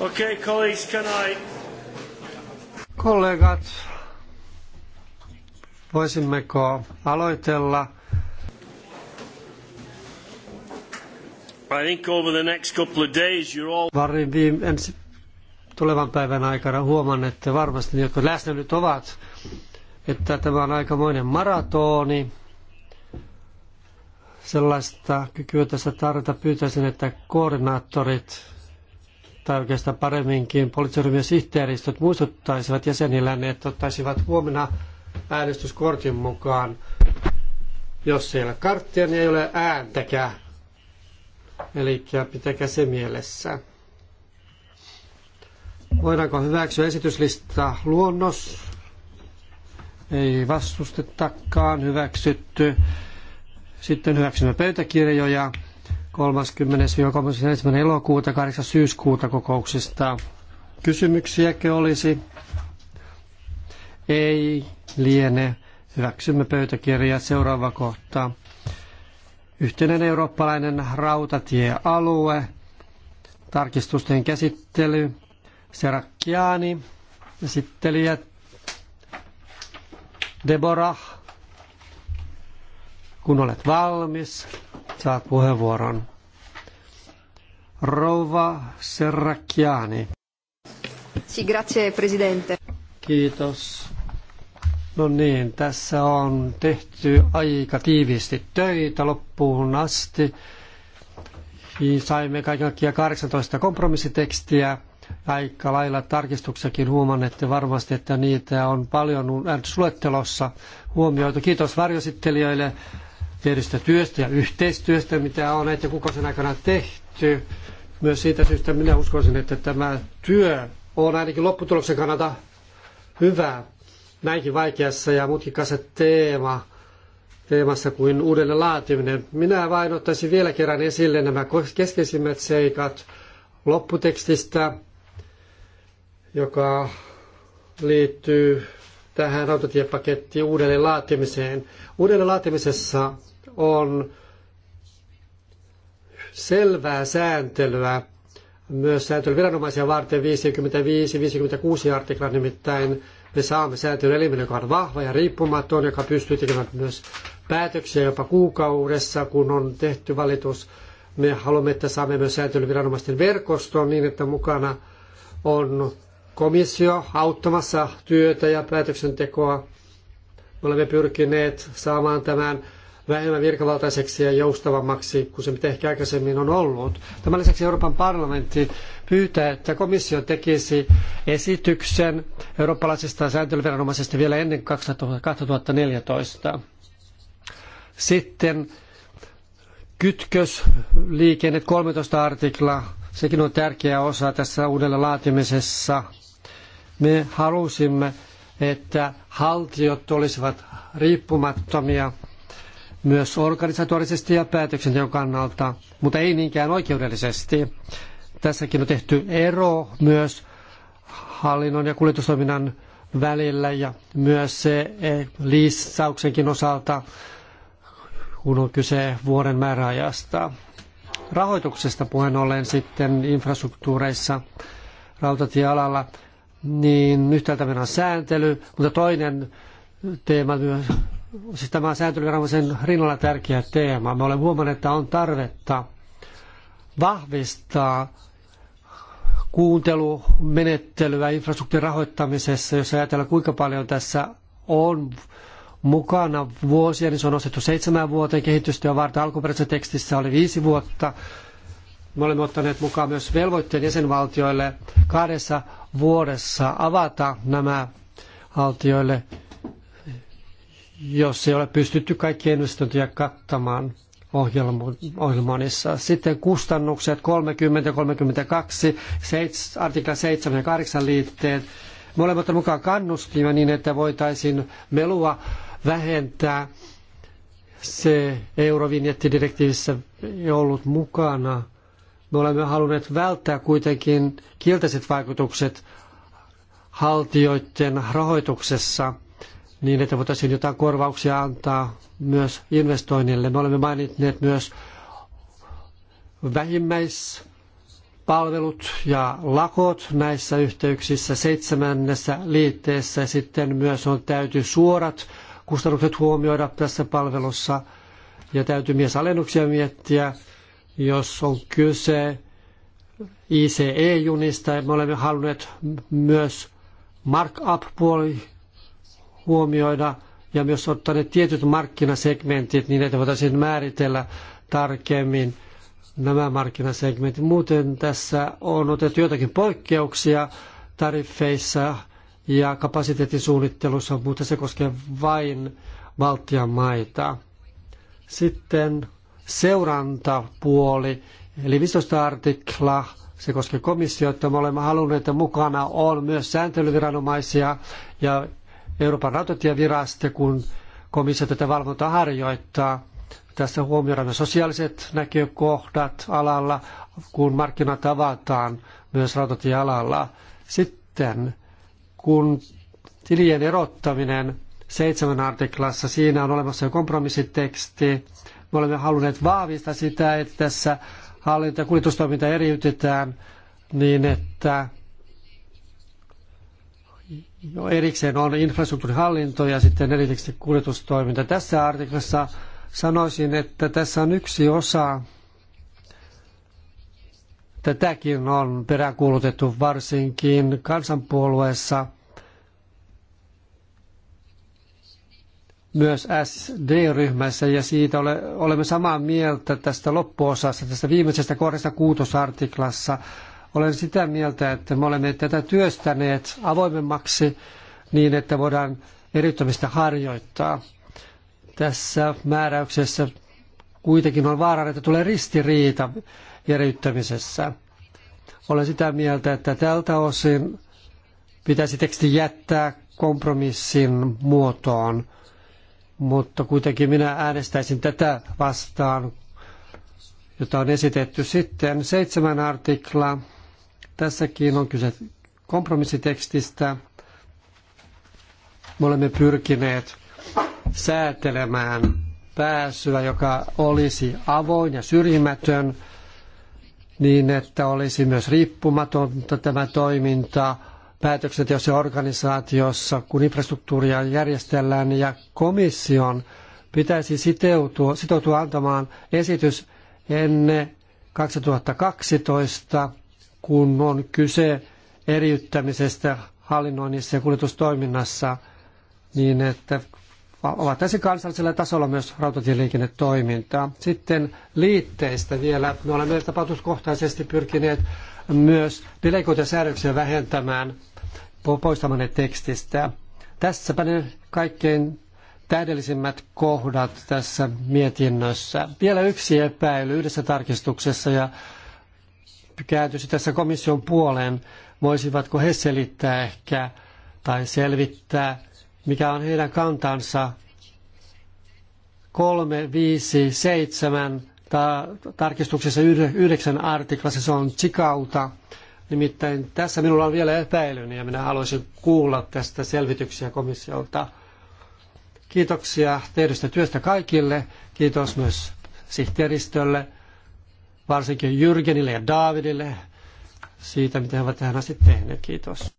Okay, colleagues, can I... Kollegat, voisimmeko aloitella? I think over the next couple of days you're all... Varin viime, ensi, tulevan päivän aikana huomaan, että varmasti ne, jotka läsnä nyt ovat, että tämä on aikamoinen maratoni. Sellaista kykyä tässä tarvita. Pyytäisin, että koordinaattorit tai oikeastaan paremminkin poliittisryhmien sihteeristöt muistuttaisivat jäsenillään, että ottaisivat huomenna äänestyskortin mukaan. Jos ei ole karttia, niin ei ole ääntäkään. Eli pitäkää se mielessä. Voidaanko hyväksyä esityslista luonnos? Ei vastustettakaan hyväksytty. Sitten hyväksymme pöytäkirjoja. 30-31. elokuuta 8. syyskuuta kokouksista. Kysymyksiäkö olisi? Ei liene. Hyväksymme pöytäkirjaa. Seuraava kohta. Yhteinen eurooppalainen rautatiealue. Tarkistusten käsittely. Serakkiani. Esittelijä Deborah. Kun olet valmis saa puheenvuoron. Rouva Serracchiani. Si, grazie, presidente. Kiitos. No niin, tässä on tehty aika tiiviisti töitä loppuun asti. Saimme kaikkiaan 18 kompromissitekstiä. Aika lailla tarkistuksakin huomannette varmasti, että niitä on paljon sulettelossa huomioitu. Kiitos varjosittelijöille tehdystä työstä ja yhteistyöstä, mitä on näiden kuukausien aikana tehty. Myös siitä syystä minä uskoisin, että tämä työ on ainakin lopputuloksen kannalta hyvä näinkin vaikeassa ja mutkikassa teema, teemassa kuin uudelleen laatiminen. Minä vain ottaisin vielä kerran esille nämä keskeisimmät seikat lopputekstistä, joka liittyy tähän rautatiepakettiin uudelleen laatimiseen. Uudelleen laatimisessa on selvää sääntelyä myös sääntelyviranomaisia varten 55-56 artikla nimittäin me saamme sääntelyelimen, joka on vahva ja riippumaton, joka pystyy tekemään myös päätöksiä jopa kuukaudessa, kun on tehty valitus. Me haluamme, että saamme myös sääntelyviranomaisten verkoston niin, että mukana on komissio auttamassa työtä ja päätöksentekoa. Me olemme pyrkineet saamaan tämän vähemmän virkavaltaiseksi ja joustavammaksi kuin se mitä ehkä aikaisemmin on ollut. Tämän lisäksi Euroopan parlamentti pyytää, että komissio tekisi esityksen eurooppalaisesta sääntelyviranomaisesta vielä ennen 2014. Sitten kytkösliikenne liikenne 13 artikla, sekin on tärkeä osa tässä uudella laatimisessa. Me halusimme, että haltiot olisivat riippumattomia myös organisatorisesti ja päätöksenteon kannalta, mutta ei niinkään oikeudellisesti. Tässäkin on tehty ero myös hallinnon ja kuljetustoiminnan välillä ja myös se e, liissauksenkin osalta, kun on kyse vuoden määräajasta. Rahoituksesta puheen ollen sitten infrastruktuureissa rautatiealalla, niin yhtäältä meillä on sääntely, mutta toinen teema myös siis tämä on sääntelyviranomaisen rinnalla tärkeä teema. Me olemme huomanneet, että on tarvetta vahvistaa kuuntelumenettelyä infrastruktuurin rahoittamisessa, jos ajatellaan kuinka paljon tässä on mukana vuosia, niin se on nostettu seitsemän vuoteen kehitystyön varten. Alkuperäisessä tekstissä oli viisi vuotta. Me olemme ottaneet mukaan myös velvoitteen jäsenvaltioille kahdessa vuodessa avata nämä valtioille jos ei ole pystytty kaikkia investointeja kattamaan ohjelmoinnissa. Sitten kustannukset 30, 32, 7, artikla 7 ja 8 liitteet. Molemmat mukaan kannustimia niin, että voitaisiin melua vähentää. Se eurovinjettidirektiivissä ei ollut mukana. Me olemme halunneet välttää kuitenkin kielteiset vaikutukset haltijoiden rahoituksessa – niin, että voitaisiin jotain korvauksia antaa myös investoinnille. Me olemme mainitneet myös vähimmäispalvelut ja lakot näissä yhteyksissä seitsemännessä liitteessä. Sitten myös on täytyy suorat kustannukset huomioida tässä palvelussa ja täytyy myös alennuksia miettiä, jos on kyse ICE-junista. Me olemme halunneet myös markup-puoli huomioida ja myös ottaa ne tietyt markkinasegmentit niin, että voitaisiin määritellä tarkemmin nämä markkinasegmentit. Muuten tässä on otettu jotakin poikkeuksia tariffeissa ja kapasiteettisuunnittelussa, mutta se koskee vain Baltian maita. Sitten seurantapuoli, eli 15 artikla, se koskee komissiota. Me olemme halunneet, että mukana on myös sääntelyviranomaisia ja Euroopan rautatievirasto, kun komissio tätä valvontaa harjoittaa. Tässä huomioidaan myös sosiaaliset näkökohdat alalla, kun markkinat avataan myös rautatiealalla. Sitten kun tilien erottaminen seitsemän artiklassa, siinä on olemassa jo kompromissiteksti. Me olemme halunneet vahvistaa sitä, että tässä hallinta- ja kuljetustoiminta eriytetään niin, että No erikseen on infrastruktuurihallinto ja sitten erityisesti kuljetustoiminta. Tässä artiklassa sanoisin, että tässä on yksi osa, tätäkin on peräkuulutettu varsinkin kansanpuolueessa, myös SD-ryhmässä ja siitä ole, olemme samaa mieltä tästä loppuosassa, tästä viimeisestä kohdasta kuutosartiklassa. Olen sitä mieltä, että me olemme tätä työstäneet avoimemmaksi niin, että voidaan eriyttämistä harjoittaa. Tässä määräyksessä kuitenkin on vaarana, että tulee ristiriita eriyttämisessä. Olen sitä mieltä, että tältä osin pitäisi teksti jättää kompromissin muotoon, mutta kuitenkin minä äänestäisin tätä vastaan, jota on esitetty sitten. Seitsemän artikla Tässäkin on kyse kompromissitekstistä. Me olemme pyrkineet säätelemään pääsyä, joka olisi avoin ja syrjimätön, niin että olisi myös riippumatonta tämä toiminta päätöksenteossa ja organisaatiossa, kun infrastruktuuria järjestellään, ja komission pitäisi sitoutua, sitoutua antamaan esitys ennen 2012 kun on kyse eriyttämisestä hallinnoinnissa ja kuljetustoiminnassa, niin että ovat tässä kansallisella tasolla myös rautatieliikennetoimintaa. Sitten liitteistä vielä. Me olemme tapautuskohtaisesti pyrkineet myös delegoita säädöksiä vähentämään poistamaan ne tekstistä. Tässäpä ne kaikkein täydellisimmät kohdat tässä mietinnössä. Vielä yksi epäily yhdessä tarkistuksessa ja kääntyisi tässä komission puoleen, voisivatko he selittää ehkä tai selvittää, mikä on heidän kantansa kolme viisi seitsemän ta- tarkistuksessa yhdeksän artiklassa, se on tsikauta. Nimittäin tässä minulla on vielä epäilyni ja minä haluaisin kuulla tästä selvityksiä komissiolta. Kiitoksia tehdystä työstä kaikille. Kiitos myös sihteeristölle varsinkin Jürgenille, ja Davidille siitä, mitä he ovat tähän asti tehneet. Kiitos.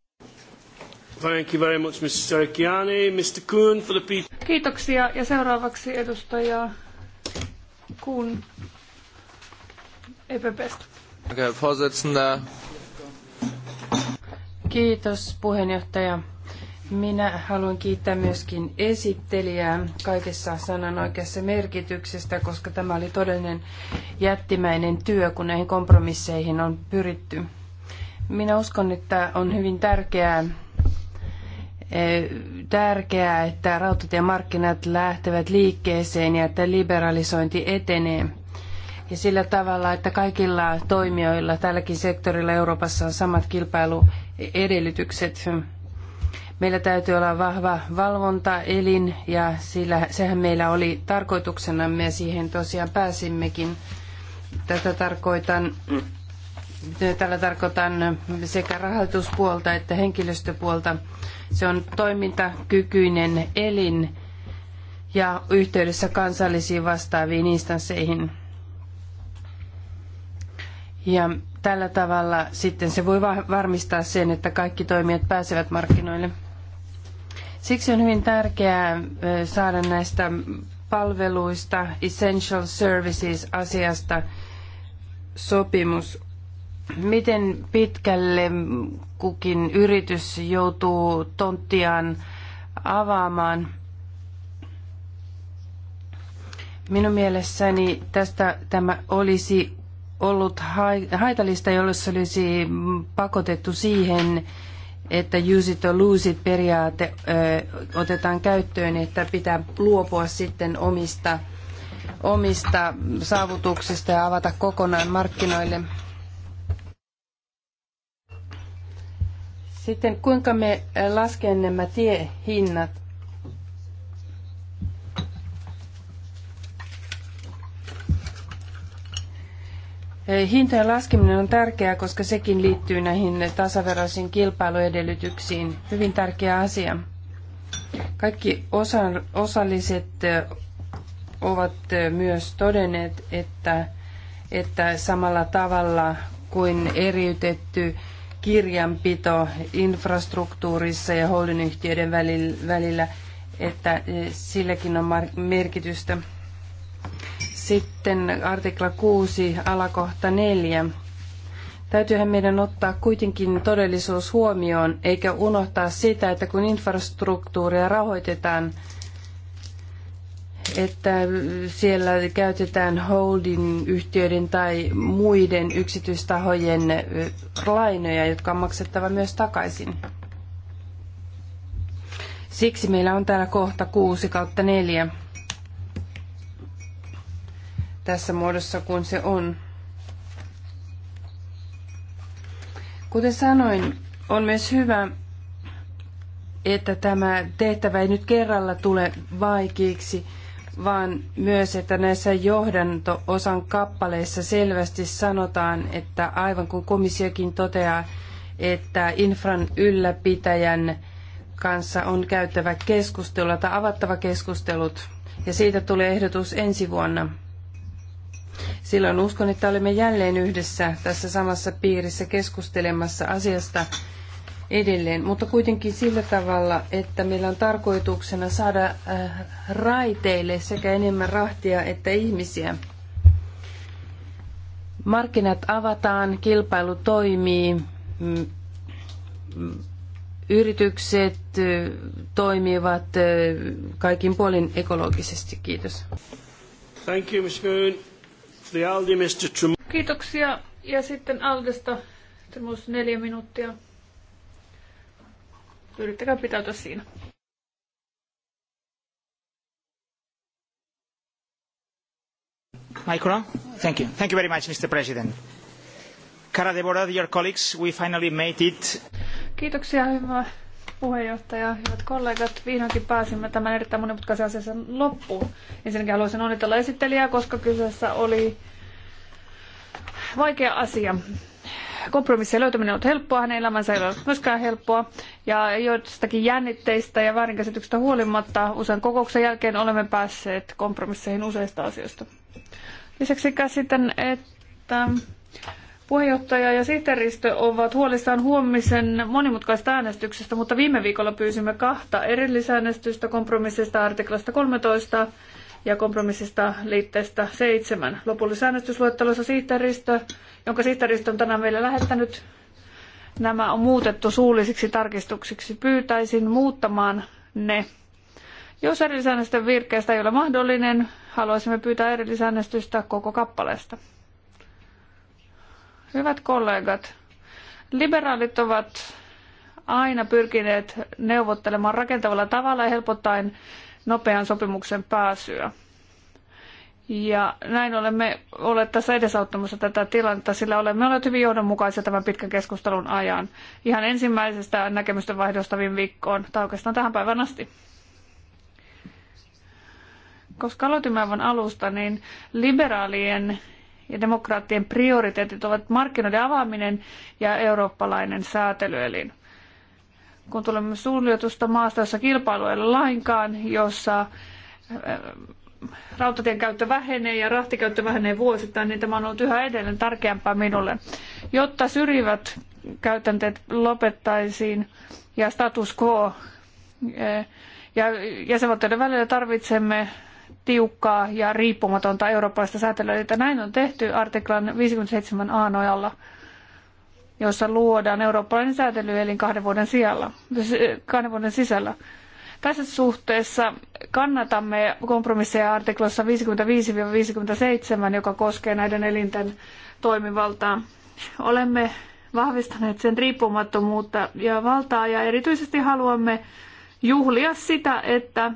Thank you very much, Mr. Serkiani. Mr. Kuhn for the P- Kiitoksia. Ja seuraavaksi edustaja Kuhn EPPstä. Herr Kiitos puheenjohtaja. Minä haluan kiittää myöskin esittelijää kaikessa sanan oikeassa merkityksestä, koska tämä oli todellinen jättimäinen työ, kun näihin kompromisseihin on pyritty. Minä uskon, että on hyvin tärkeää, eh, tärkeää, että rautatiemarkkinat lähtevät liikkeeseen ja että liberalisointi etenee. Ja sillä tavalla, että kaikilla toimijoilla tälläkin sektorilla Euroopassa on samat kilpailuedellytykset. Meillä täytyy olla vahva valvontaelin ja sillä, sehän meillä oli tarkoituksenamme ja siihen tosiaan pääsimmekin. Tätä tarkoitan, tällä tarkoitan sekä rahoituspuolta että henkilöstöpuolta. Se on toimintakykyinen elin ja yhteydessä kansallisiin vastaaviin instansseihin. Ja tällä tavalla sitten se voi varmistaa sen, että kaikki toimijat pääsevät markkinoille. Siksi on hyvin tärkeää saada näistä palveluista, essential services-asiasta sopimus. Miten pitkälle kukin yritys joutuu tonttiaan avaamaan? Minun mielestäni tästä tämä olisi ollut haitallista, jos olisi pakotettu siihen, että use it or lose it periaate otetaan käyttöön, että pitää luopua sitten omista, omista saavutuksista ja avata kokonaan markkinoille. Sitten kuinka me laskemme nämä tiehinnat? Hintojen laskeminen on tärkeää, koska sekin liittyy näihin tasaveroisiin kilpailuedellytyksiin. Hyvin tärkeä asia. Kaikki osa, osalliset ovat myös todenneet, että, että samalla tavalla kuin eriytetty kirjanpito infrastruktuurissa ja holdingyhtiöiden välillä, että silläkin on merkitystä. Sitten artikla 6, alakohta 4. Täytyyhän meidän ottaa kuitenkin todellisuus huomioon, eikä unohtaa sitä, että kun infrastruktuuria rahoitetaan, että siellä käytetään holding-yhtiöiden tai muiden yksityistahojen lainoja, jotka on maksettava myös takaisin. Siksi meillä on täällä kohta 6 kautta 4 tässä muodossa kuin se on. Kuten sanoin, on myös hyvä, että tämä tehtävä ei nyt kerralla tule vaikeiksi, vaan myös, että näissä johdanto-osan kappaleissa selvästi sanotaan, että aivan kuin komissiokin toteaa, että infran ylläpitäjän kanssa on käyttävä keskustelua tai avattava keskustelut, ja siitä tulee ehdotus ensi vuonna. Silloin uskon, että olemme jälleen yhdessä tässä samassa piirissä keskustelemassa asiasta edelleen, mutta kuitenkin sillä tavalla, että meillä on tarkoituksena saada äh, raiteille sekä enemmän rahtia että ihmisiä. Markkinat avataan, kilpailu toimii, mm, mm, yritykset äh, toimivat äh, kaikin puolin ekologisesti. Kiitos. Thank you, Ms. Moon the Aldi, Mr. Trum- Kiitoksia. Ja sitten Aldesta Trumus neljä minuuttia. Yrittäkää pitäytyä siinä. Micro? Thank you. Thank you very much, Mr. President. Cara de your colleagues, we finally made it. Kiitoksia, hyvä puheenjohtaja, hyvät kollegat, vihdoinkin pääsimme tämän erittäin monimutkaisen asian loppuun. Ensinnäkin haluaisin onnitella esittelijää, koska kyseessä oli vaikea asia. Kompromissien löytäminen on ollut helppoa, hänen elämänsä ei ole ollut myöskään helppoa. Ja joistakin jännitteistä ja väärinkäsityksistä huolimatta usean kokouksen jälkeen olemme päässeet kompromisseihin useista asioista. Lisäksi käsitän, että Puheenjohtaja ja sihteeristö ovat huolissaan huomisen monimutkaista äänestyksestä, mutta viime viikolla pyysimme kahta erillisäänestystä kompromissista artiklasta 13 ja kompromissista liitteestä 7. Lopullisessa äänestysluettelossa sihteeristö, jonka sihteeristö on tänään meille lähettänyt, nämä on muutettu suullisiksi tarkistuksiksi. Pyytäisin muuttamaan ne. Jos erillisäännösten virkkeestä ei ole mahdollinen, haluaisimme pyytää erillisäänestystä koko kappaleesta. Hyvät kollegat, liberaalit ovat aina pyrkineet neuvottelemaan rakentavalla tavalla ja helpottaen nopean sopimuksen pääsyä. Ja näin olemme olleet tässä edesauttamassa tätä tilannetta, sillä olemme olleet hyvin johdonmukaisia tämän pitkän keskustelun ajan. Ihan ensimmäisestä näkemysten vaihdosta viime viikkoon, tai oikeastaan tähän päivään asti. Koska aloitimme aivan alusta, niin liberaalien ja demokraattien prioriteetit ovat markkinoiden avaaminen ja eurooppalainen säätelyelin. Kun tulemme suljetusta maasta, jossa kilpailu ei ole lainkaan, jossa eh, rautatien käyttö vähenee ja rahtikäyttö vähenee vuosittain, niin tämä on ollut yhä edelleen tärkeämpää minulle. Jotta syrjivät käytänteet lopettaisiin ja status quo eh, ja jäsenvaltioiden välillä tarvitsemme tiukkaa ja riippumatonta eurooppalaista säätelyä. näin on tehty artiklan 57a nojalla, jossa luodaan eurooppalainen säätelyelin kahden vuoden, sijalla, kahden vuoden sisällä. Tässä suhteessa kannatamme kompromisseja artiklossa 55-57, joka koskee näiden elinten toimivaltaa. Olemme vahvistaneet sen riippumattomuutta ja valtaa ja erityisesti haluamme juhlia sitä, että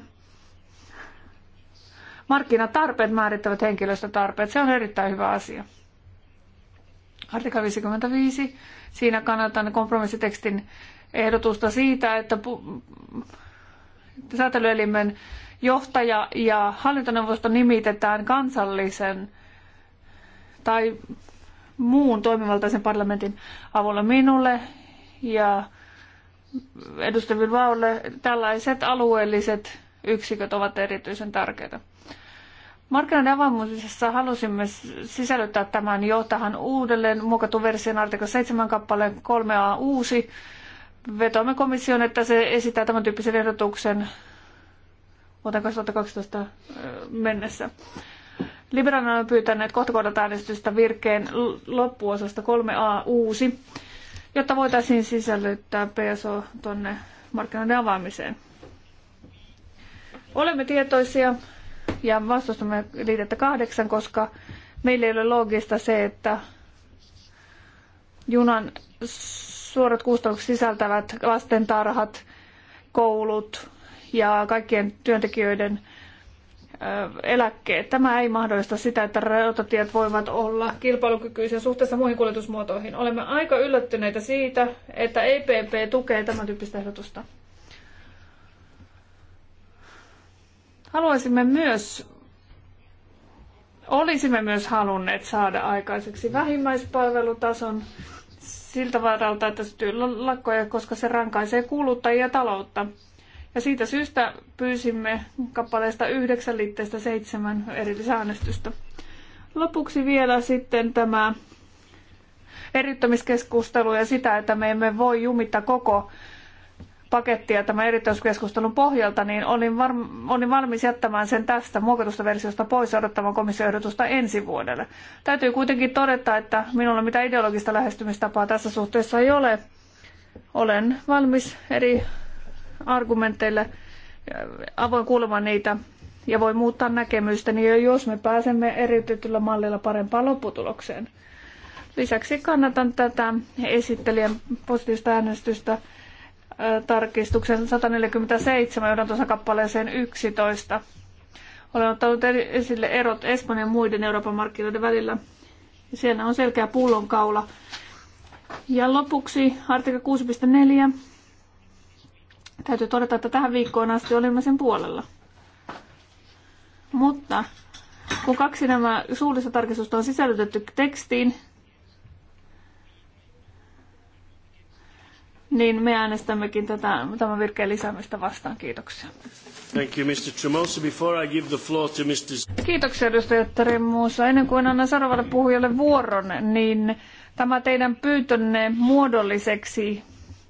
markkinatarpeet määrittävät henkilöstötarpeet. Se on erittäin hyvä asia. Artikla 55. Siinä kannatan kompromissitekstin ehdotusta siitä, että pu- säätelyelimen johtaja ja hallintoneuvosto nimitetään kansallisen tai muun toimivaltaisen parlamentin avulla minulle ja edustajalle tällaiset alueelliset yksiköt ovat erityisen tärkeitä. Markkinoiden avaamisessa halusimme sisällyttää tämän jo tähän uudelleen muokattu version artikla 7 kappaleen 3a uusi. Vetoamme komission, että se esittää tämän tyyppisen ehdotuksen vuoteen 2012 mennessä. Liberaalina on pyytäneet kohtakohdalta äänestystä virkeen loppuosasta 3a uusi, jotta voitaisiin sisällyttää PSO tuonne markkinoiden avaamiseen. Olemme tietoisia ja vastustamme liitettä kahdeksan, koska meillä ei ole loogista se, että junan suorat kustannukset sisältävät lastentarhat, koulut ja kaikkien työntekijöiden eläkkeet. Tämä ei mahdollista sitä, että rautatiet voivat olla kilpailukykyisiä suhteessa muihin kuljetusmuotoihin. Olemme aika yllättyneitä siitä, että EPP tukee tämän tyyppistä ehdotusta. Haluaisimme myös, olisimme myös halunneet saada aikaiseksi vähimmäispalvelutason siltä varalta, että sytyy lakkoja, koska se rankaisee kuluttajia taloutta. Ja siitä syystä pyysimme kappaleesta 9 liitteestä seitsemän erillisäänestystä. Lopuksi vielä sitten tämä eriyttämiskeskustelu ja sitä, että me emme voi jumittaa koko pakettia tämän erityiskeskustelun pohjalta, niin olin, olin valmis jättämään sen tästä muokatusta versiosta pois ja odottamaan ehdotusta ensi vuodelle. Täytyy kuitenkin todeta, että minulla mitä ideologista lähestymistapaa tässä suhteessa ei ole. Olen valmis eri argumenteille, avoin kuulemaan niitä ja voi muuttaa näkemystäni, niin jos me pääsemme eriytetyllä mallilla parempaan lopputulokseen. Lisäksi kannatan tätä esittelijän positiivista äänestystä tarkistuksen 147 johdantosa kappaleeseen 11. Olen ottanut esille erot Espanjan muiden Euroopan markkinoiden välillä. Siellä on selkeä pullonkaula. Ja lopuksi artikla 6.4. Täytyy todeta, että tähän viikkoon asti olimme sen puolella. Mutta kun kaksi nämä suullista tarkistusta on sisällytetty tekstiin, niin me äänestämmekin tätä, tämän virkkeen lisäämistä vastaan. Kiitoksia. Thank you, Mr. Tremosa. Before I give the floor to Mr. Kiitoksia, edustaja Tremosa. Ennen kuin annan seuraavalle puhujalle vuoron, niin tämä teidän pyytönne muodolliseksi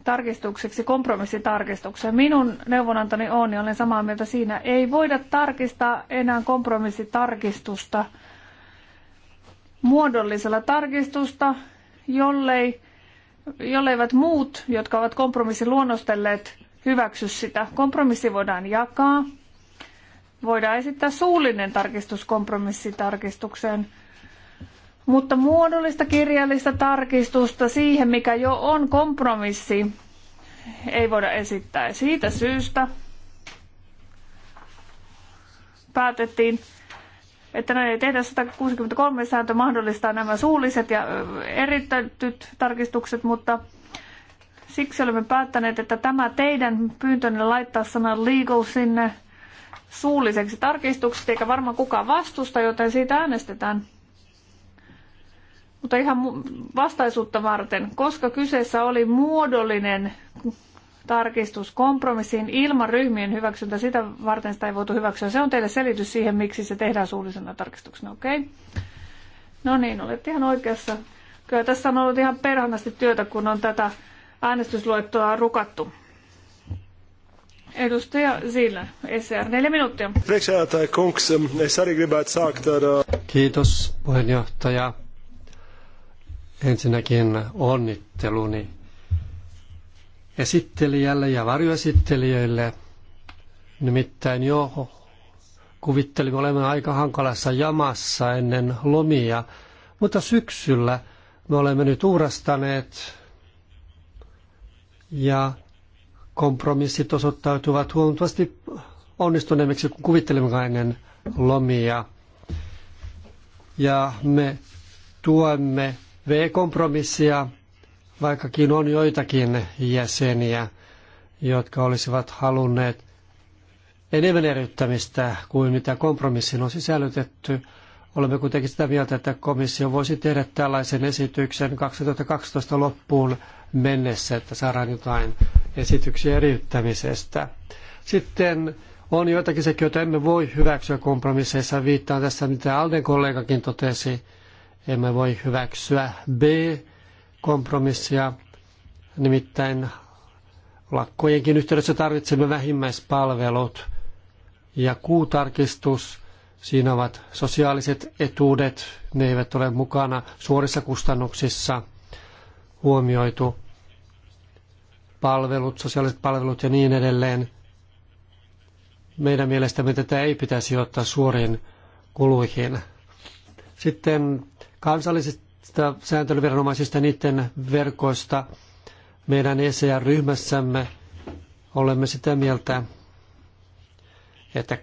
tarkistukseksi, kompromissitarkistukseen. Minun neuvonantoni on, ja olen samaa mieltä siinä, ei voida tarkistaa enää kompromissitarkistusta muodollisella tarkistusta, jollei jolleivät muut, jotka ovat kompromissin luonnostelleet, hyväksy sitä. Kompromissi voidaan jakaa. Voidaan esittää suullinen tarkistus kompromissitarkistukseen. Mutta muodollista kirjallista tarkistusta siihen, mikä jo on kompromissi, ei voida esittää. Siitä syystä päätettiin että näin ei tehdä. 163 sääntö mahdollistaa nämä suulliset ja erittäytyt tarkistukset, mutta siksi olemme päättäneet, että tämä teidän pyyntönne laittaa sanan legal sinne suulliseksi tarkistukset, eikä varmaan kukaan vastusta, joten siitä äänestetään. Mutta ihan vastaisuutta varten, koska kyseessä oli muodollinen tarkistus kompromissiin ilman ryhmien hyväksyntä. Sitä varten sitä ei voitu hyväksyä. Se on teille selitys siihen, miksi se tehdään suullisena tarkistuksena. Okei. Okay. No niin, olet ihan oikeassa. Kyllä tässä on ollut ihan perhanasti työtä, kun on tätä äänestysluettoa rukattu. Edustaja Zille, SR, neljä minuuttia. Kiitos puheenjohtaja. Ensinnäkin onnitteluni esittelijälle ja varjoesittelijöille. Nimittäin jo kuvittelimme olemme aika hankalassa jamassa ennen lomia, mutta syksyllä me olemme nyt uurastaneet ja kompromissit osoittautuvat huomattavasti onnistuneemmiksi kuin kuvittelimme ennen lomia. Ja me tuemme V-kompromissia vaikkakin on joitakin jäseniä, jotka olisivat halunneet enemmän eriyttämistä kuin mitä kompromissiin on sisällytetty. Olemme kuitenkin sitä mieltä, että komissio voisi tehdä tällaisen esityksen 2012 loppuun mennessä, että saadaan jotain esityksiä eriyttämisestä. Sitten on joitakin sekä, joita emme voi hyväksyä kompromisseissa. Viittaan tässä, mitä Alden kollegakin totesi. Emme voi hyväksyä B kompromissia. Nimittäin lakkojenkin yhteydessä tarvitsemme vähimmäispalvelut ja kuutarkistus. Siinä ovat sosiaaliset etuudet, ne eivät ole mukana suorissa kustannuksissa huomioitu palvelut, sosiaaliset palvelut ja niin edelleen. Meidän mielestämme tätä ei pitäisi ottaa suoriin kuluihin. Sitten kansalliset sääntelyviranomaisista niiden verkoista. Meidän ECR-ryhmässämme olemme sitä mieltä, että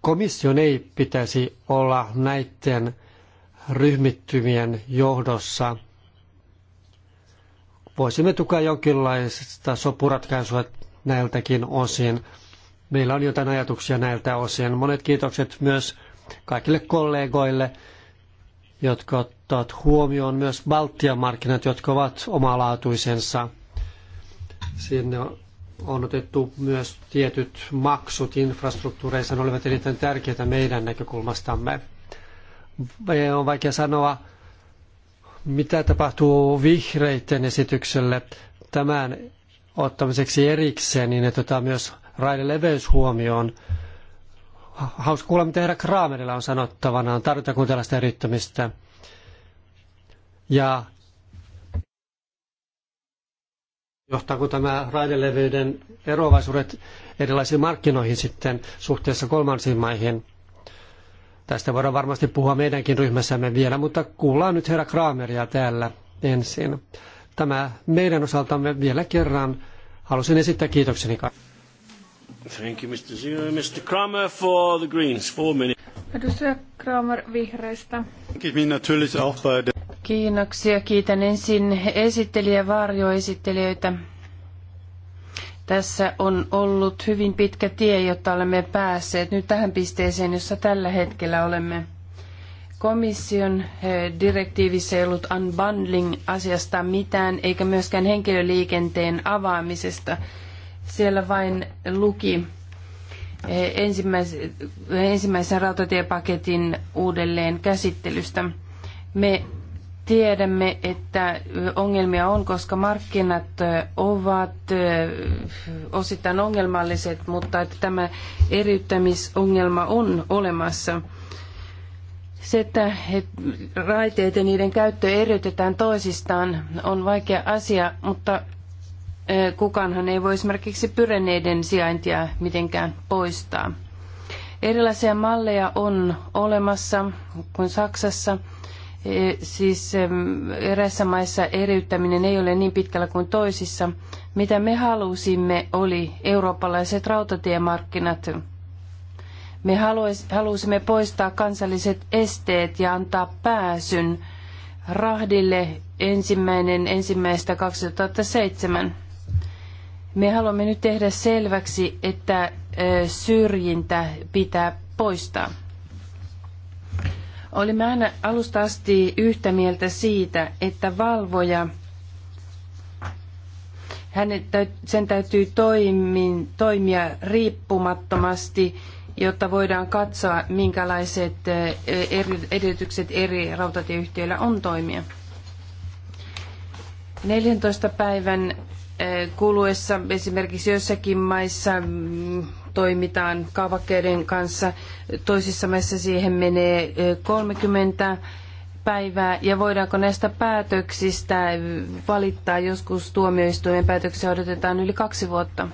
komission ei pitäisi olla näiden ryhmittymien johdossa. Voisimme tukea jonkinlaista sopuratkaisua näiltäkin osin. Meillä on jotain ajatuksia näiltä osin. Monet kiitokset myös kaikille kollegoille jotka ottavat huomioon myös Baltian markkinat, jotka ovat omalaatuisensa. Sinne on otettu myös tietyt maksut infrastruktuureissa, ne olivat erittäin tärkeitä meidän näkökulmastamme. On vaikea sanoa, mitä tapahtuu vihreiden esitykselle tämän ottamiseksi erikseen, niin että otetaan myös raideleveys huomioon hauska kuulla, mitä herra Kramerilla on sanottavanaan. Tarvitaanko tällaista eriyttämistä? Ja johtaako tämä raideleveyden eroavaisuudet erilaisiin markkinoihin sitten suhteessa kolmansiin maihin? Tästä voidaan varmasti puhua meidänkin ryhmässämme vielä, mutta kuullaan nyt herra Krameria täällä ensin. Tämä meidän osaltamme vielä kerran halusin esittää kiitokseni kaikille. Thank you, Mr. Zero. Mr. Kramer for the Greens, four minutes. Edustaja Kramer vihreistä. Kiinnoksia. Kiitän ensin esittelijä, varjoesittelijöitä. Tässä on ollut hyvin pitkä tie, jotta olemme päässeet nyt tähän pisteeseen, jossa tällä hetkellä olemme. Komission eh, direktiivissä ei ollut unbundling-asiasta mitään, eikä myöskään henkilöliikenteen avaamisesta. Siellä vain luki eh, ensimmäisen, ensimmäisen rautatiepaketin uudelleen käsittelystä. Me tiedämme, että eh, ongelmia on, koska markkinat eh, ovat osittain ongelmalliset, mutta että tämä eriyttämisongelma on olemassa. Se, että raiteet ja niiden käyttö eriytetään toisistaan, on vaikea asia, mutta kukaanhan ei voi esimerkiksi pyreneiden sijaintia mitenkään poistaa. Erilaisia malleja on olemassa kuin Saksassa. Siis eräissä maissa eriyttäminen ei ole niin pitkällä kuin toisissa. Mitä me halusimme oli eurooppalaiset rautatiemarkkinat. Me halusimme poistaa kansalliset esteet ja antaa pääsyn rahdille ensimmäinen ensimmäistä 2007. Me haluamme nyt tehdä selväksi, että syrjintä pitää poistaa. Olimme aina alusta asti yhtä mieltä siitä, että valvoja, sen täytyy toimia riippumattomasti, jotta voidaan katsoa, minkälaiset edellytykset eri rautatieyhtiöillä on toimia. 14 päivän kuluessa esimerkiksi joissakin maissa mm, toimitaan kaavakkeiden kanssa, toisissa maissa siihen menee 30 päivää ja voidaanko näistä päätöksistä valittaa joskus tuomioistuimen päätöksiä odotetaan yli kaksi vuotta.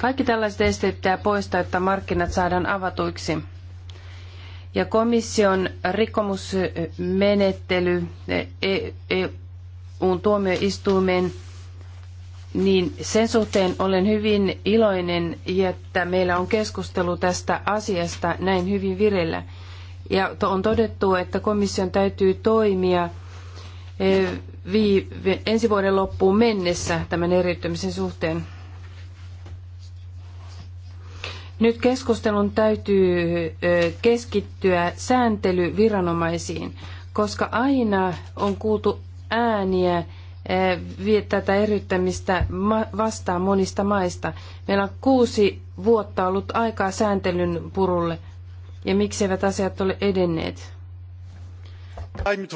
Kaikki tällaiset esteet pitää poistaa, että markkinat saadaan avatuiksi. Ja komission rikkomusmenettely EUn e, e, tuomioistuimeen niin sen suhteen olen hyvin iloinen, että meillä on keskustelu tästä asiasta näin hyvin vireillä. Ja on todettu, että komission täytyy toimia eh, ensi vuoden loppuun mennessä tämän eriyttämisen suhteen. Nyt keskustelun täytyy eh, keskittyä sääntelyviranomaisiin, koska aina on kuultu ääniä, Eh, tätä eriyttämistä vastaan monista maista. Meillä on kuusi vuotta ollut aikaa sääntelyn purulle, ja mikseivät asiat ole edenneet.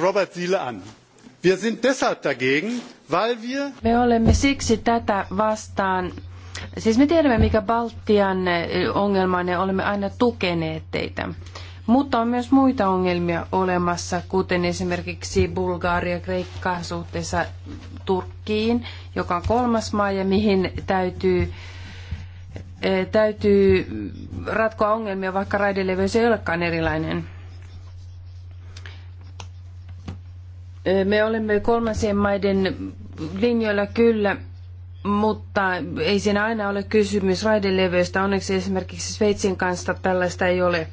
Robert an. Wir sind deshalb dagegen, weil wir... Me olemme siksi tätä vastaan. Siis me tiedämme, mikä Baltian eh, ongelma, ja olemme aina tukeneet teitä. Mutta on myös muita ongelmia olemassa, kuten esimerkiksi Bulgaria, Kreikka suhteessa Turkkiin, joka on kolmas maa ja mihin täytyy eh, täytyy ratkoa ongelmia, vaikka raideleveys ei olekaan erilainen. Eh, me olemme kolmansien maiden linjoilla kyllä, mutta ei siinä aina ole kysymys raideleveystä. Onneksi esimerkiksi Sveitsin kanssa tällaista ei ole.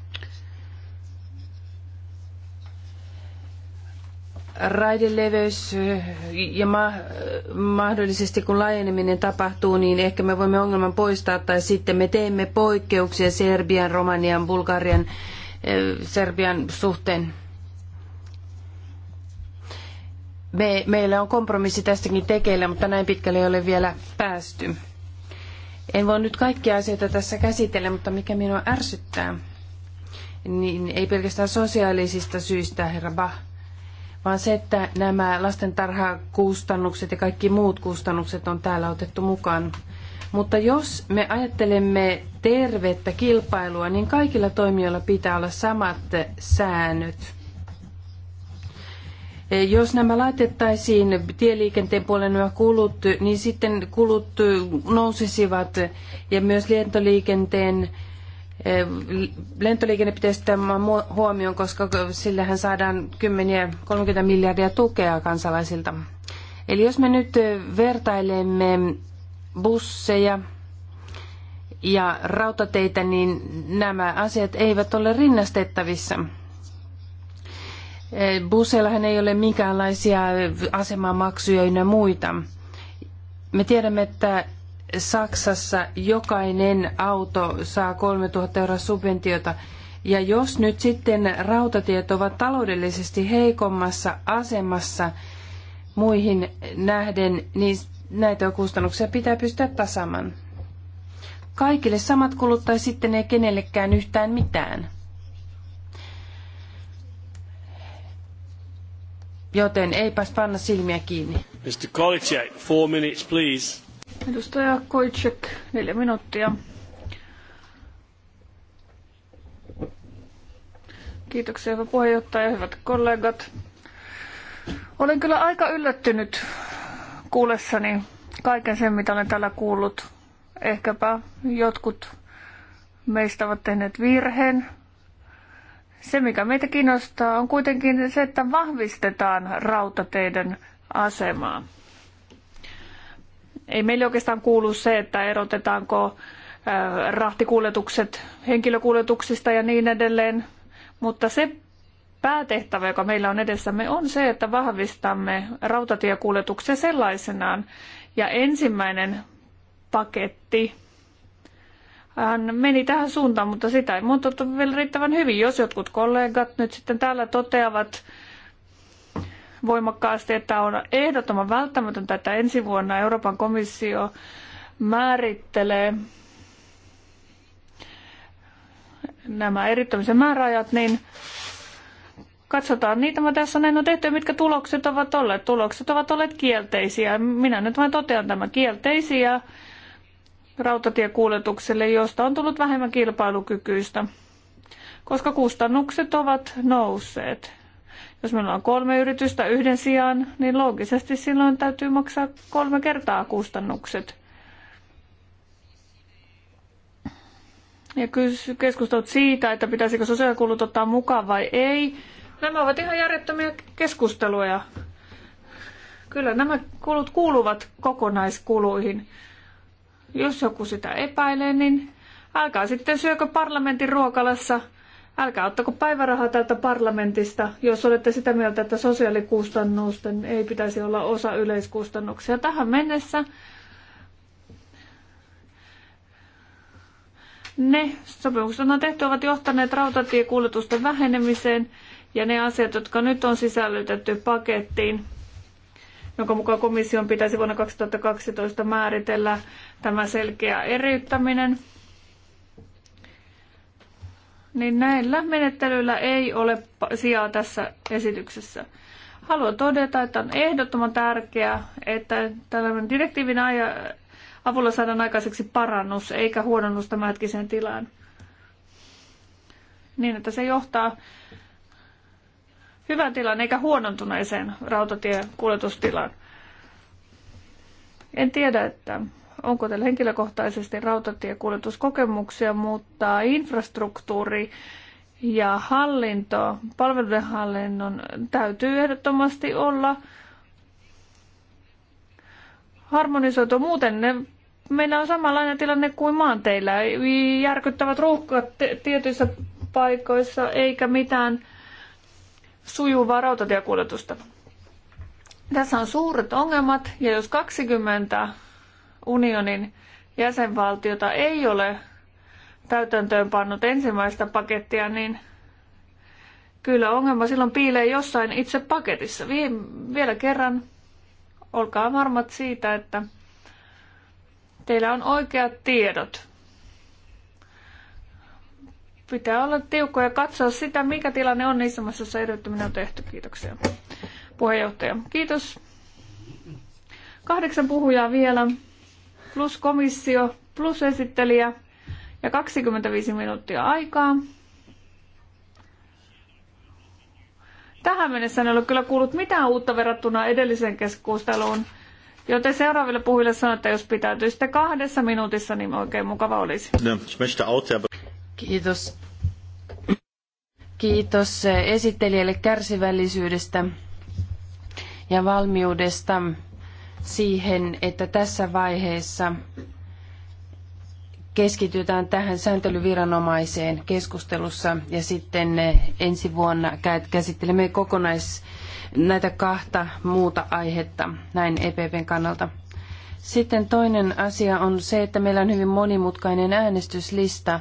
raideleveys ja ma- mahdollisesti kun laajeneminen tapahtuu, niin ehkä me voimme ongelman poistaa tai sitten me teemme poikkeuksia Serbian, Romanian, Bulgarian, Serbian suhteen. Me, meillä on kompromissi tästäkin tekeillä, mutta näin pitkälle ei ole vielä päästy. En voi nyt kaikkia asioita tässä käsitellä, mutta mikä minua ärsyttää, niin ei pelkästään sosiaalisista syistä, herra Bach, vaan se, että nämä lastentarhakustannukset ja kaikki muut kustannukset on täällä otettu mukaan. Mutta jos me ajattelemme tervettä kilpailua, niin kaikilla toimijoilla pitää olla samat säännöt. E, jos nämä laitettaisiin tieliikenteen puolen nämä kulut, niin sitten kulut nousisivat ja myös lentoliikenteen Lentoliikenne pitäisi ottaa huomioon, koska sillähän saadaan kymmeniä 30 miljardia tukea kansalaisilta. Eli jos me nyt vertailemme busseja ja rautateitä, niin nämä asiat eivät ole rinnastettavissa. Busseillahan ei ole minkäänlaisia asemamaksuja ynnä muita. Me tiedämme, että Saksassa jokainen auto saa 3000 euroa subventiota. Ja jos nyt sitten rautatiet ovat taloudellisesti heikommassa asemassa muihin nähden, niin näitä kustannuksia pitää pystyä tasaamaan. Kaikille samat kulut tai sitten ei kenellekään yhtään mitään. Joten eipäs panna silmiä kiinni. Mr. Kolicek, four minutes please. Edustaja Koitsek, neljä minuuttia. Kiitoksia hyvä puheenjohtaja, hyvät kollegat. Olen kyllä aika yllättynyt kuullessani kaiken sen, mitä olen täällä kuullut. Ehkäpä jotkut meistä ovat tehneet virheen. Se, mikä meitä kiinnostaa, on kuitenkin se, että vahvistetaan rautateiden asemaa. Ei meille oikeastaan kuulu se, että erotetaanko rahtikuljetukset henkilökuljetuksista ja niin edelleen, mutta se päätehtävä, joka meillä on edessämme, on se, että vahvistamme rautatiekuljetuksia sellaisenaan. Ja ensimmäinen paketti hän meni tähän suuntaan, mutta sitä ei muutettu vielä riittävän hyvin. Jos jotkut kollegat nyt sitten täällä toteavat, voimakkaasti, että on ehdottoman välttämätöntä, että ensi vuonna Euroopan komissio määrittelee nämä erittämisen määräajat, niin katsotaan niitä. Mä tässä näin on tehty, mitkä tulokset ovat olleet. Tulokset ovat olleet kielteisiä. Minä nyt vain totean tämä kielteisiä rautatiekuljetukselle, josta on tullut vähemmän kilpailukykyistä, koska kustannukset ovat nousseet. Jos meillä on kolme yritystä yhden sijaan, niin loogisesti silloin täytyy maksaa kolme kertaa kustannukset. Ja keskustelut siitä, että pitäisikö sosiaalikulut ottaa mukaan vai ei, nämä ovat ihan järjettömiä keskusteluja. Kyllä nämä kulut kuuluvat kokonaiskuluihin. Jos joku sitä epäilee, niin älkää sitten syökö parlamentin ruokalassa – Älkää ottako päivärahaa tältä parlamentista, jos olette sitä mieltä, että sosiaalikustannusten ei pitäisi olla osa yleiskustannuksia. Tähän mennessä ne sopimukset on tehty ovat johtaneet rautatiekuljetusten vähenemiseen ja ne asiat, jotka nyt on sisällytetty pakettiin, jonka mukaan komission pitäisi vuonna 2012 määritellä tämä selkeä eriyttäminen – niin näillä menettelyillä ei ole sijaa tässä esityksessä. Haluan todeta, että on ehdottoman tärkeää, että tällainen direktiivin avulla saadaan aikaiseksi parannus eikä huononnus tämänhetkiseen tilaan. Niin, että se johtaa hyvän tilan eikä huonontuneeseen rautatiekuljetustilaan. En tiedä, että onko teillä henkilökohtaisesti rautatiekuljetuskokemuksia, mutta infrastruktuuri ja hallinto, palveluiden hallinnon täytyy ehdottomasti olla harmonisoitu. Muuten ne, meillä on samanlainen tilanne kuin maanteillä. Järkyttävät ruuhkat tietyissä paikoissa eikä mitään sujuvaa rautatiekuljetusta. Tässä on suuret ongelmat ja jos 20 unionin jäsenvaltiota ei ole täytäntöön pannut ensimmäistä pakettia, niin kyllä ongelma silloin piilee jossain itse paketissa. vielä kerran, olkaa varmat siitä, että teillä on oikeat tiedot. Pitää olla tiukko ja katsoa sitä, mikä tilanne on niissä maissa, jossa eriyttäminen on tehty. Kiitoksia. Puheenjohtaja, kiitos. Kahdeksan puhujaa vielä plus komissio, plus esittelijä ja 25 minuuttia aikaa. Tähän mennessä en ole kyllä kuullut mitään uutta verrattuna edelliseen keskusteluun, joten seuraaville puhujille sanon, että jos pitäytyisitte kahdessa minuutissa, niin oikein mukava olisi. Kiitos. Kiitos eh, esittelijälle kärsivällisyydestä ja valmiudesta siihen, että tässä vaiheessa keskitytään tähän sääntelyviranomaiseen keskustelussa ja sitten eh, ensi vuonna käsittelemme kokonais näitä kahta muuta aihetta näin EPPn kannalta. Sitten toinen asia on se, että meillä on hyvin monimutkainen äänestyslista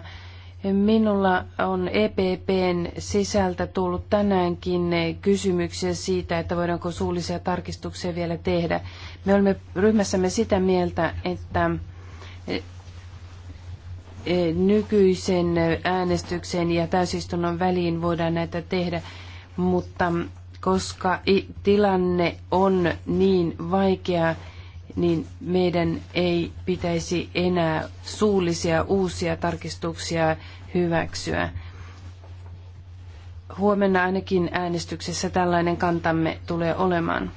Minulla on EPPn sisältä tullut tänäänkin kysymyksiä siitä, että voidaanko suullisia tarkistuksia vielä tehdä. Me olemme ryhmässämme sitä mieltä, että e, nykyisen äänestyksen ja täysistunnon väliin voidaan näitä tehdä, mutta koska tilanne on niin vaikea, niin meidän ei pitäisi enää suullisia uusia tarkistuksia hyväksyä. Huomenna ainakin äänestyksessä tällainen kantamme tulee olemaan.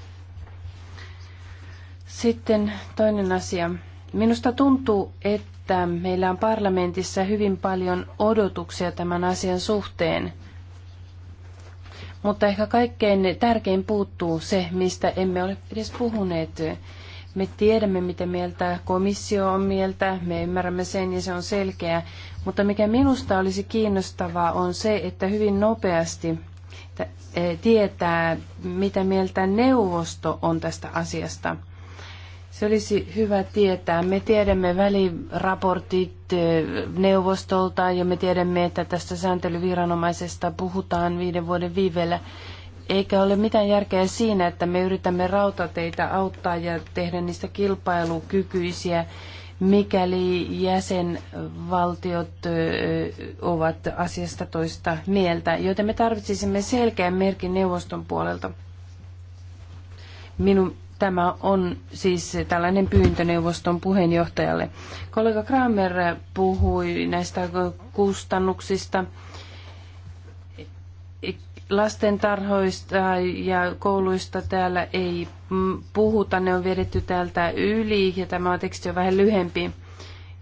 Sitten toinen asia. Minusta tuntuu, että meillä on parlamentissa hyvin paljon odotuksia tämän asian suhteen. Mutta ehkä kaikkein tärkein puuttuu se, mistä emme ole edes puhuneet me tiedämme, mitä mieltä komissio on mieltä, me ymmärrämme sen ja se on selkeä. Mutta mikä minusta olisi kiinnostavaa on se, että hyvin nopeasti e, tietää, mitä mieltä neuvosto on tästä asiasta. Se olisi hyvä tietää. Me tiedämme väliraportit e, neuvostolta ja me tiedämme, että tästä sääntelyviranomaisesta puhutaan viiden vuoden viiveellä. Eikä ole mitään järkeä siinä, että me yritämme rautateitä auttaa ja tehdä niistä kilpailukykyisiä, mikäli jäsenvaltiot ovat asiasta toista mieltä, joten me tarvitsisimme selkeän merkin neuvoston puolelta. Minun tämä on siis tällainen pyyntö neuvoston puheenjohtajalle. Kollega Kramer puhui näistä kustannuksista lastentarhoista ja kouluista täällä ei mm, puhuta, ne on vedetty täältä yli ja tämä teksti on vähän lyhempi.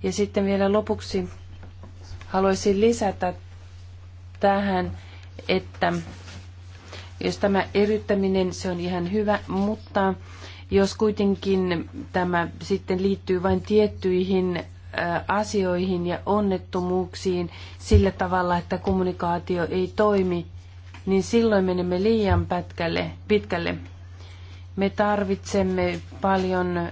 Ja sitten vielä lopuksi haluaisin lisätä tähän, että jos tämä eryttäminen, se on ihan hyvä, mutta jos kuitenkin tämä sitten liittyy vain tiettyihin asioihin ja onnettomuuksiin sillä tavalla, että kommunikaatio ei toimi, niin silloin menemme liian pätkälle, pitkälle. Me tarvitsemme paljon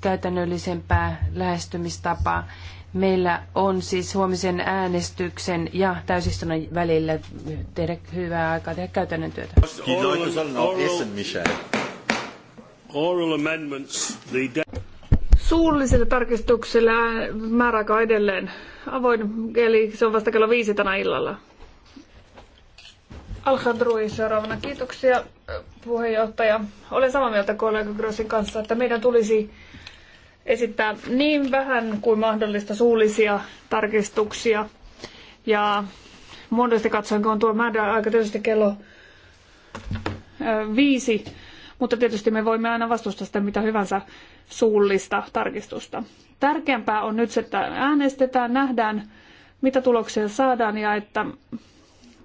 käytännöllisempää lähestymistapaa. Meillä on siis huomisen äänestyksen ja täysistunnon välillä tehdä hyvää aikaa tehdä käytännön työtä. Suulliselle tarkistukselle määräaika edelleen avoin, eli se on vasta kello viisi tänä illalla. Alhadrui seuraavana. Kiitoksia puheenjohtaja. Olen samaa mieltä kollega Grossin kanssa, että meidän tulisi esittää niin vähän kuin mahdollista suullisia tarkistuksia. Ja muodollisesti katsoen, kun on tuo määrä aika tietysti kello viisi, mutta tietysti me voimme aina vastustaa sitä mitä hyvänsä suullista tarkistusta. Tärkeämpää on nyt se, että äänestetään, nähdään mitä tuloksia saadaan ja että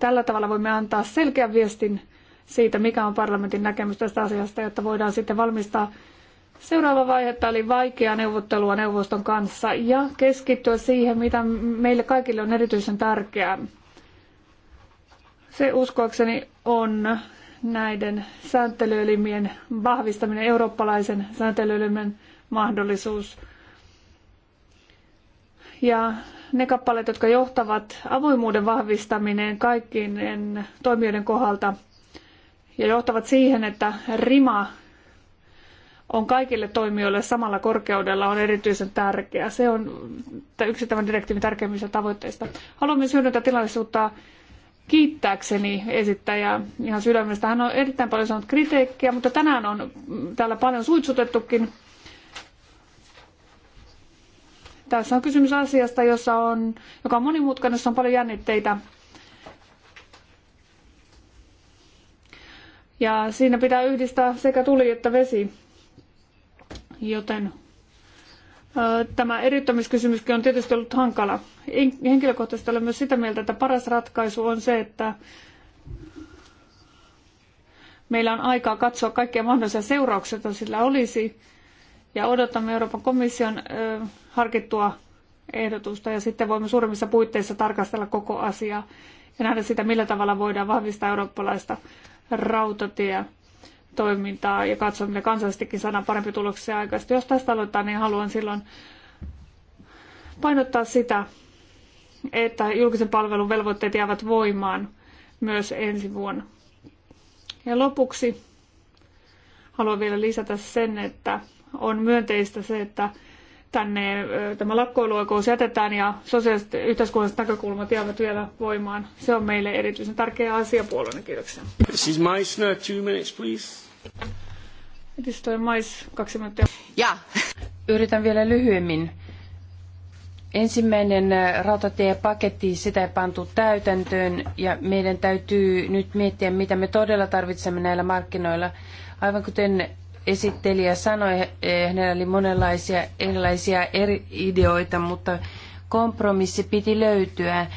Tällä tavalla voimme antaa selkeän viestin siitä, mikä on parlamentin näkemys tästä asiasta, jotta voidaan sitten valmistaa seuraava vaihetta, eli vaikeaa neuvottelua neuvoston kanssa ja keskittyä siihen, mitä meille kaikille on erityisen tärkeää. Se uskoakseni on näiden sääntelyelimien vahvistaminen, eurooppalaisen sääntelyelimen mahdollisuus. Ja ne kappaleet, jotka johtavat avoimuuden vahvistaminen kaikkien toimijoiden kohdalta ja johtavat siihen, että rima on kaikille toimijoille samalla korkeudella on erityisen tärkeä. Se on yksi tämän direktiivin tärkeimmistä tavoitteista. Haluan myös hyödyntää tilaisuutta kiittääkseni esittäjää ihan sydämestä. Hän on erittäin paljon saanut kritiikkiä, mutta tänään on täällä paljon suitsutettukin tässä on kysymys asiasta, jossa on, joka on monimutkainen, jossa on paljon jännitteitä. Ja siinä pitää yhdistää sekä tuli että vesi. Joten Tämä eriyttämiskysymyskin on tietysti ollut hankala. Henkilökohtaisesti olen myös sitä mieltä, että paras ratkaisu on se, että meillä on aikaa katsoa kaikkia mahdollisia seurauksia, joita sillä olisi ja odotamme Euroopan komission harkittua ehdotusta ja sitten voimme suuremmissa puitteissa tarkastella koko asiaa ja nähdä sitä, millä tavalla voidaan vahvistaa eurooppalaista rautatie toimintaa ja katsoa, miten kansallisestikin saadaan parempi tuloksia aikaisesti. Jos tästä aloittaa, niin haluan silloin painottaa sitä, että julkisen palvelun velvoitteet jäävät voimaan myös ensi vuonna. Ja lopuksi haluan vielä lisätä sen, että on myönteistä se, että tänne tämä lakkoiluoikeus jätetään ja sosiaaliset yhteiskunnalliset näkökulmat jäävät vielä voimaan. Se on meille erityisen tärkeä asia puolueena. Kiitoksia. Siis Meissner, two minutes, please. Edistoin Mais, kaksi minuuttia. Ja. Yritän vielä lyhyemmin. Ensimmäinen rautatiepaketti, sitä ei pantu täytäntöön ja meidän täytyy nyt miettiä, mitä me todella tarvitsemme näillä markkinoilla. Aivan kuten esittelijä sanoi, hänellä oli monenlaisia erilaisia eri ideoita, mutta kompromissi piti löytyä.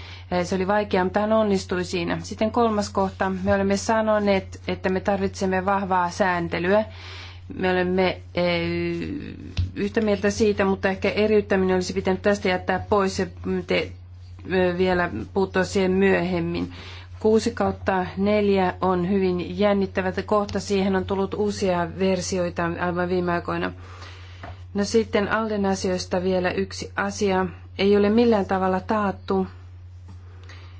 Se oli vaikea, mutta hän onnistui siinä. Sitten kolmas kohta. Me olemme sanoneet, että me tarvitsemme vahvaa sääntelyä. Me olemme eh, yhtä mieltä siitä, mutta ehkä eriyttäminen olisi pitänyt tästä jättää pois ja eh, vielä puuttua siihen myöhemmin. 6 kautta 4 on hyvin jännittävä kohta. Siihen on tullut uusia versioita aivan viime aikoina. No sitten Alden asioista vielä yksi asia. Ei ole millään tavalla taattu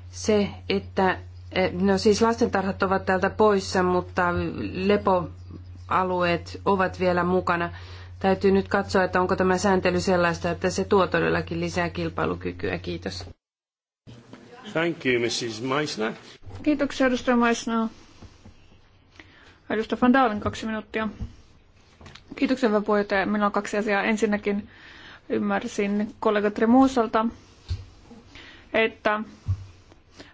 se, että, eh, no siis lastentarhat ovat täältä poissa, mutta lepoalueet ovat vielä mukana. Täytyy nyt katsoa, että onko tämä sääntely sellaista, että se tuo todellakin lisää kilpailukykyä. Kiitos. Thank you, Mrs. Meissner. Kiitoksia, edustaja Meissner. Edustaja Van Dalen, kaksi minuuttia. Kiitoksia, hyvä puheenjohtaja. Minulla on kaksi asiaa. Ensinnäkin ymmärsin kollega Tremuusalta, että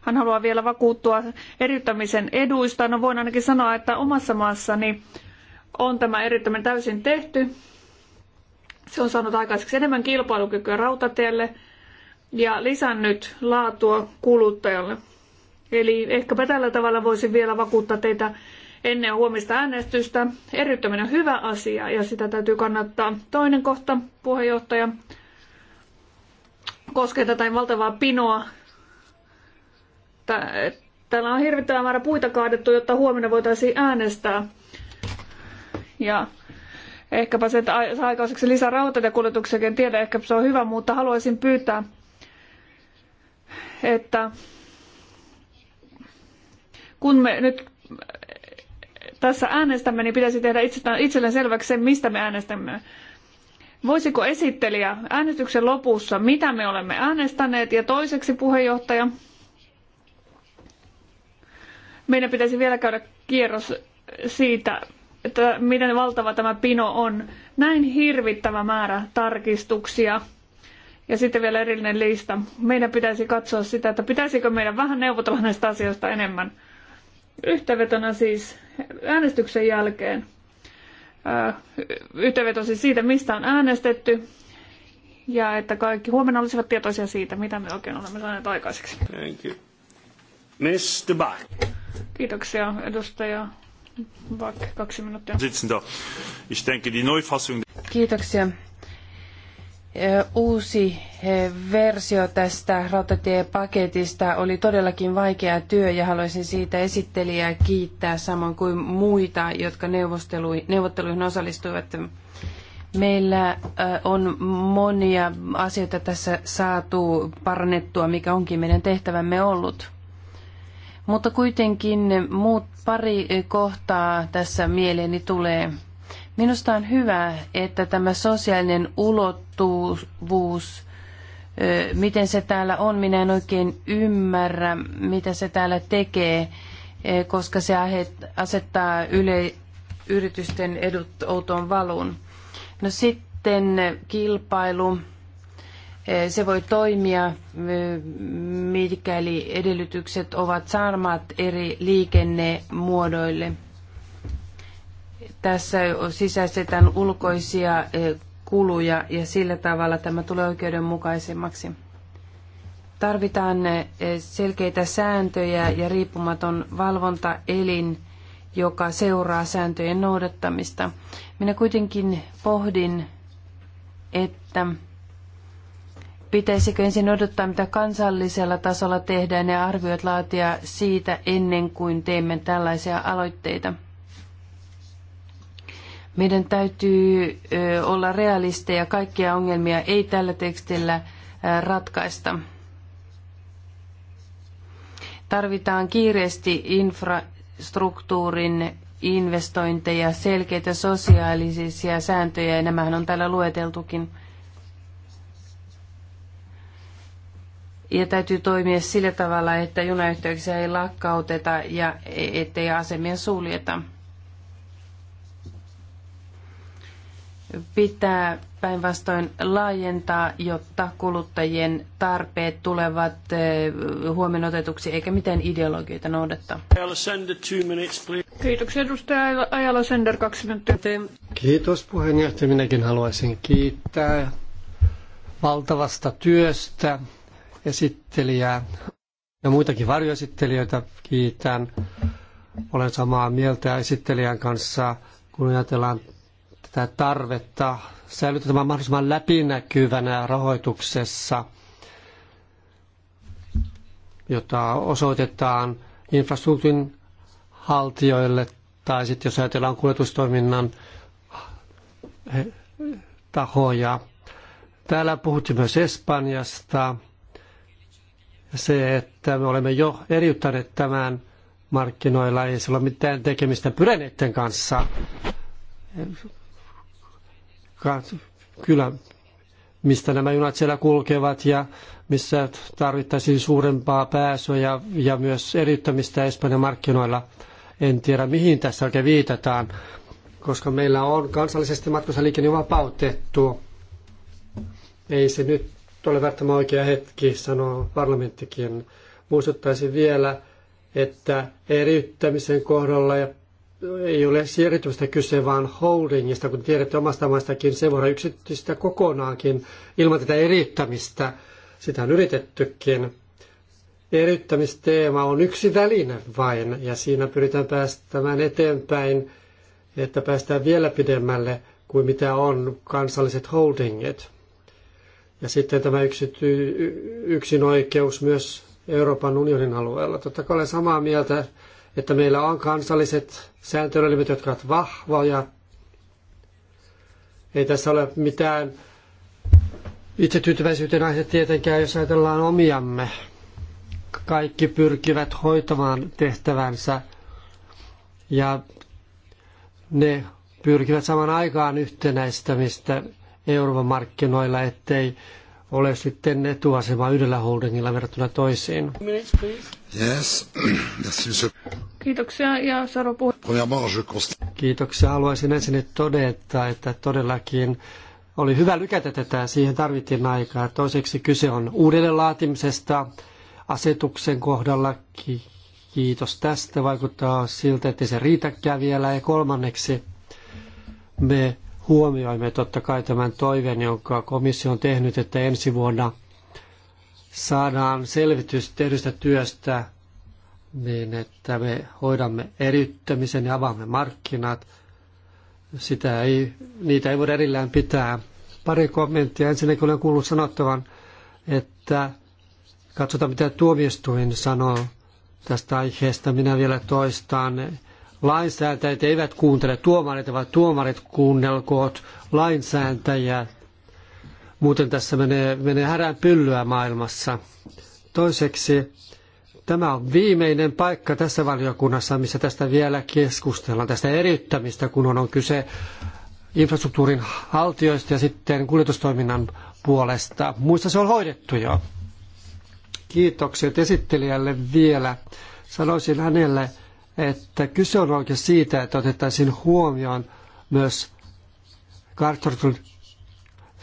hän haluaa vielä vakuuttua eriyttämisen eduista. No voin ainakin sanoa, että omassa maassani on tämä eriyttäminen täysin tehty. Se on saanut aikaiseksi enemmän kilpailukykyä rautatielle ja lisännyt laatua kuluttajalle. Eli ehkäpä tällä tavalla voisin vielä vakuuttaa teitä ennen huomista äänestystä. Eriyttäminen on hyvä asia ja sitä täytyy kannattaa. Toinen kohta, puheenjohtaja, koskee tätä valtavaa pinoa. Täällä on hirvittävä määrä puita kaadettu, jotta huomenna voitaisiin äänestää. Ja ehkäpä se, että saa aikaiseksi lisää rautatiekuljetuksia, en tiedä, ehkä se on hyvä, mutta haluaisin pyytää että kun me nyt tässä äänestämme, niin pitäisi tehdä itselleen selväksi se, mistä me äänestämme. Voisiko esittelijä äänestyksen lopussa, mitä me olemme äänestäneet, ja toiseksi puheenjohtaja, meidän pitäisi vielä käydä kierros siitä, että miten valtava tämä pino on. Näin hirvittävä määrä tarkistuksia – ja sitten vielä erillinen lista. Meidän pitäisi katsoa sitä, että pitäisikö meidän vähän neuvotella näistä asioista enemmän. Yhteenvetona siis äänestyksen jälkeen. Yhteenveto siis siitä, mistä on äänestetty. Ja että kaikki huomenna olisivat tietoisia siitä, mitä me oikein olemme saaneet aikaiseksi. Thank you. Mr. Bach. Kiitoksia, edustaja Bach. Kaksi minuuttia. Kiitoksia. Uusi versio tästä rautatiepaketista oli todellakin vaikea työ ja haluaisin siitä esittelijää kiittää samoin kuin muita, jotka neuvotteluihin osallistuivat. Meillä on monia asioita tässä saatu parannettua, mikä onkin meidän tehtävämme ollut. Mutta kuitenkin muut pari kohtaa tässä mieleeni tulee. Minusta on hyvä, että tämä sosiaalinen ulottuvuus, miten se täällä on, minä en oikein ymmärrä, mitä se täällä tekee, koska se asettaa yle, yritysten edut outoon valuun. No sitten kilpailu. Se voi toimia, mikäli edellytykset ovat sarmat eri liikennemuodoille. Tässä sisäistetään ulkoisia e, kuluja ja sillä tavalla tämä tulee oikeudenmukaisemmaksi. Tarvitaan e, selkeitä sääntöjä ja riippumaton valvontaelin, joka seuraa sääntöjen noudattamista. Minä kuitenkin pohdin, että pitäisikö ensin odottaa, mitä kansallisella tasolla tehdään ja arviot laatia siitä ennen kuin teemme tällaisia aloitteita. Meidän täytyy olla realisteja, kaikkia ongelmia ei tällä tekstillä ratkaista. Tarvitaan kiireesti infrastruktuurin investointeja, selkeitä sosiaalisia sääntöjä, ja nämähän on täällä lueteltukin. Ja täytyy toimia sillä tavalla, että junayhteyksiä ei lakkauteta ja e- ettei asemia suljeta. pitää päinvastoin laajentaa, jotta kuluttajien tarpeet tulevat eh, huomioon otetuksi, eikä mitään ideologioita noudattaa. Kiitoksia edustaja Ajala Sender, kaksi minuuttia. Kiitos puheenjohtaja. Minäkin haluaisin kiittää valtavasta työstä esittelijää ja muitakin varjoesittelijöitä kiitän. Olen samaa mieltä esittelijän kanssa, kun ajatellaan sitä tarvetta säilytetään mahdollisimman läpinäkyvänä rahoituksessa, jota osoitetaan infrastruktuurin haltijoille tai sitten jos ajatellaan kuljetustoiminnan tahoja. Täällä puhuttiin myös Espanjasta. Se, että me olemme jo eriyttäneet tämän markkinoilla, ei sillä ole mitään tekemistä pyreneiden kanssa kylä, mistä nämä junat siellä kulkevat ja missä tarvittaisiin suurempaa pääsyä ja, ja myös eriyttämistä Espanjan markkinoilla. En tiedä, mihin tässä oikein viitataan, koska meillä on kansallisesti matkustajaliikenne vapautettu. Ei se nyt ole välttämättä oikea hetki, sanoo parlamenttikin. Muistuttaisin vielä, että eriyttämisen kohdalla ja ei ole siirretystä kyse, vaan holdingista, kun tiedätte omasta maastakin se voidaan yksityistä kokonaankin ilman tätä eriyttämistä. Sitä on yritettykin. Eriyttämisteema on yksi väline vain, ja siinä pyritään päästämään eteenpäin, että päästään vielä pidemmälle kuin mitä on kansalliset holdingit. Ja sitten tämä yksity, yksinoikeus myös Euroopan unionin alueella. Totta kai olen samaa mieltä että meillä on kansalliset sääntelyelimet, jotka ovat vahvoja. Ei tässä ole mitään itse tyytyväisyyteen aihe tietenkään, jos ajatellaan omiamme. Kaikki pyrkivät hoitamaan tehtävänsä ja ne pyrkivät saman aikaan yhtenäistämistä Euroopan markkinoilla, ettei ole sitten etuasema yhdellä holdingilla verrattuna toisiin. Minutes, Yes. Merci, Kiitoksia ja seuraava puhe. Kiitoksia. Haluaisin ensin todeta, että todellakin oli hyvä lykätä tätä, siihen tarvittiin aikaa. Toiseksi kyse on uudelleen laatimisesta asetuksen kohdalla. Kiitos tästä. Vaikuttaa siltä, että se riitäkään vielä. Ja kolmanneksi me huomioimme totta kai tämän toiveen, jonka komissio on tehnyt, että ensi vuonna – saadaan selvitys tehdystä työstä niin, että me hoidamme eriyttämisen ja avaamme markkinat. Sitä ei, niitä ei voida erillään pitää. Pari kommenttia. Ensinnäkin olen kuullut sanottavan, että katsotaan mitä tuomioistuin sanoo tästä aiheesta. Minä vielä toistan. Lainsääntäjät eivät kuuntele tuomareita, vaan tuomarit kuunnelkoot lainsääntäjät. Muuten tässä menee, menee härän pyllyä maailmassa. Toiseksi, tämä on viimeinen paikka tässä valiokunnassa, missä tästä vielä keskustellaan, tästä eriyttämistä, kun on, on kyse infrastruktuurin haltioista ja sitten kuljetustoiminnan puolesta. Muista se on hoidettu jo. Kiitokset esittelijälle vielä. Sanoisin hänelle, että kyse on oikein siitä, että otettaisiin huomioon myös kartoitetut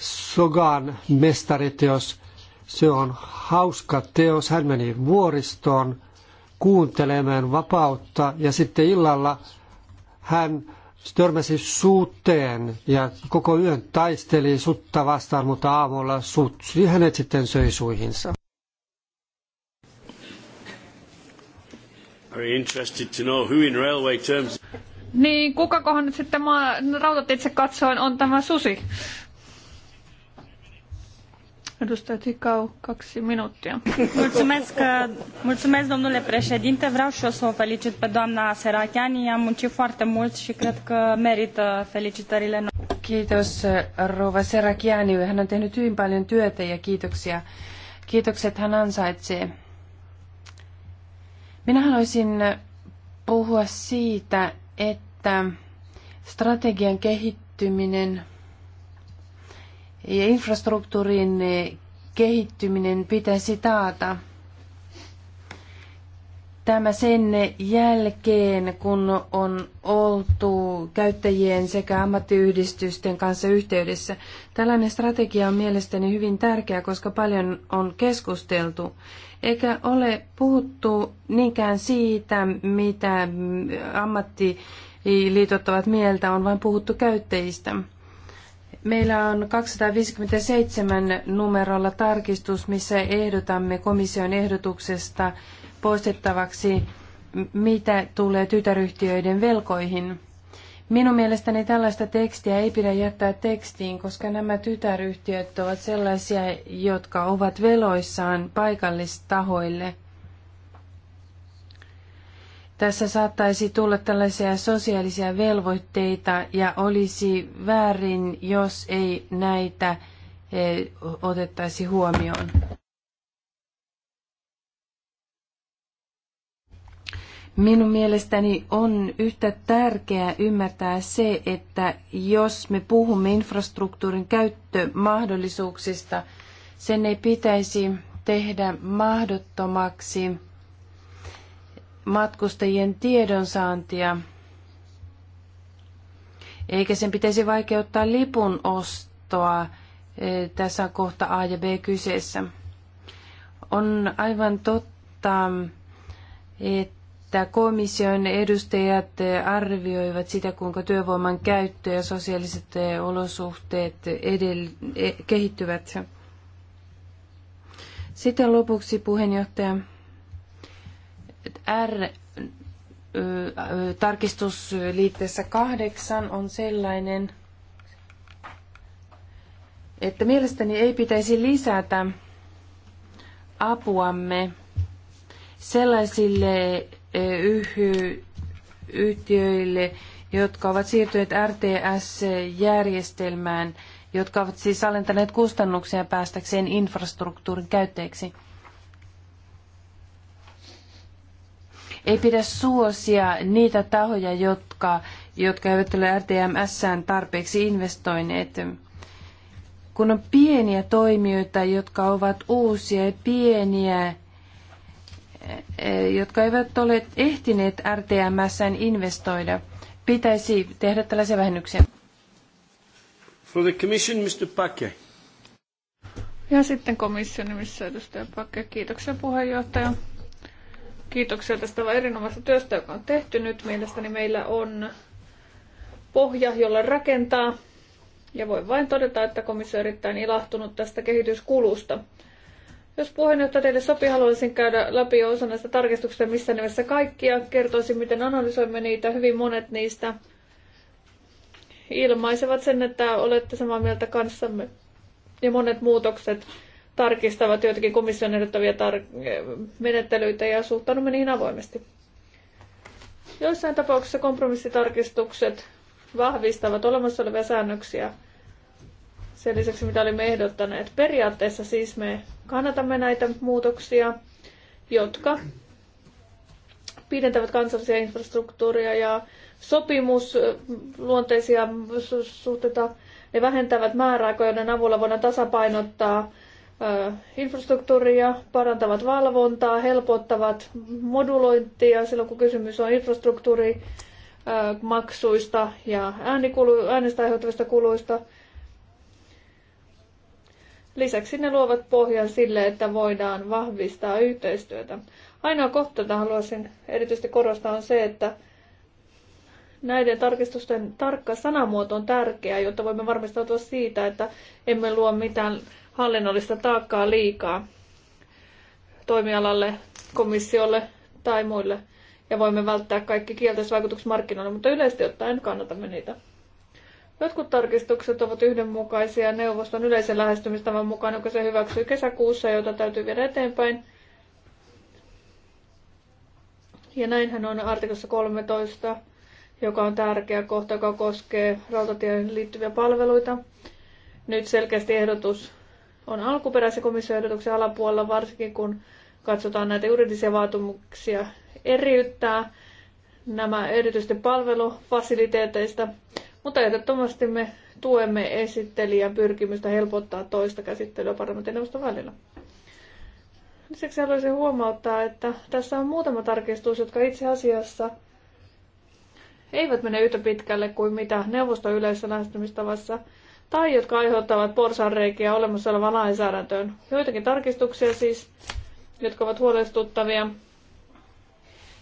Sogan mestariteos. Se on hauska teos. Hän meni vuoristoon kuuntelemaan vapautta ja sitten illalla hän törmäsi suuteen ja koko yön taisteli sutta vastaan, mutta aamulla sutsi hänet sitten söi suihinsa. Very interested to know who in railway terms... Niin, kukakohan nyt sitten mä rautatitse katsoen on tämä susi? Edustaja Ticau, kaksi minuuttia. Mulțumesc, mulțumesc domnule președinte. Vreau și eu să o felicit pe doamna Serachiani. Am muncit foarte mult și cred că merită felicitările noastre. Kiitos rouva Serachiani. Hän on tehnyt hyvin paljon työtä ja kiitoksia. Kiitokset hän ansaitsee. Minä haluaisin puhua siitä, että strategian kehittyminen – ja infrastruktuurin eh, kehittyminen pitäisi taata. Tämä sen jälkeen, kun on oltu käyttäjien sekä ammattiyhdistysten kanssa yhteydessä. Tällainen strategia on mielestäni hyvin tärkeä, koska paljon on keskusteltu, eikä ole puhuttu niinkään siitä, mitä ammattiliitot ovat mieltä, on vain puhuttu käyttäjistä. Meillä on 257 numerolla tarkistus, missä ehdotamme komission ehdotuksesta poistettavaksi, mitä tulee tytäryhtiöiden velkoihin. Minun mielestäni tällaista tekstiä ei pidä jättää tekstiin, koska nämä tytäryhtiöt ovat sellaisia, jotka ovat veloissaan paikallistahoille – tässä saattaisi tulla tällaisia sosiaalisia velvoitteita ja olisi väärin, jos ei näitä eh, otettaisi huomioon. Minun mielestäni on yhtä tärkeää ymmärtää se, että jos me puhumme infrastruktuurin käyttömahdollisuuksista, sen ei pitäisi tehdä mahdottomaksi matkustajien tiedonsaantia, eikä sen pitäisi vaikeuttaa lipun ostoa. Eh, tässä kohta A ja B kyseessä. On aivan totta, että komission edustajat eh, arvioivat sitä, kuinka työvoiman käyttö ja sosiaaliset eh, olosuhteet edell- kehittyvät. Sitten lopuksi puheenjohtaja R tarkistusliitteessä kahdeksan on sellainen, että mielestäni ei pitäisi lisätä apuamme sellaisille yhtiöille, jotka ovat siirtyneet RTS-järjestelmään, jotka ovat siis alentaneet kustannuksia päästäkseen infrastruktuurin käyttäjiksi. Ei pidä suosia niitä tahoja, jotka, jotka eivät ole RTMSään tarpeeksi investoineet. Kun on pieniä toimijoita, jotka ovat uusia ja pieniä, eh, jotka eivät ole ehtineet RTMSään investoida, pitäisi tehdä tällaisia vähennyksiä. For the commission, Mr. Pake. Ja sitten komissio nimissä edustaja Pakke. Kiitoksia puheenjohtaja. Kiitoksia tästä erinomaisesta työstä, joka on tehty nyt. Mielestäni meillä on pohja, jolla rakentaa. Ja voin vain todeta, että komissio on erittäin ilahtunut tästä kehityskulusta. Jos puheenjohtaja teille sopii, haluaisin käydä läpi osa näistä tarkistuksista missä nimessä kaikkia. Kertoisin, miten analysoimme niitä. Hyvin monet niistä ilmaisevat sen, että olette samaa mieltä kanssamme. Ja monet muutokset tarkistavat joitakin komission ehdottavia tar- menettelyitä ja suhtaudumme niihin avoimesti. Joissain tapauksissa kompromissitarkistukset vahvistavat olemassa olevia säännöksiä sen lisäksi, mitä olimme ehdottaneet. Periaatteessa siis me kannatamme näitä muutoksia, jotka pidentävät kansallisia infrastruktuuria ja sopimusluonteisia suhteita. Ne vähentävät määräaikoja, joiden avulla voidaan tasapainottaa infrastruktuuria, parantavat valvontaa, helpottavat modulointia silloin, kun kysymys on infrastruktuurimaksuista ja äänikulu, äänestä aiheutuvista kuluista. Lisäksi ne luovat pohjan sille, että voidaan vahvistaa yhteistyötä. Ainoa kohta, jota haluaisin erityisesti korostaa, on se, että näiden tarkistusten tarkka sanamuoto on tärkeää, jotta voimme varmistautua siitä, että emme luo mitään hallinnollista taakkaa liikaa toimialalle, komissiolle tai muille. Ja voimme välttää kaikki kielteiset vaikutukset markkinoille, mutta yleisesti ottaen kannatamme niitä. Jotkut tarkistukset ovat yhdenmukaisia neuvoston yleisen lähestymistavan mukaan, joka se hyväksyi kesäkuussa, jota täytyy viedä eteenpäin. Ja näinhän on artikossa 13, joka on tärkeä kohta, joka koskee rautatiehen liittyviä palveluita. Nyt selkeästi ehdotus on alkuperäisen komission ehdotuksen alapuolella, varsinkin kun katsotaan näitä juridisia vaatimuksia eriyttää nämä erityisesti palvelufasiliteeteista, mutta ehdottomasti me tuemme esittelijän pyrkimystä helpottaa toista käsittelyä parlamentin neuvoston välillä. Lisäksi haluaisin huomauttaa, että tässä on muutama tarkistus, jotka itse asiassa eivät mene yhtä pitkälle kuin mitä neuvosto yleisessä lähestymistavassa – tai jotka aiheuttavat porsanreikiä olemassa olevan lainsäädäntöön. Joitakin tarkistuksia siis, jotka ovat huolestuttavia,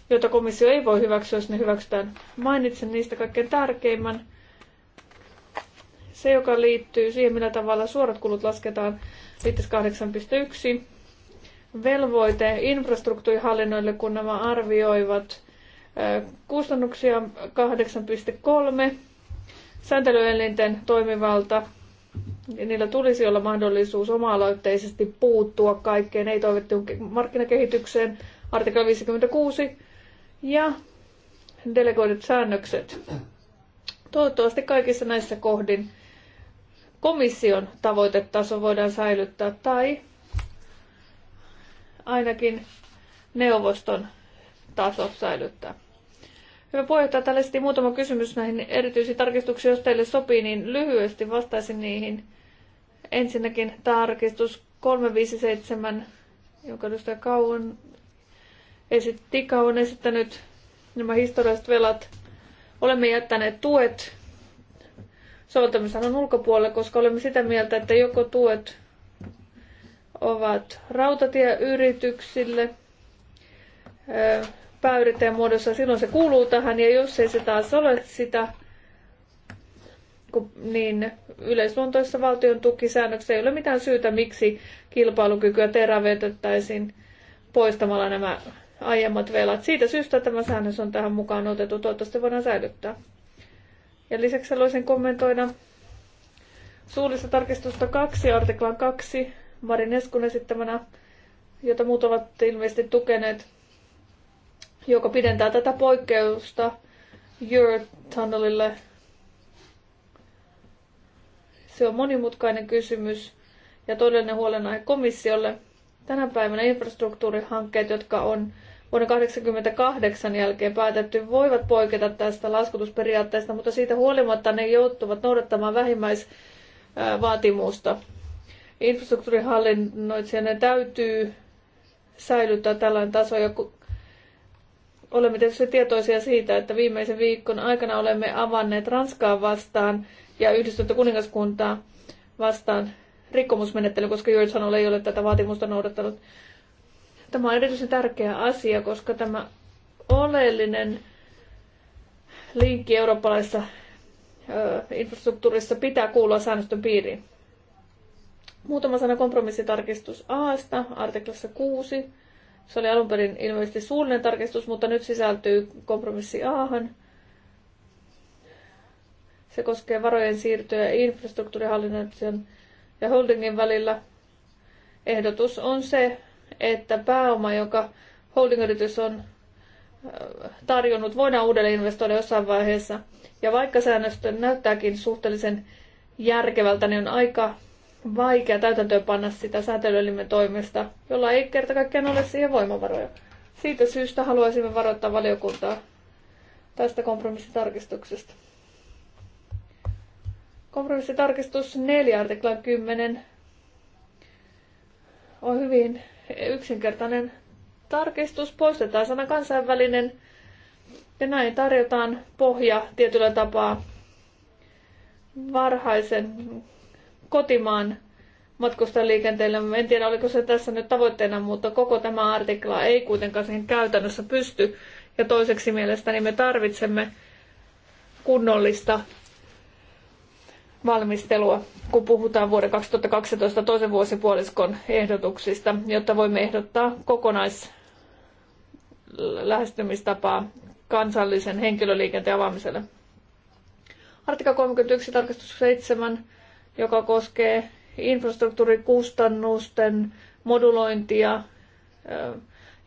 joita komissio ei voi hyväksyä, jos ne hyväksytään. Mainitsen niistä kaikkein tärkeimmän. Se, joka liittyy siihen, millä tavalla suorat kulut lasketaan, liittyisi 8.1 velvoite infrastruktuurihallinnoille, kun nämä arvioivat kustannuksia 8.3 sääntelyelinten toimivalta. Niillä tulisi olla mahdollisuus oma-aloitteisesti puuttua kaikkeen ei-toivottuun markkinakehitykseen, artikla 56, ja delegoidut säännökset. Toivottavasti kaikissa näissä kohdin komission tavoitetaso voidaan säilyttää tai ainakin neuvoston taso säilyttää. Hyvä puheenjohtaja, täällä esitin muutama kysymys näihin erityisiin tarkistuksiin. Jos teille sopii, niin lyhyesti vastaisin niihin. Ensinnäkin tarkistus 357, jonka edustaja Kauan esitti, Kauan esittänyt nämä historialliset velat. Olemme jättäneet tuet soveltamisalan ulkopuolelle, koska olemme sitä mieltä, että joko tuet ovat rautatieyrityksille, pääyrittäjän muodossa, silloin se kuuluu tähän, ja jos ei se taas ole sitä, niin yleisluontoissa valtion tukisäännöksissä ei ole mitään syytä, miksi kilpailukykyä terävetettäisiin poistamalla nämä aiemmat velat. Siitä syystä tämä säännös on tähän mukaan otettu. Toivottavasti voidaan säilyttää. Ja lisäksi haluaisin kommentoida suullista tarkistusta 2, artiklan 2, Marin Eskun esittämänä, jota muut ovat ilmeisesti tukeneet joka pidentää tätä poikkeusta Eurotunnelille. Se on monimutkainen kysymys ja todellinen huolenaihe komissiolle. Tänä päivänä infrastruktuurihankkeet, jotka on vuonna 1988 jälkeen päätetty, voivat poiketa tästä laskutusperiaatteesta, mutta siitä huolimatta ne joutuvat noudattamaan vähimmäisvaatimusta. Infrastruktuurihallinnoitsijan täytyy säilyttää tällainen taso ja Olemme tietysti tietoisia siitä, että viimeisen viikon aikana olemme avanneet Ranskaa vastaan ja yhdistetty kuningaskuntaa vastaan rikkomusmenettely, koska Jörgsanol ei ole tätä vaatimusta noudattanut. Tämä on erityisen tärkeä asia, koska tämä oleellinen linkki eurooppalaisessa infrastruktuurissa pitää kuulua säännöstön piiriin. Muutama sana kompromissitarkistus Aasta, artiklassa 6. Se oli alun perin ilmeisesti suullinen tarkistus, mutta nyt sisältyy kompromissi Ahan. Se koskee varojen siirtoja infrastruktuurihallinnon ja holdingin välillä. Ehdotus on se, että pääoma, joka holdingyritys on tarjonnut, voidaan uudelleen investoida jossain vaiheessa. Ja vaikka säännöstö näyttääkin suhteellisen järkevältä, niin on aika vaikea panna sitä säätelyelimen toimesta, jolla ei kerta kaikkiaan ole siihen voimavaroja. Siitä syystä haluaisimme varoittaa valiokuntaa tästä kompromissitarkistuksesta. Kompromissitarkistus 4 artiklan 10 on hyvin yksinkertainen tarkistus. Poistetaan sana kansainvälinen ja näin tarjotaan pohja tietyllä tapaa varhaisen kotimaan matkustajaliikenteellä. En tiedä, oliko se tässä nyt tavoitteena, mutta koko tämä artikla ei kuitenkaan siihen käytännössä pysty. Ja toiseksi mielestäni me tarvitsemme kunnollista valmistelua, kun puhutaan vuoden 2012 toisen vuosipuoliskon ehdotuksista, jotta voimme ehdottaa kokonaislähestymistapaa kansallisen henkilöliikenteen avaamiselle. Artikla 31, tarkastus 7 joka koskee infrastruktuurikustannusten modulointia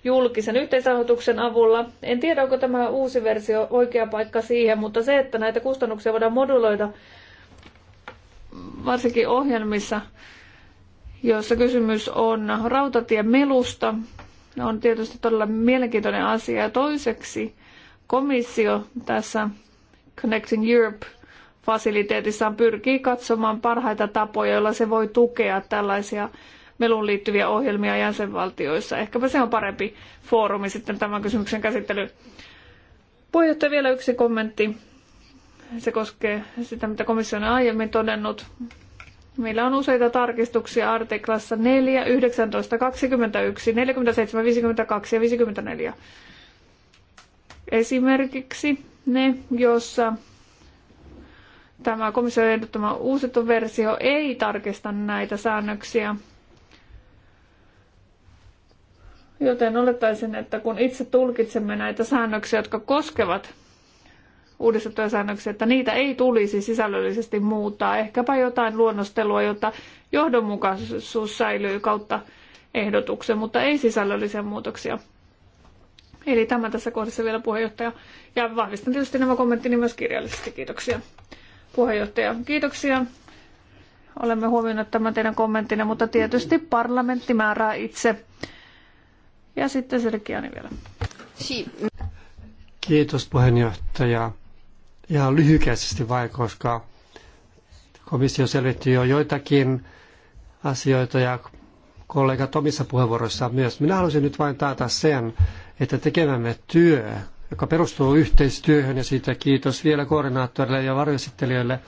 julkisen yhteisrahoituksen avulla. En tiedä, onko tämä uusi versio oikea paikka siihen, mutta se, että näitä kustannuksia voidaan moduloida varsinkin ohjelmissa, joissa kysymys on rautatien melusta, on tietysti todella mielenkiintoinen asia. Ja toiseksi komissio tässä Connecting Europe – fasiliteetissaan pyrkii katsomaan parhaita tapoja, joilla se voi tukea tällaisia meluun liittyviä ohjelmia jäsenvaltioissa. Ehkäpä se on parempi foorumi sitten tämän kysymyksen käsittelyyn. Puheenjohtaja, vielä yksi kommentti. Se koskee sitä, mitä komissio on aiemmin todennut. Meillä on useita tarkistuksia artiklassa 4, 19, 21, 47, 52 ja 54. Esimerkiksi ne, joissa Tämä komission ehdottama uusittu versio ei tarkista näitä säännöksiä, joten olettaisin, että kun itse tulkitsemme näitä säännöksiä, jotka koskevat uudistettuja säännöksiä, että niitä ei tulisi sisällöllisesti muuttaa. Ehkäpä jotain luonnostelua, jotta johdonmukaisuus säilyy kautta ehdotuksen, mutta ei sisällöllisiä muutoksia. Eli tämä tässä kohdassa vielä puheenjohtaja. Ja vahvistan tietysti nämä kommenttini myös kirjallisesti. Kiitoksia. Puheenjohtaja, kiitoksia. Olemme huomioineet tämän teidän kommenttinne, mutta tietysti parlamentti määrää itse. Ja sitten Sergiani vielä. Kiitos puheenjohtaja. Ja lyhykäisesti vain, koska komissio selvitti jo joitakin asioita ja kollegat omissa puheenvuoroissaan myös. Minä haluaisin nyt vain taata sen, että tekemämme työ joka perustuu yhteistyöhön ja siitä kiitos vielä koordinaattorille ja varjoesittelijöille.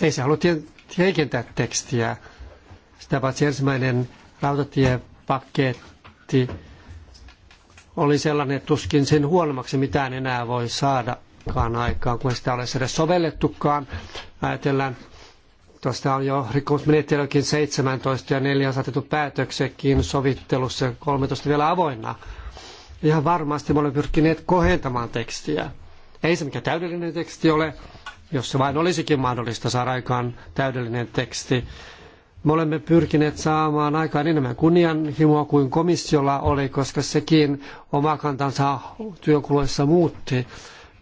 Ei se halua heikentää tekstiä. Sitä paitsi ensimmäinen rautatiepaketti oli sellainen, että tuskin sen huonommaksi mitään enää voi saadakaan aikaan, kun sitä olisi edes sovellettukaan. Ajatellaan, tuosta on jo rikkomusmenettelykin 17 ja 4 saatettu päätöksekin sovittelussa 13 vielä avoinna ihan varmasti me olemme pyrkineet kohentamaan tekstiä. Ei se mikään täydellinen teksti ole, jos se vain olisikin mahdollista saada aikaan täydellinen teksti. Me olemme pyrkineet saamaan aikaan enemmän kunnianhimoa kuin komissiolla oli, koska sekin oma kantansa työkuluessa muutti.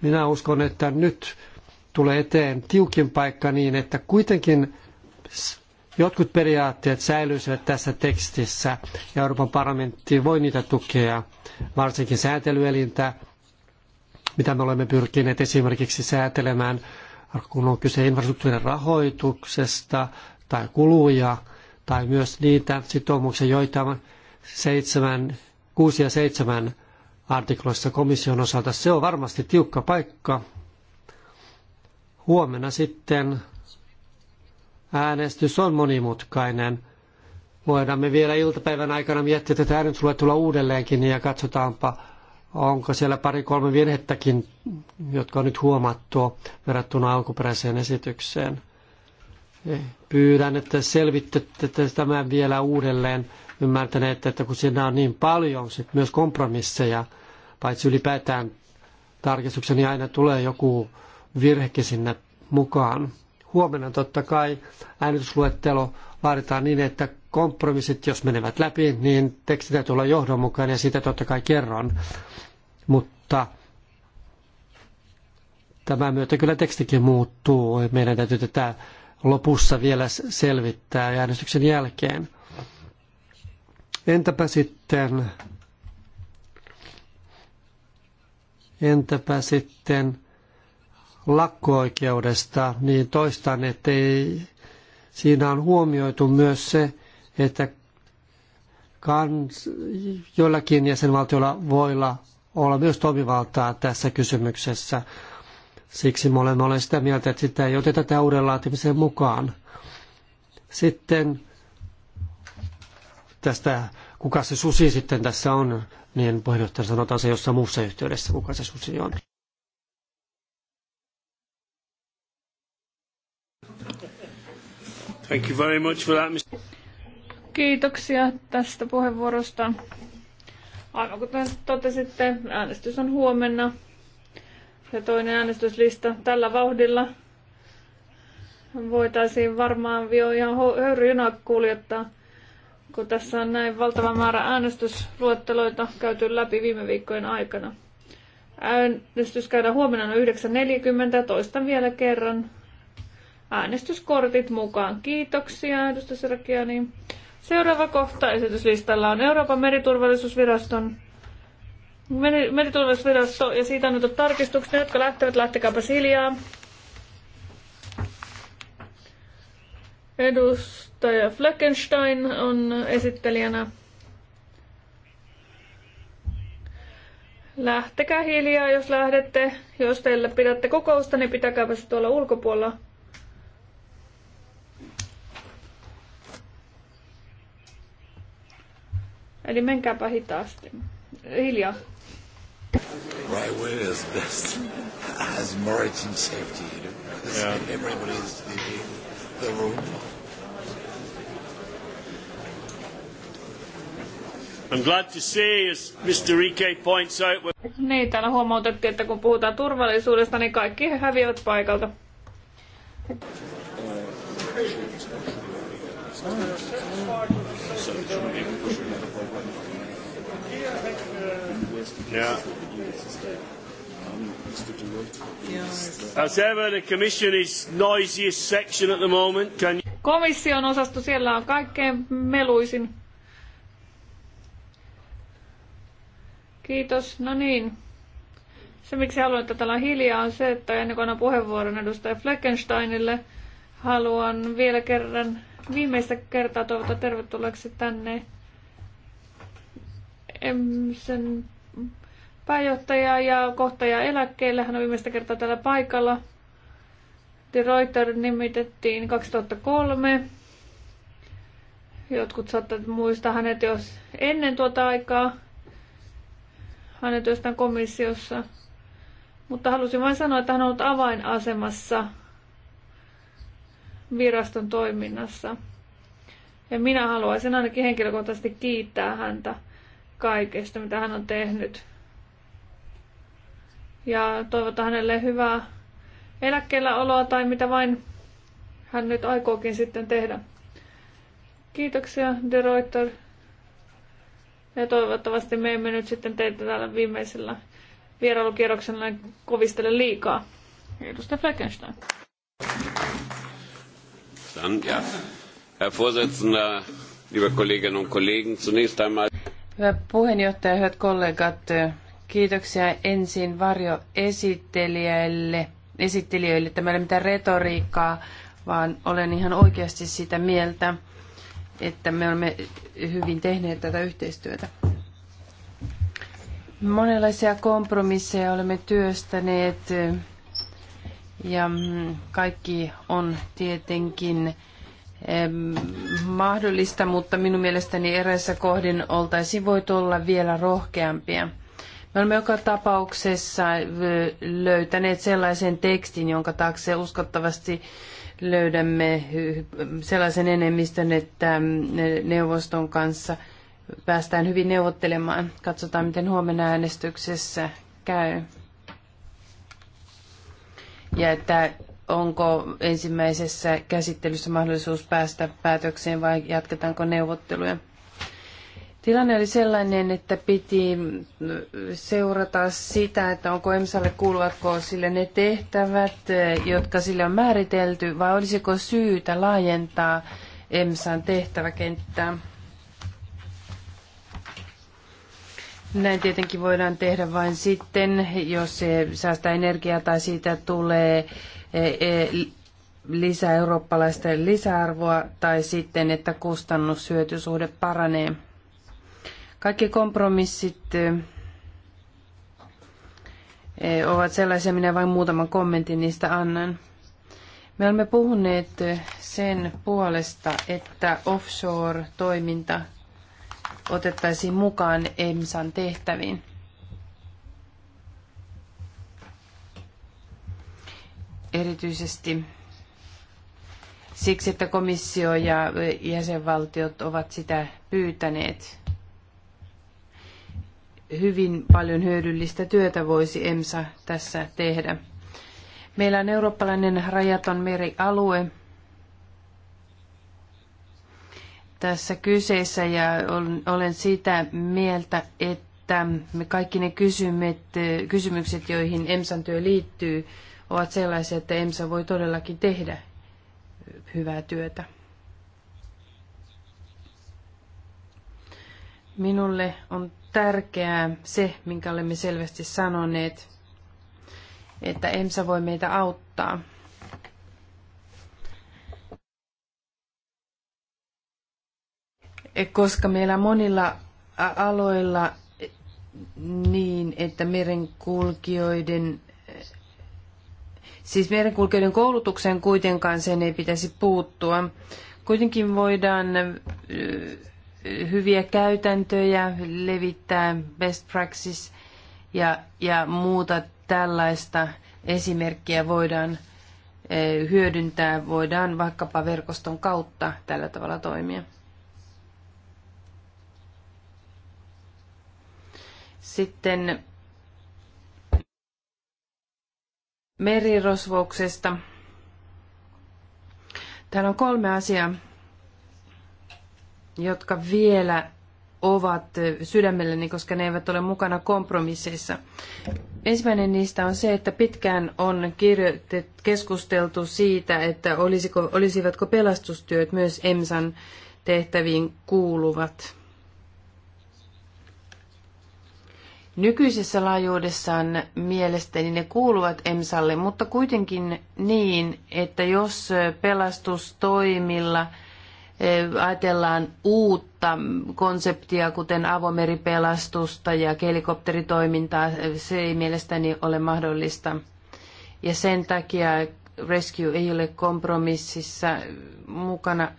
Minä uskon, että nyt tulee eteen tiukin paikka niin, että kuitenkin Jotkut periaatteet säilyisivät tässä tekstissä ja Euroopan parlamentti voi niitä tukea, varsinkin sääntelyelintä, mitä me olemme pyrkineet esimerkiksi säätelemään, kun on kyse infrastruktuurin rahoituksesta tai kuluja, tai myös niitä sitoumuksia, joita seitsemän, kuusi ja seitsemän artikloissa komission osalta. Se on varmasti tiukka paikka. Huomenna sitten äänestys on monimutkainen. Voidaan me vielä iltapäivän aikana miettiä tätä äänestysluettelua uudelleenkin ja katsotaanpa, onko siellä pari-kolme virhettäkin, jotka on nyt huomattu verrattuna alkuperäiseen esitykseen. Pyydän, että selvittätte tämän vielä uudelleen ymmärtäneet, että kun siinä on niin paljon sit myös kompromisseja, paitsi ylipäätään tarkistuksen, niin aina tulee joku virhekin sinne mukaan. Huomenna totta kai äänestysluettelo laaditaan niin, että kompromissit, jos menevät läpi, niin teksti täytyy olla johdonmukainen ja siitä totta kai kerron. Mutta tämän myötä kyllä tekstikin muuttuu. Meidän täytyy tätä lopussa vielä selvittää äänestyksen jälkeen. Entäpä sitten, entäpä sitten lakko-oikeudesta, niin toistan, että ei, siinä on huomioitu myös se, että kans, joillakin jäsenvaltioilla voi olla myös toimivaltaa tässä kysymyksessä. Siksi me olemme olen sitä mieltä, että sitä ei oteta tähän uuden laatimiseen mukaan. Sitten tästä, kuka se susi sitten tässä on, niin puheenjohtaja sanotaan se jossain muussa yhteydessä, kuka se susi on. Thank you very much for that, Kiitoksia tästä puheenvuorosta. Aivan kuten totesitte, äänestys on huomenna. Ja toinen äänestyslista tällä vauhdilla voitaisiin varmaan jo ihan höyryjuna kuljettaa, kun tässä on näin valtava määrä äänestysluetteloita käyty läpi viime viikkojen aikana. Äänestys käydään huomenna noin 9.40, toistan vielä kerran äänestyskortit mukaan. Kiitoksia, edustaja Serkiani. Seuraava kohta esityslistalla on Euroopan meriturvallisuusviraston meriturvallisuusvirasto ja siitä nyt tarkistukset, jotka lähtevät, lähtekääpäs hiljaa. Edustaja Fleckenstein on esittelijänä. Lähtekää hiljaa, jos lähdette. Jos teillä pidätte kokousta, niin pitäkääpä se tuolla ulkopuolella Eli menkääpä hitaasti. Hiljaa. Right way is best. As maritime safety, you know. Yeah. Everybody is leaving the room. I'm glad to see, as Mr. Rike points out... Niin, täällä huomautettiin, että kun puhutaan turvallisuudesta, niin kaikki häviävät paikalta. Mm. As ever, the commission is noisiest section at the moment. Can you... Komission osasto siellä on kaikkein meluisin. Kiitos. No niin. Se, miksi haluan, että täällä on hiljaa, on se, että ennen kuin annan puheenvuoron edustaja Fleckensteinille, haluan vielä kerran viimeistä kertaa toivota tervetulleeksi tänne sen pääjohtaja ja kohtaja eläkkeelle. Hän on viimeistä kertaa täällä paikalla. The Reuter nimitettiin 2003. Jotkut saattavat muistaa hänet jos ennen tuota aikaa. Hänet jostain komissiossa. Mutta halusin vain sanoa, että hän on ollut avainasemassa viraston toiminnassa. Ja minä haluaisin ainakin henkilökohtaisesti kiittää häntä kaikesta, mitä hän on tehnyt. Ja toivotan hänelle hyvää eläkkeellä oloa tai mitä vain hän nyt aikookin sitten tehdä. Kiitoksia, De Reuter. Ja toivottavasti me emme nyt sitten teitä täällä viimeisellä vierailukierroksella kovistele liikaa. Edustaja Fleckenstein. Dann, ja. Herr Vorsitzender, liebe Kolleginnen und Kollegen, zunächst einmal. Hyvä puheenjohtaja, hyvät kollegat, kiitoksia ensin varjoesittelijöille. Esittelijöille. Tämä ei ole mitään retoriikkaa, vaan olen ihan oikeasti sitä mieltä, että me olemme hyvin tehneet tätä yhteistyötä. Monenlaisia kompromisseja olemme työstäneet ja mm, kaikki on tietenkin mahdollista, mutta minun mielestäni eräissä kohdin oltaisiin voitu olla vielä rohkeampia. Me olemme joka tapauksessa löytäneet sellaisen tekstin, jonka taakse uskottavasti löydämme sellaisen enemmistön, että mm, neuvoston kanssa päästään hyvin neuvottelemaan. Katsotaan, miten huomenna äänestyksessä käy ja että onko ensimmäisessä käsittelyssä mahdollisuus päästä päätökseen vai jatketaanko neuvotteluja. Tilanne oli sellainen, että piti seurata sitä, että onko EMSAlle kuuluvatko sille ne tehtävät, jotka sille on määritelty, vai olisiko syytä laajentaa EMSAn tehtäväkenttää. Näin tietenkin voidaan tehdä vain sitten, jos se säästää energiaa tai siitä tulee e, e, lisää eurooppalaista lisäarvoa tai sitten, että kustannushyötysuhde paranee. Kaikki kompromissit e, ovat sellaisia, minä vain muutaman kommentin niistä annan. Me olemme puhuneet sen puolesta, että offshore-toiminta otettaisiin mukaan EMSAn tehtäviin. Erityisesti siksi, että komissio ja jäsenvaltiot ovat sitä pyytäneet. Hyvin paljon hyödyllistä työtä voisi EMSA tässä tehdä. Meillä on eurooppalainen rajaton merialue, tässä kyseessä ja olen sitä mieltä, että me kaikki ne kysymykset, joihin EMSAn työ liittyy, ovat sellaisia, että EMSA voi todellakin tehdä hyvää työtä. Minulle on tärkeää se, minkä olemme selvästi sanoneet, että EMSA voi meitä auttaa – koska meillä monilla aloilla niin, että merenkulkijoiden Siis merenkulkijoiden koulutukseen kuitenkaan sen ei pitäisi puuttua. Kuitenkin voidaan hyviä käytäntöjä levittää, best practice ja, ja muuta tällaista esimerkkiä voidaan hyödyntää, voidaan vaikkapa verkoston kautta tällä tavalla toimia. Sitten merirosvouksesta. Täällä on kolme asiaa, jotka vielä ovat sydämelleni, koska ne eivät ole mukana kompromisseissa. Ensimmäinen niistä on se, että pitkään on keskusteltu siitä, että olisiko, olisivatko pelastustyöt myös EMSAn tehtäviin kuuluvat. Nykyisessä laajuudessaan mielestäni ne kuuluvat EMSalle, mutta kuitenkin niin, että jos pelastustoimilla eh, ajatellaan uutta konseptia, kuten avomeripelastusta ja helikopteritoimintaa, eh, se ei mielestäni ole mahdollista. Ja sen takia Rescue ei ole kompromississa eh, mukana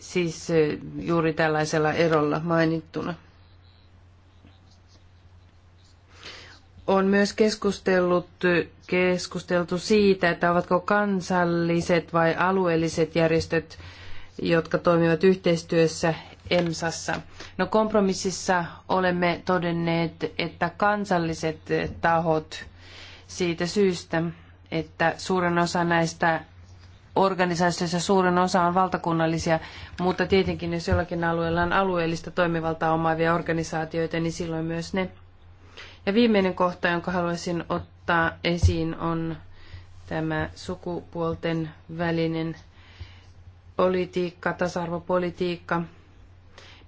siis juuri tällaisella erolla mainittuna. on myös keskustellut, keskusteltu siitä, että ovatko kansalliset vai alueelliset järjestöt, jotka toimivat yhteistyössä EMSassa. No kompromississa olemme todenneet, että kansalliset tahot siitä syystä, että suurin osa näistä organisaatioissa suurin osa on valtakunnallisia, mutta tietenkin jos jollakin alueella on alueellista toimivaltaa omaavia organisaatioita, niin silloin myös ne ja viimeinen kohta, jonka haluaisin ottaa esiin, on tämä sukupuolten välinen politiikka, tasa-arvopolitiikka.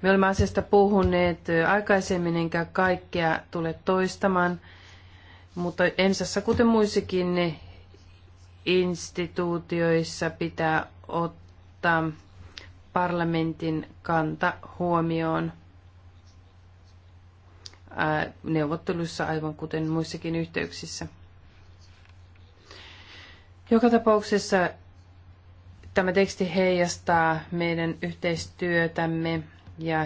Me olemme asiasta puhuneet aikaisemmin, enkä kaikkea tule toistamaan, mutta Ensassa, kuten muissakin instituutioissa, pitää ottaa parlamentin kanta huomioon – neuvotteluissa aivan kuten muissakin yhteyksissä. Joka tapauksessa tämä teksti heijastaa meidän yhteistyötämme ja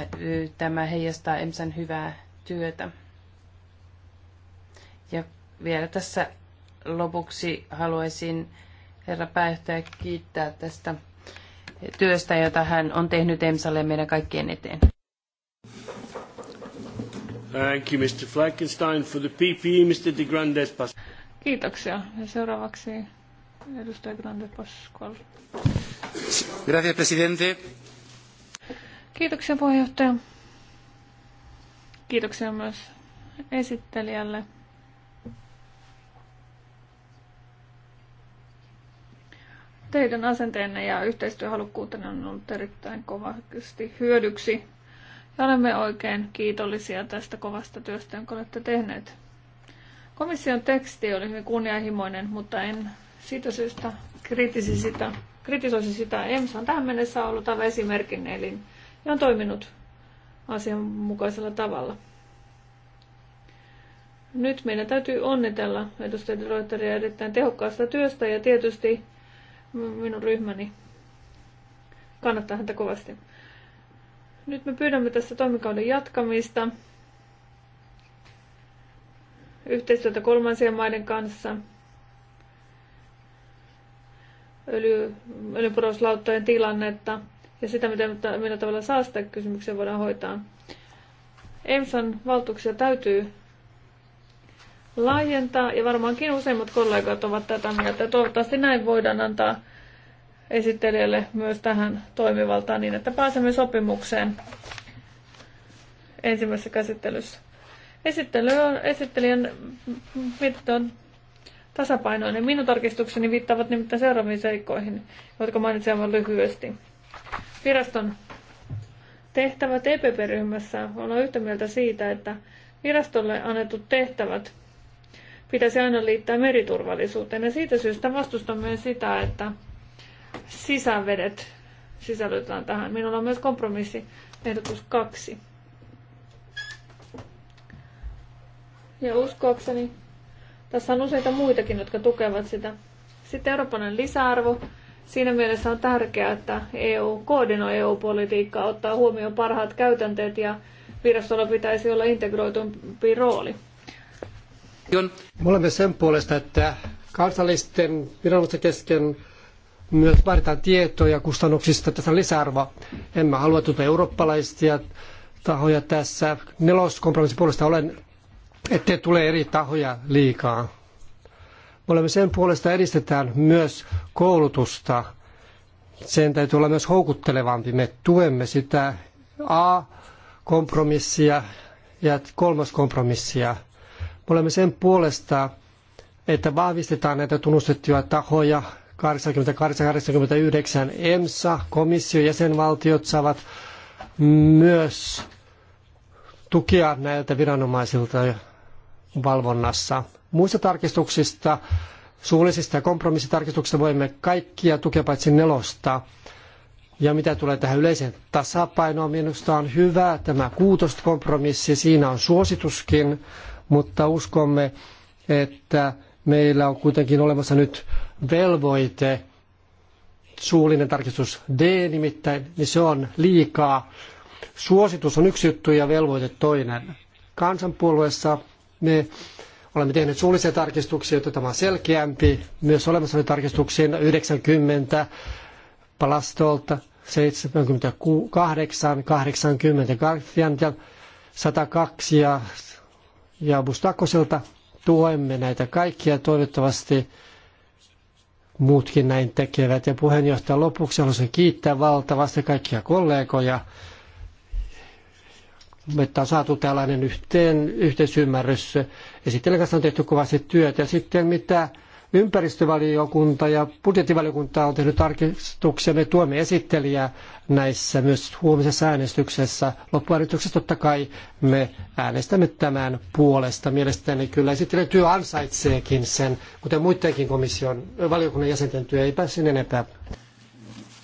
tämä heijastaa EMSAn hyvää työtä. Ja vielä tässä lopuksi haluaisin herra pääjohtaja kiittää tästä työstä, jota hän on tehnyt EMSalle meidän kaikkien eteen. Thank you, Mr. Fleckenstein. For the PPE, Mr. De Grandes Pascual. Kiitoksia. Ja seuraavaksi edustaja Grande Pascual. Gracias, presidente. Kiitoksia puheenjohtaja. Kiitoksia myös esittelijälle. Teidän asenteenne ja yhteistyöhalukkuutenne on ollut erittäin kovasti hyödyksi ja olemme oikein kiitollisia tästä kovasta työstä, jonka olette tehneet. Komission teksti oli hyvin kunnianhimoinen, mutta en siitä syystä kritisi sitä, kritisoisi sitä. EMS on tähän mennessä ollut aivan esimerkin elin ja on toiminut asianmukaisella tavalla. Nyt meidän täytyy onnitella edustajat Reuteria erittäin tehokkaasta työstä ja tietysti minun ryhmäni kannattaa häntä kovasti. Nyt me pyydämme tässä toimikauden jatkamista yhteistyötä kolmansien maiden kanssa, öljy, öljyporoslauttojen tilannetta ja sitä, miten, millä tavalla saastekysymyksiä voidaan hoitaa. EMSAn valtuuksia täytyy laajentaa ja varmaankin useimmat kollegat ovat tätä mieltä. Toivottavasti näin voidaan antaa esittelijälle myös tähän toimivaltaan niin, että pääsemme sopimukseen ensimmäisessä käsittelyssä. Esittely on, esittelijän mietintö on tasapainoinen. Minun tarkistukseni viittaavat nimittäin seuraaviin seikkoihin, jotka mainitsin aivan lyhyesti. Viraston tehtävät EPP-ryhmässä on yhtä mieltä siitä, että virastolle annetut tehtävät pitäisi aina liittää meriturvallisuuteen. Ja siitä syystä vastustamme sitä, että sisävedet sisällytetään tähän. Minulla on myös kompromissi ehdotus kaksi. Ja uskoakseni tässä on useita muitakin, jotka tukevat sitä. Sitten Euroopan lisäarvo. Siinä mielessä on tärkeää, että EU koordinoi EU-politiikkaa, ottaa huomioon parhaat käytänteet ja virastolla pitäisi olla integroitumpi rooli. Me olemme sen puolesta, että kansallisten viranomaisten kesken myös vaaditaan tietoja kustannuksista, tässä on lisäarvo. En mä halua tuota eurooppalaisia tahoja tässä. Neloskompromissin puolesta olen, ettei tule eri tahoja liikaa. Me olemme sen puolesta edistetään myös koulutusta. Sen täytyy olla myös houkuttelevampi. Me tuemme sitä A-kompromissia ja kolmas kompromissia. Me olemme sen puolesta, että vahvistetaan näitä tunnustettuja tahoja, 88-89 EMSA, komissio, jäsenvaltiot saavat myös tukea näiltä viranomaisilta valvonnassa. Muista tarkistuksista, suullisista ja kompromissitarkistuksista voimme kaikkia tukea paitsi nelosta. Ja mitä tulee tähän yleiseen tasapainoon, minusta on hyvä tämä kuutosta kompromissi, siinä on suosituskin, mutta uskomme, että meillä on kuitenkin olemassa nyt velvoite, suullinen tarkistus D nimittäin, niin se on liikaa. Suositus on yksi juttu ja velvoite toinen. Kansanpuolueessa me olemme tehneet suullisia tarkistuksia, jotta tämä on selkeämpi. Myös olemassa oli tarkistuksia 90, Palastolta 78, 80 Garfian ja 102 ja, ja Bustakoselta tuemme näitä kaikkia. Toivottavasti muutkin näin tekevät. Ja puheenjohtaja lopuksi haluaisin kiittää valtavasti kaikkia kollegoja, että on saatu tällainen yhteen, yhteisymmärrys. Esittelijän kanssa on tehty kovasti työtä. Ja sitten mitä Ympäristövaliokunta ja budjettivaliokunta on tehnyt tarkistuksia. Me tuemme esittelijää näissä myös huomisessa äänestyksessä. Loppuäänestyksessä totta kai me äänestämme tämän puolesta. Mielestäni kyllä esittelijän työ ansaitseekin sen, kuten muidenkin komission valiokunnan jäsenten työ, eipä sen enempää.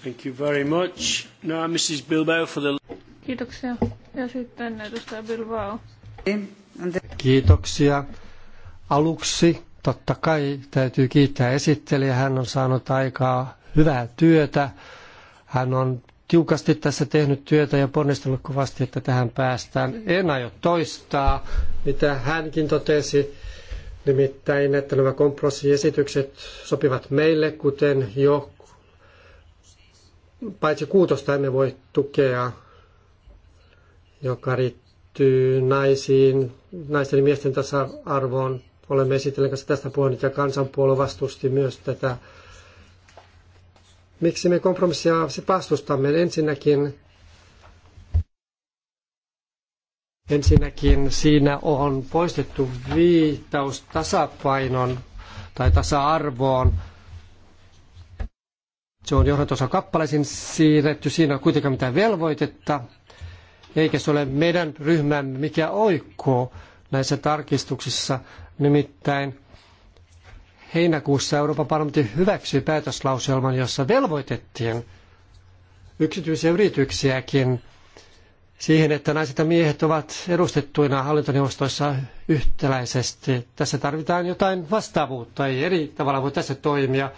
Thank you very much. Now Mrs. Bilbao for the... Kiitoksia. Ja sitten edustaja Bilbao. Kiitoksia. Aluksi Totta kai täytyy kiittää esittelijä. Hän on saanut aikaa hyvää työtä. Hän on tiukasti tässä tehnyt työtä ja ponnistellut kovasti, että tähän päästään. En aio toistaa, mitä hänkin totesi, nimittäin, että nämä kompromissiesitykset sopivat meille, kuten jo paitsi kuutosta emme voi tukea, joka riittyy naisiin, naisten ja miesten tasa-arvoon Olemme esitellen kanssa tästä puhunut ja kansanpuolue vastusti myös tätä. Miksi me kompromissia vastustamme? Ensinnäkin, ensinnäkin siinä on poistettu viittaus tasapainon tai tasa-arvoon. Se on johdantosa kappaleisiin siirretty. Siinä on kuitenkaan mitään velvoitetta eikä se ole meidän ryhmämme mikä oikoo näissä tarkistuksissa Nimittäin heinäkuussa Euroopan parlamentti hyväksyi päätöslauselman, jossa velvoitettiin yksityisiä yrityksiäkin siihen, että naiset ja miehet ovat edustettuina hallintoneuvostoissa yhtäläisesti. Tässä tarvitaan jotain vastaavuutta, ei eri tavalla voi tässä toimia.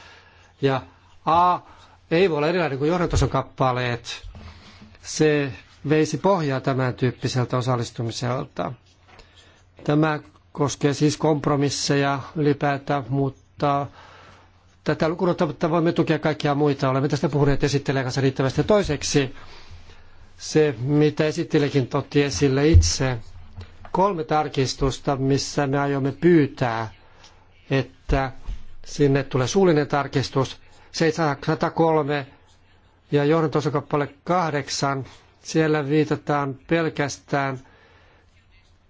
Ja A, ei voi olla erilainen kuin johdantoson kappaleet. Se veisi pohjaa tämän tyyppiseltä osallistumiselta. Tämä koskee siis kompromisseja ylipäätään, mutta tätä ottamatta voimme tukea kaikkia muita. Olemme tästä puhuneet esittelijän kanssa riittävästi. Toiseksi se, mitä esittelijäkin otti esille itse, kolme tarkistusta, missä me aiomme pyytää, että sinne tulee suullinen tarkistus 703 ja johdantosakappale 8. Siellä viitataan pelkästään –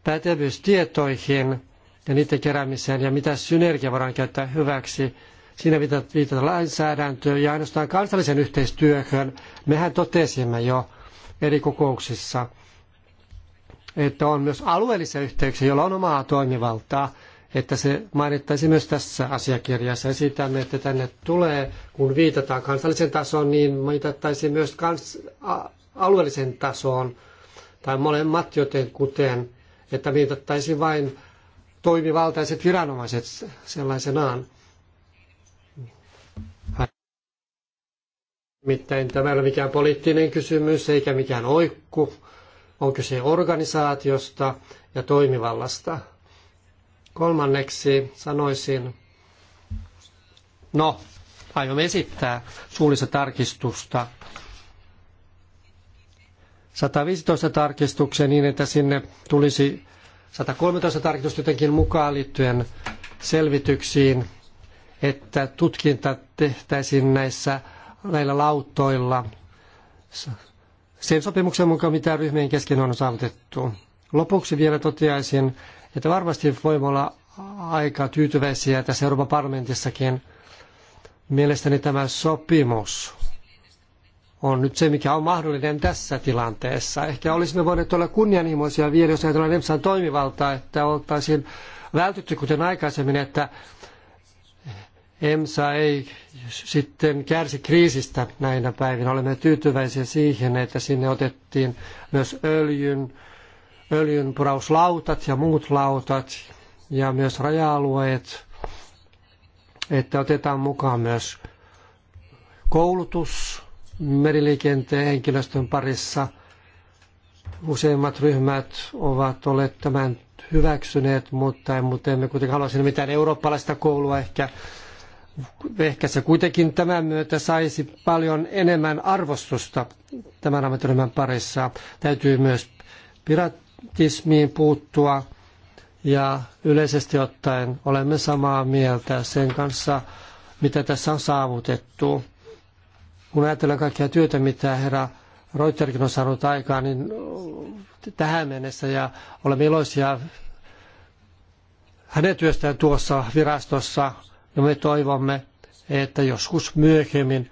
pätevyystietoihin ja niiden keräämiseen ja mitä synergia voidaan käyttää hyväksi. Siinä viitata lainsäädäntöön ja ainoastaan kansalliseen yhteistyöhön. Mehän totesimme jo eri kokouksissa, että on myös alueellisia yhteyksiä, joilla on omaa toimivaltaa, että se mainittaisi myös tässä asiakirjassa. Esitämme, että tänne tulee, kun viitataan kansallisen tasoon, niin viitattaisiin myös kans- alueellisen tasoon tai molemmat, joten kuten että viitattaisiin vain toimivaltaiset viranomaiset sellaisenaan. Nimittäin tämä ei ole mikään poliittinen kysymys eikä mikään oikku. On kyse organisaatiosta ja toimivallasta. Kolmanneksi sanoisin, no, aion esittää suullista tarkistusta 115 tarkistukseen niin, että sinne tulisi 113 tarkistusta jotenkin mukaan liittyen selvityksiin, että tutkinta tehtäisiin näissä näillä lautoilla sen sopimuksen mukaan, mitä ryhmien kesken on saavutettu. Lopuksi vielä toteaisin, että varmasti voimme olla aika tyytyväisiä tässä Euroopan parlamentissakin. Mielestäni tämä sopimus on nyt se, mikä on mahdollinen tässä tilanteessa. Ehkä olisimme voineet olla kunnianhimoisia vielä, jos ajatellaan EMSAn toimivaltaa, että oltaisiin vältytty kuten aikaisemmin, että EMSA ei sitten kärsi kriisistä näinä päivinä. Olemme tyytyväisiä siihen, että sinne otettiin myös öljyn, öljynporauslautat ja muut lautat ja myös raja-alueet, että otetaan mukaan myös koulutus meriliikenteen henkilöstön parissa. Useimmat ryhmät ovat olleet tämän hyväksyneet, mutta emme kuitenkaan sinne mitään eurooppalaista koulua ehkä. Ehkä se kuitenkin tämän myötä saisi paljon enemmän arvostusta tämän ammattiryhmän parissa. Täytyy myös piratismiin puuttua ja yleisesti ottaen olemme samaa mieltä sen kanssa, mitä tässä on saavutettu. Kun ajatellaan kaikkia työtä, mitä herra Reuterkin on saanut aikaan, niin tähän mennessä ja olemme iloisia hänen työstään tuossa virastossa ja me toivomme, että joskus myöhemmin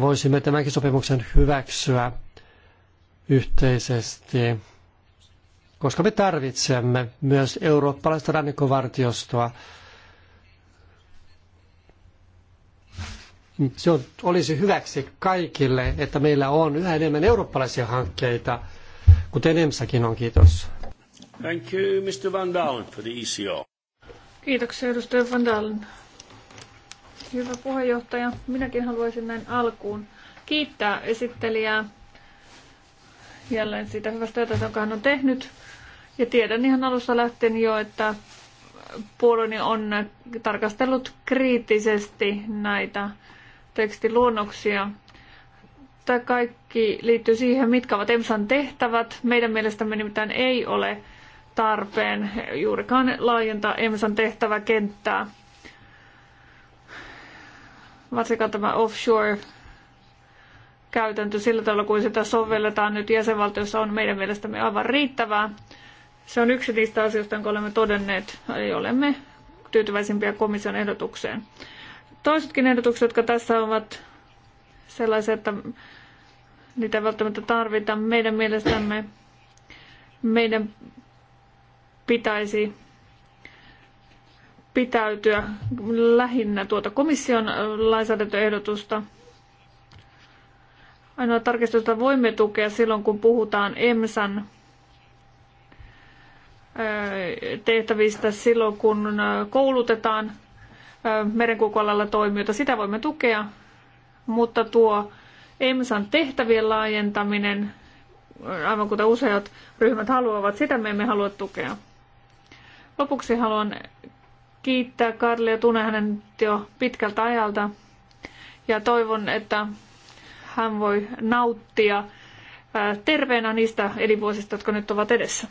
voisimme tämänkin sopimuksen hyväksyä yhteisesti, koska me tarvitsemme myös eurooppalaista rannikkovartiostoa, Se on, olisi hyväksi kaikille, että meillä on yhä enemmän eurooppalaisia hankkeita, kuten EMSAkin on. Kiitos. Thank you, Mr. Van Dalen, for the ECO. Kiitoksia, edustaja Van Dalen. Hyvä puheenjohtaja. Minäkin haluaisin näin alkuun kiittää esittelijää jälleen siitä hyvästä työtä, jonka hän on tehnyt. Ja tiedän ihan alussa lähtien jo, että puolueeni on tarkastellut kriittisesti näitä tekstiluonnoksia. Tämä kaikki liittyy siihen, mitkä ovat EMSAn tehtävät. Meidän mielestämme nimittäin ei ole tarpeen juurikaan laajentaa EMSAn tehtäväkenttää. Varsinkaan tämä offshore käytäntö sillä tavalla, kuin sitä sovelletaan nyt jäsenvaltiossa, on meidän mielestämme aivan riittävää. Se on yksi niistä asioista, jotka olemme todenneet, eli olemme tyytyväisimpiä komission ehdotukseen. Toisetkin ehdotukset, jotka tässä ovat sellaisia, että niitä ei välttämättä tarvita. Meidän mielestämme meidän pitäisi pitäytyä lähinnä tuota komission lainsäädäntöehdotusta. Ainoa tarkistusta voimme tukea silloin, kun puhutaan EMSAn tehtävistä silloin, kun koulutetaan merenkulkualalla toimijoita. Sitä voimme tukea, mutta tuo EMSAn tehtävien laajentaminen, aivan kuten useat ryhmät haluavat, sitä me emme halua tukea. Lopuksi haluan kiittää Karlia Tune hänen jo pitkältä ajalta ja toivon, että hän voi nauttia terveenä niistä elinvuosista, jotka nyt ovat edessä.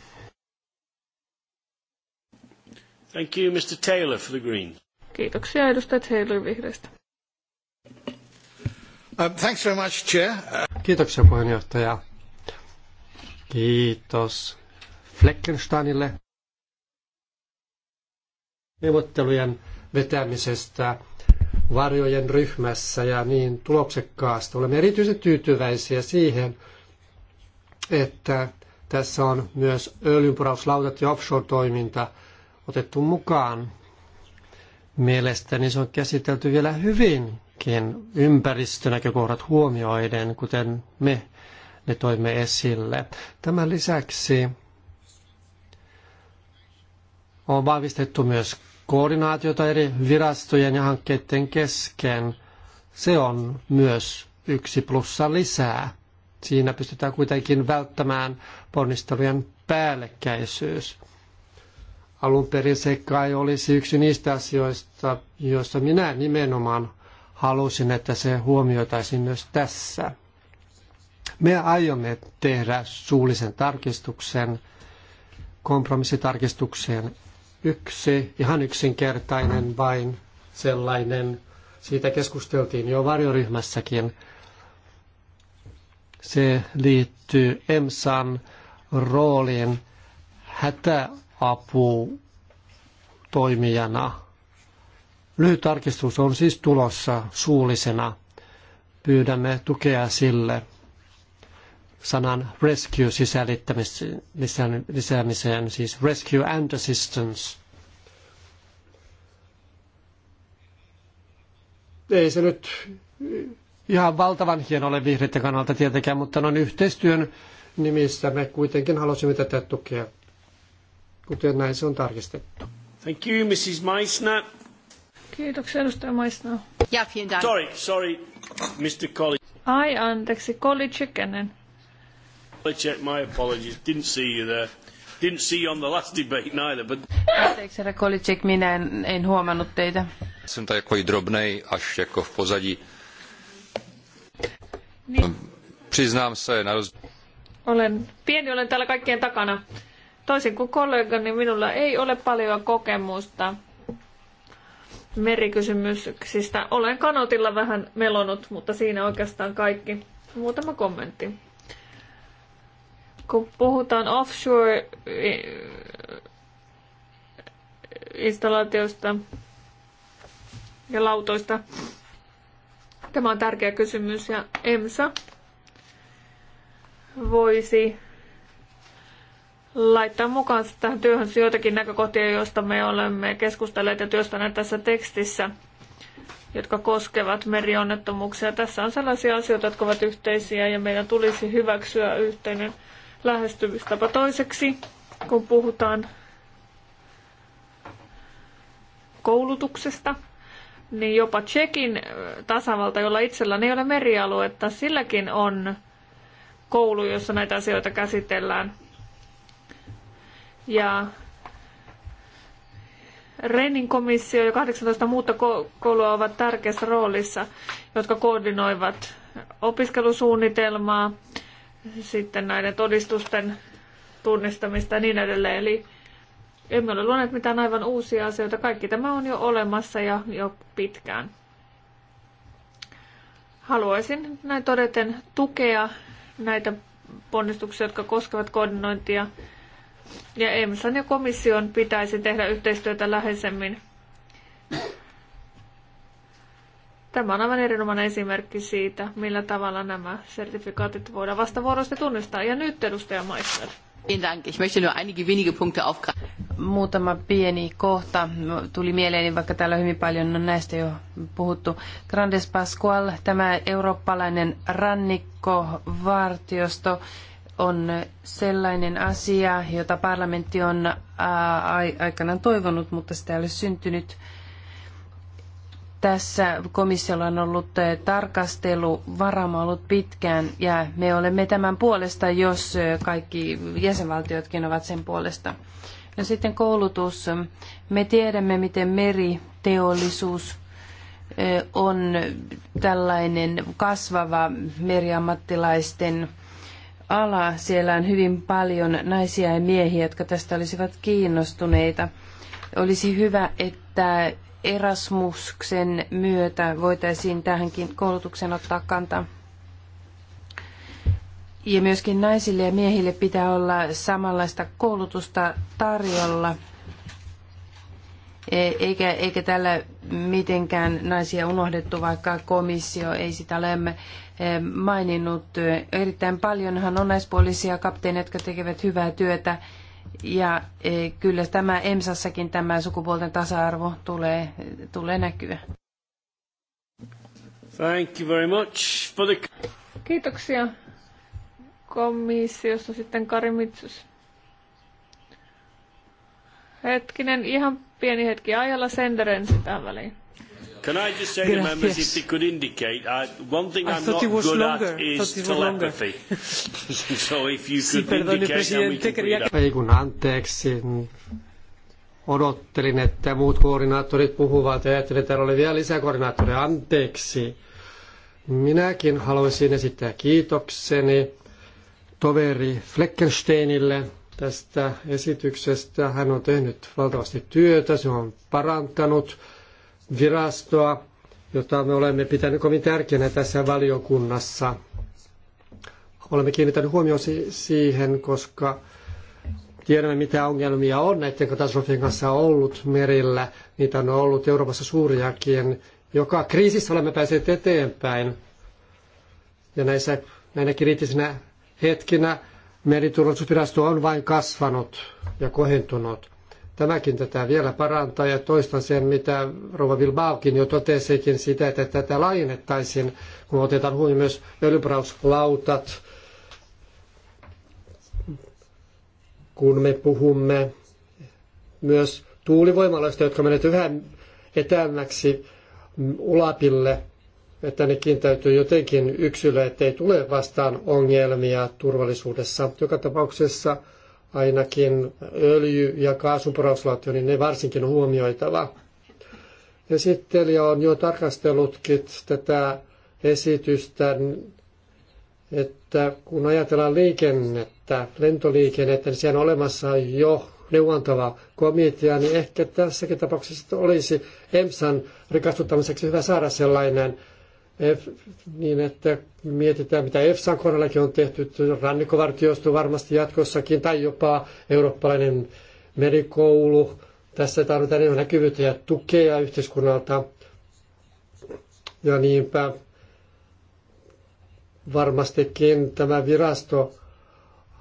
Thank you, Mr. Taylor, for the Green. Kiitoksia edustaja Taylor vihreistä. Uh, thanks very much, Chair. Uh, Kiitoksia puheenjohtaja. Kiitos Fleckensteinille neuvottelujen vetämisestä varjojen ryhmässä ja niin tuloksekkaasti. Olemme erityisen tyytyväisiä siihen, että tässä on myös öljynpurauslautat ja offshore-toiminta otettu mukaan. Mielestäni se on käsitelty vielä hyvinkin ympäristönäkökohdat huomioiden, kuten me ne toimme esille. Tämän lisäksi on vahvistettu myös koordinaatiota eri virastojen ja hankkeiden kesken. Se on myös yksi plussa lisää. Siinä pystytään kuitenkin välttämään ponnistelujen päällekkäisyys. Alun perin se kai olisi yksi niistä asioista, joista minä nimenomaan halusin, että se huomioitaisiin myös tässä. Me aiomme tehdä suullisen tarkistuksen, kompromissitarkistukseen yksi, ihan yksinkertainen vain sellainen. Siitä keskusteltiin jo varjoryhmässäkin. Se liittyy EMSAn rooliin hätä apu toimijana. Lyhyt tarkistus on siis tulossa suullisena. Pyydämme tukea sille sanan rescue sisällittämiseen, siis rescue and assistance. Ei se nyt ihan valtavan hieno ole vihreiden kannalta tietenkään, mutta noin yhteistyön nimissä me kuitenkin halusimme tätä tukea kuten näin se on tarkistettu. Thank you, Mrs. Meissner. Kiitoksia, edustaja Meissner. Ja, vielen Dank. Sorry, sorry, Mr. College. Ai, anteeksi, College Chickenen. College my apologies, didn't see you there. Didn't see you on the last debate neither, but... Anteeksi, herra Kolicek, minä en, en huomannut teitä. Jsem tak jako i drobnej, až jako v pozadí. Niin. Přiznám se, na roz... Olen pieni, olen täällä kaikkien takana. Toisin kuin kollegani, niin minulla ei ole paljon kokemusta merikysymyksistä. Olen kanotilla vähän melonut, mutta siinä oikeastaan kaikki. Muutama kommentti. Kun puhutaan offshore-installaatioista ja lautoista, tämä on tärkeä kysymys ja EMSA voisi laittaa mukaan tähän työhön joitakin näkökohtia, joista me olemme keskustelleet ja työstäneet tässä tekstissä, jotka koskevat merionnettomuuksia. Tässä on sellaisia asioita, jotka ovat yhteisiä ja meidän tulisi hyväksyä yhteinen lähestymistapa toiseksi, kun puhutaan koulutuksesta, niin jopa Tsekin tasavalta, jolla itselläni ei ole merialuetta, silläkin on koulu, jossa näitä asioita käsitellään ja Reinin komissio ja 18 muuta koulua ovat tärkeässä roolissa, jotka koordinoivat opiskelusuunnitelmaa, sitten näiden todistusten tunnistamista ja niin edelleen. Eli emme ole luoneet mitään aivan uusia asioita. Kaikki tämä on jo olemassa ja jo pitkään. Haluaisin näin todeten tukea näitä ponnistuksia, jotka koskevat koordinointia ja EMSan ja komission pitäisi tehdä yhteistyötä läheisemmin. Tämä on aivan erinomainen esimerkki siitä, millä tavalla nämä sertifikaatit voidaan vastavuoroisesti tunnistaa. Ja nyt edustaja Maisner. Muutama pieni kohta tuli mieleen, vaikka täällä hyvin paljon on näistä jo puhuttu. Grandes Pascual, tämä eurooppalainen rannikkovartiosto, on sellainen asia, jota parlamentti on aikanaan toivonut, mutta sitä ei ole syntynyt. Tässä komissiolla on ollut tarkastelu, varama ollut pitkään ja me olemme tämän puolesta, jos kaikki jäsenvaltiotkin ovat sen puolesta. No sitten koulutus. Me tiedämme, miten meriteollisuus on tällainen kasvava meriammattilaisten ala. Siellä on hyvin paljon naisia ja miehiä, jotka tästä olisivat kiinnostuneita. Olisi hyvä, että Erasmuksen myötä voitaisiin tähänkin koulutukseen ottaa kantaa. Ja myöskin naisille ja miehille pitää olla samanlaista koulutusta tarjolla, e, eikä, eikä tällä mitenkään naisia unohdettu, vaikka komissio ei sitä ole Eh, maininnut. Erittäin paljonhan on naispuolisia kapteeneja, jotka tekevät hyvää työtä. Ja eh, kyllä tämä EMSassakin tämä sukupuolten tasa-arvo tulee, tulee näkyä. Thank you very much for the... Kiitoksia komissiosta sitten Karimitsus. Hetkinen, ihan pieni hetki. Ajalla senderen ensin väliin. Can I just say Gracias. to members, if they could indicate, I, one thing I I'm not good longer. at is telepathy. so if you could sí, indicate, we can read anteeksi, odottelin, että muut koordinaattorit puhuvat ja ajattelin, että täällä oli vielä koordinaattoreja. Anteeksi. Minäkin haluaisin esittää kiitokseni toveri Fleckensteinille tästä esityksestä. Hän on tehnyt valtavasti työtä, se on parantanut virastoa, jota me olemme pitäneet kovin tärkeänä tässä valiokunnassa. Olemme kiinnittäneet huomioon siihen, koska tiedämme, mitä ongelmia on näiden katastrofien kanssa ollut merillä. Niitä on ollut Euroopassa suuriakin. Joka kriisissä olemme päässeet eteenpäin. Ja näissä, näinä kriittisinä hetkinä meriturvallisuusvirasto on vain kasvanut ja kohentunut. Tämäkin tätä vielä parantaa ja toistan sen, mitä Rova Bilbaokin jo totesikin sitä, että tätä laajennettaisiin, kun otetaan huomioon myös öljybrauslautat, kun me puhumme myös tuulivoimaloista, jotka menevät yhä etäämmäksi ulapille, että nekin täytyy jotenkin yksilö, ettei tule vastaan ongelmia turvallisuudessa. Joka tapauksessa ainakin öljy- ja kaasuporauslaatio, niin ne varsinkin on huomioitava. Esittelijä on jo tarkastellutkin tätä esitystä, että kun ajatellaan liikennettä, lentoliikennettä, niin siellä on olemassa jo neuvontava komitea, niin ehkä tässäkin tapauksessa olisi EMSAn rikastuttamiseksi hyvä saada sellainen – F, niin että mietitään, mitä EFSAn kohdallakin on tehty, rannikkovartiosto varmasti jatkossakin, tai jopa eurooppalainen merikoulu. Tässä tarvitaan enemmän näkyvyyttä ja tukea yhteiskunnalta. Ja niinpä varmastikin tämä virasto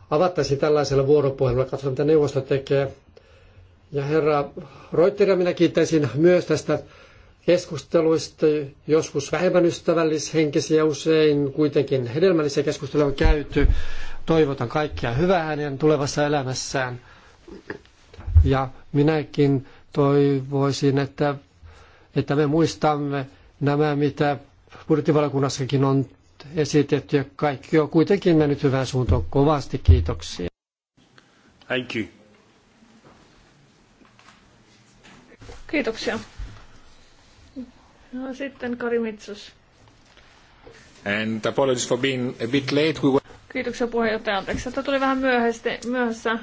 avattaisi tällaisella vuoropuhelulla, katsotaan mitä neuvosto tekee. Ja herra Reuteria minä kiittäisin myös tästä keskusteluista, joskus vähemmän ystävällishenkisiä, usein kuitenkin hedelmällisiä keskusteluja on käyty. Toivotan kaikkia hyvää hänen tulevassa elämässään. Ja minäkin toivoisin, että, että me muistamme nämä, mitä budjettivaliokunnassakin on esitetty ja kaikki on kuitenkin mennyt hyvään suuntaan. Kovasti kiitoksia. Thank you. Kiitoksia. No sitten Karimitsos. And apologies for being a bit late. We were... Kiitoksia puheenjohtaja. Anteeksi, että tuli vähän myöhästi, myöhässä.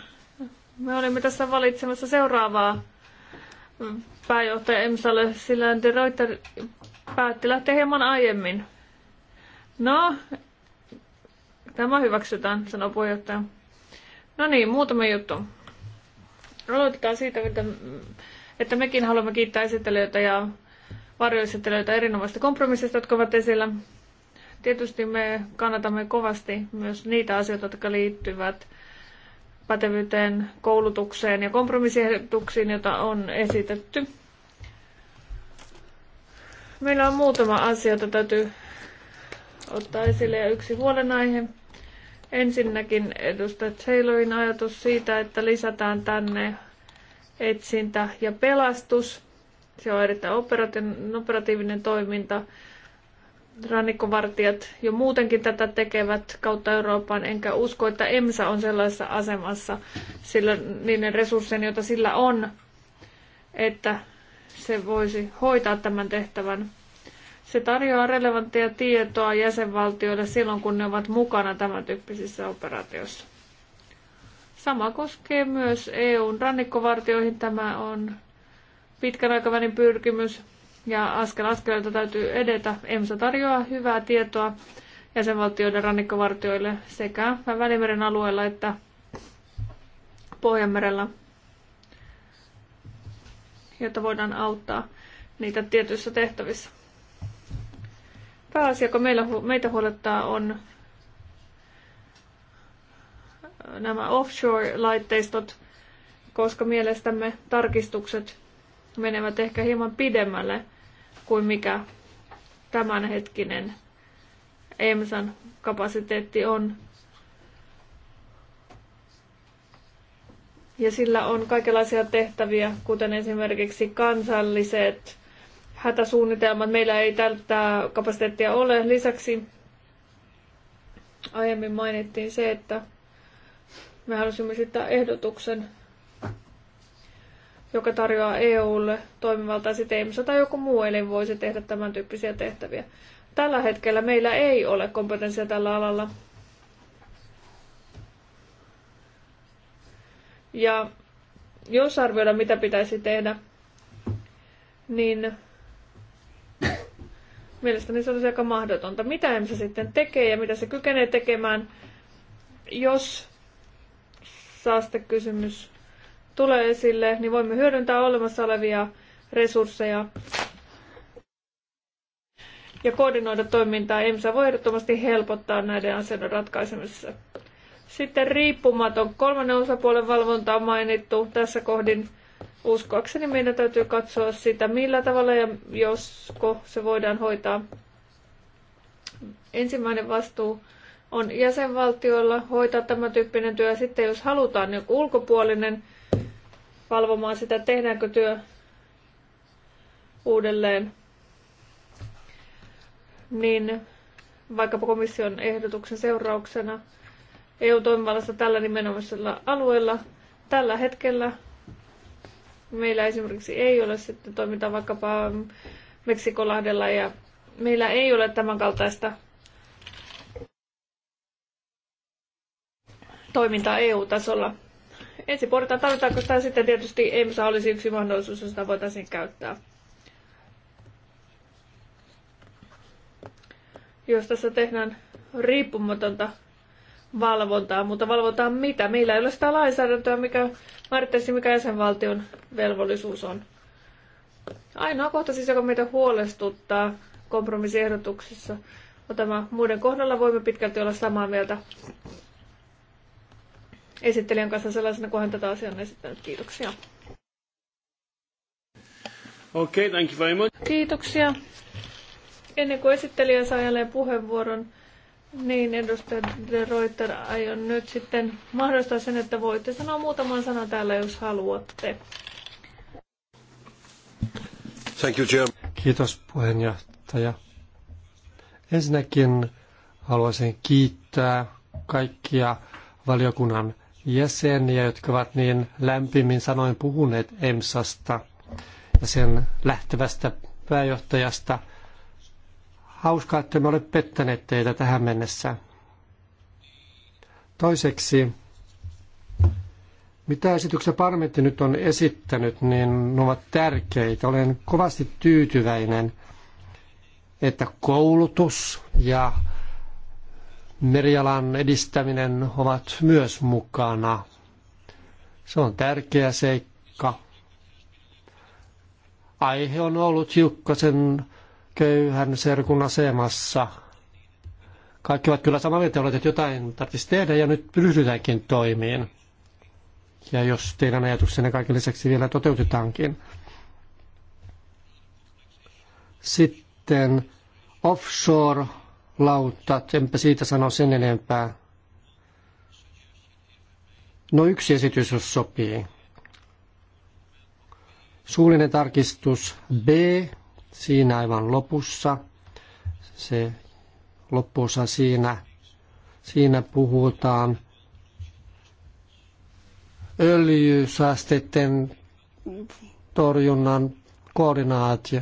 Me olimme tässä valitsemassa seuraavaa pääjohtaja Emsalle, sillä De Reuter päätti lähteä hieman aiemmin. No, tämä hyväksytään, sanoo puheenjohtaja. No niin, muutama juttu. Aloitetaan siitä, että, että mekin haluamme kiittää esittelijöitä ja varjoesittelijöitä erinomaista kompromissista, jotka ovat esillä. Tietysti me kannatamme kovasti myös niitä asioita, jotka liittyvät pätevyyteen, koulutukseen ja kompromissiehdotuksiin, joita on esitetty. Meillä on muutama asia, jota täytyy ottaa esille ja yksi huolenaihe. Ensinnäkin edustaja Taylorin ajatus siitä, että lisätään tänne etsintä ja pelastus. Se on erittäin operatiivinen toiminta. Rannikkovartijat jo muutenkin tätä tekevät kautta Euroopan, enkä usko, että EMSA on sellaisessa asemassa sillä niiden resurssien, joita sillä on, että se voisi hoitaa tämän tehtävän. Se tarjoaa relevanttia tietoa jäsenvaltioille silloin, kun ne ovat mukana tämän tyyppisissä operaatioissa. Sama koskee myös EUn rannikkovartioihin. Tämä on pitkän aikavälin pyrkimys ja askel askeleelta täytyy edetä. EMSA tarjoaa hyvää tietoa jäsenvaltioiden rannikkovartioille sekä Välimeren alueella että Pohjanmerellä, jotta voidaan auttaa niitä tietyissä tehtävissä. Pääasia, joka meillä, meitä huolettaa, on nämä offshore-laitteistot, koska mielestämme tarkistukset menevät ehkä hieman pidemmälle kuin mikä tämänhetkinen EMSAn kapasiteetti on. Ja sillä on kaikenlaisia tehtäviä, kuten esimerkiksi kansalliset hätäsuunnitelmat. Meillä ei tältä kapasiteettia ole. Lisäksi aiemmin mainittiin se, että me halusimme sitä ehdotuksen joka tarjoaa EUlle toimivaltaiset EMSA tai joku muu elin voisi tehdä tämän tyyppisiä tehtäviä. Tällä hetkellä meillä ei ole kompetenssia tällä alalla. Ja jos arvioida, mitä pitäisi tehdä, niin mielestäni se olisi aika mahdotonta. Mitä EMSA sitten tekee ja mitä se kykenee tekemään, jos kysymys tulee esille, niin voimme hyödyntää olemassa olevia resursseja ja koordinoida toimintaa. EMSA voi ehdottomasti helpottaa näiden asioiden ratkaisemisessa. Sitten riippumaton kolmannen osapuolen valvonta on mainittu tässä kohdin. Uskoakseni meidän täytyy katsoa sitä, millä tavalla ja josko se voidaan hoitaa. Ensimmäinen vastuu on jäsenvaltioilla hoitaa tämä tyyppinen työ. Sitten jos halutaan joku ulkopuolinen valvomaan sitä, tehdäänkö työ uudelleen, niin vaikkapa komission ehdotuksen seurauksena EU-toimivallassa tällä nimenomaisella alueella tällä hetkellä meillä esimerkiksi ei ole sitten toimintaa vaikkapa Meksikolahdella ja meillä ei ole tämänkaltaista toimintaa EU-tasolla ensin pohditaan, tarvitaanko sitä sitten tietysti EMSA olisi yksi mahdollisuus, sitä voitaisiin käyttää. Jos tässä tehdään riippumatonta valvontaa, mutta valvotaan mitä? Meillä ei ole sitä lainsäädäntöä, mikä määrittäisi, mikä jäsenvaltion velvollisuus on. Ainoa kohta siis, joka meitä huolestuttaa kompromissiehdotuksissa, on tämä muiden kohdalla voimme pitkälti olla samaa mieltä esittelijän kanssa sellaisena kun hän tätä asiaa on esittänyt. Kiitoksia. Okei, okay, thank you very much. Kiitoksia. Ennen kuin esittelijä saa jälleen puheenvuoron, niin edustaja De Reuter, aion nyt sitten mahdollistaa sen, että voitte sanoa muutaman sanan täällä, jos haluatte. Thank you, Jim. Kiitos puheenjohtaja. Ensinnäkin haluaisin kiittää kaikkia valiokunnan jäseniä, jotka ovat niin lämpimmin sanoin puhuneet EMSasta ja sen lähtevästä pääjohtajasta. Hauskaa, että me ole pettäneet teitä tähän mennessä. Toiseksi, mitä esityksen parlamentti nyt on esittänyt, niin ne ovat tärkeitä. Olen kovasti tyytyväinen, että koulutus ja merialan edistäminen ovat myös mukana. Se on tärkeä seikka. Aihe on ollut hiukkasen köyhän serkun asemassa. Kaikki ovat kyllä samaa mieltä, että jotain tarvitsisi tehdä ja nyt ryhdytäänkin toimiin. Ja jos teidän ajatuksenne kaiken lisäksi vielä toteutetaankin. Sitten offshore lautat, enpä siitä sano sen enempää. No yksi esitys, jos sopii. Suullinen tarkistus B, siinä aivan lopussa. Se loppuosa siinä, siinä puhutaan öljysäästeiden torjunnan koordinaatio.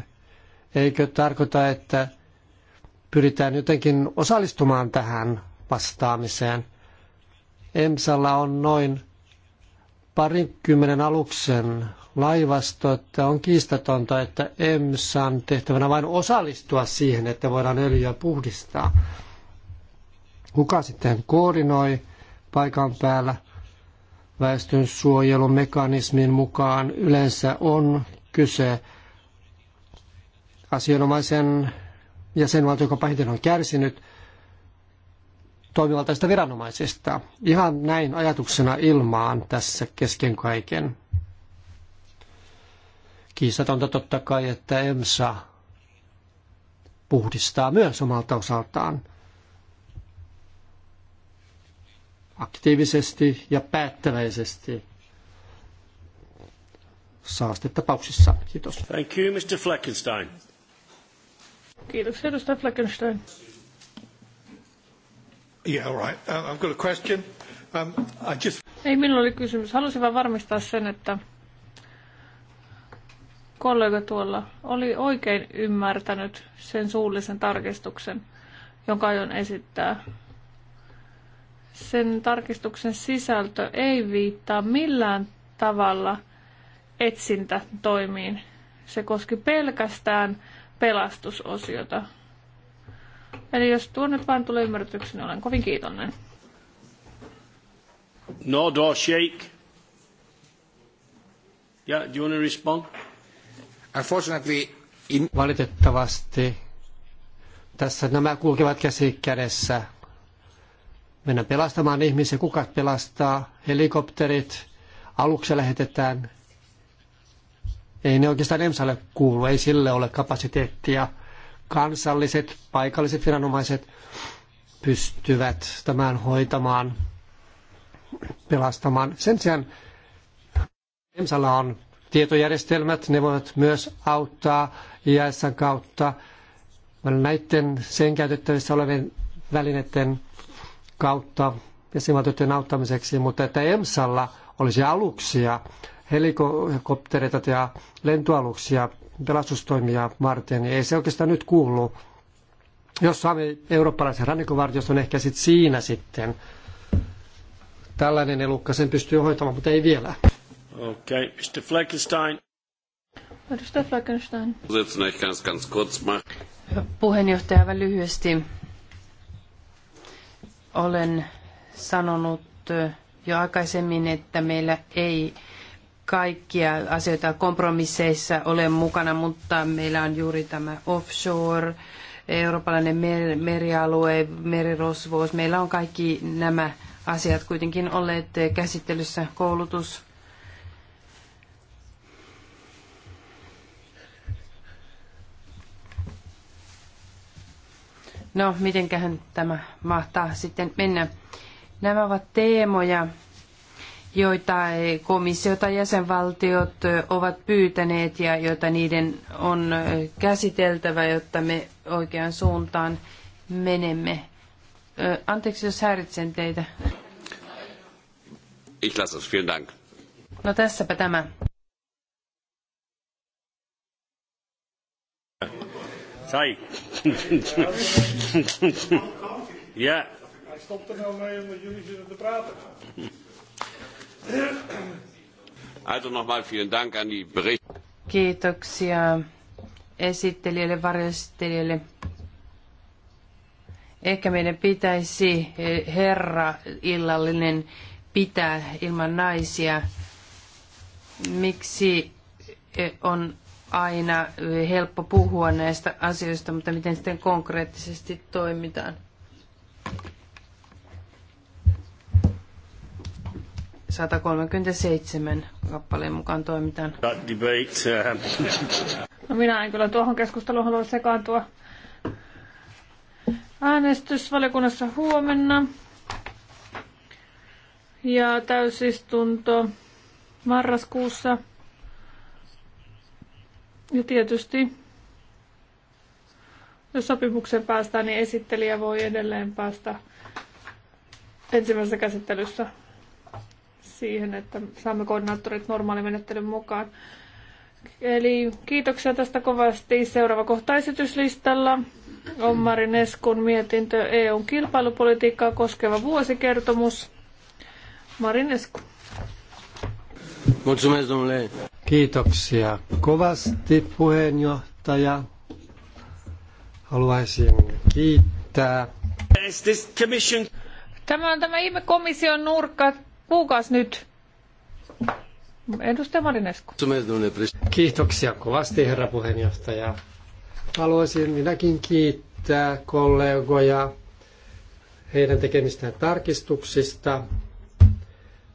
Eikö tarkoita, että pyritään jotenkin osallistumaan tähän vastaamiseen. EMSalla on noin parinkymmenen aluksen laivasto, että on kiistatonta, että EMSAn tehtävänä vain osallistua siihen, että voidaan öljyä puhdistaa. Kuka sitten koordinoi paikan päällä väestön suojelumekanismin mukaan yleensä on kyse asianomaisen jäsenvaltio, joka pahiten on kärsinyt toimivaltaista viranomaisista. Ihan näin ajatuksena ilmaan tässä kesken kaiken. Kiistatonta totta kai, että EMSA puhdistaa myös omalta osaltaan aktiivisesti ja päättäväisesti saastetapauksissa. Kiitos. Thank you, Mr. Fleckenstein. Kiitoksia, edustaja Fleckenstein. Yeah, all right. Uh, I've got a question. Um, I just... Ei, minulla oli kysymys. Halusin vain varmistaa sen, että kollega tuolla oli oikein ymmärtänyt sen suullisen tarkistuksen, jonka aion esittää. Sen tarkistuksen sisältö ei viittaa millään tavalla etsintätoimiin. Se koski pelkästään pelastusosiota. Eli jos tuo nyt vain tulee ymmärrytyksi, niin olen kovin kiitollinen. No do shake. Yeah, do you want to respond? Unfortunately, in... Valitettavasti tässä nämä kulkevat käsi kädessä. Mennään pelastamaan ihmisiä. Kuka pelastaa? Helikopterit. Aluksi lähetetään ei ne oikeastaan EMSAlle kuulu, ei sille ole kapasiteettia. Kansalliset, paikalliset viranomaiset pystyvät tämän hoitamaan, pelastamaan. Sen sijaan EMSalla on tietojärjestelmät, ne voivat myös auttaa IASn kautta näiden sen käytettävissä olevien välineiden kautta jäsenvaltioiden auttamiseksi, mutta että EMSalla olisi aluksia helikoptereita ja lentoaluksia pelastustoimia varten, niin ei se oikeastaan nyt kuulu. Jos saamme eurooppalaisen rannikkovartioston, ehkä sit siinä sitten tällainen elukka sen pystyy hoitamaan, mutta ei vielä. Okei, okay. Mr. Fleckenstein. Edustaja Fleckenstein. Puheenjohtaja, aivan lyhyesti. Olen sanonut jo aikaisemmin, että meillä ei kaikkia asioita kompromisseissa ole mukana, mutta meillä on juuri tämä offshore, eurooppalainen mer- merialue, merirosvous. Meillä on kaikki nämä asiat kuitenkin olleet käsittelyssä koulutus. No, mitenköhän tämä mahtaa sitten mennä? Nämä ovat teemoja, joita komissio tai jäsenvaltiot ovat pyytäneet ja joita niiden on käsiteltävä, jotta me oikeaan suuntaan menemme. Anteeksi, jos häiritsen teitä. Ich lasse es, vielen Dank. No tässäpä tämä. Sai. ja. Er nou mee jullie zitten te praten. Also nochmal vielen Dank an die Bericht. Kiitoksia esittelijälle, varjostelijalle. Ehkä meidän pitäisi eh, herra illallinen pitää ilman naisia. Miksi eh, on aina eh, helppo puhua näistä asioista, mutta miten sitten konkreettisesti toimitaan? 137 kappaleen mukaan toimitaan. Uh, no minä en kyllä tuohon keskusteluun halua sekaantua. Äänestysvaliokunnassa huomenna ja täysistunto marraskuussa. Ja tietysti, jos sopimukseen päästään, niin esittelijä voi edelleen päästä ensimmäisessä käsittelyssä siihen, että saamme koordinaattorit normaalimenettelyn mukaan. Eli kiitoksia tästä kovasti. Seuraava kohta esityslistalla on Marin Eskun mietintö EUn kilpailupolitiikkaa koskeva vuosikertomus. Marin Esku. Kiitoksia kovasti puheenjohtaja. Haluaisin kiittää. Tämä on tämä ihme komission nurkka Puhukaas nyt. Edustaja Marinesko. Kiitoksia kovasti, herra puheenjohtaja. Haluaisin minäkin kiittää kollegoja heidän tekemistään tarkistuksista.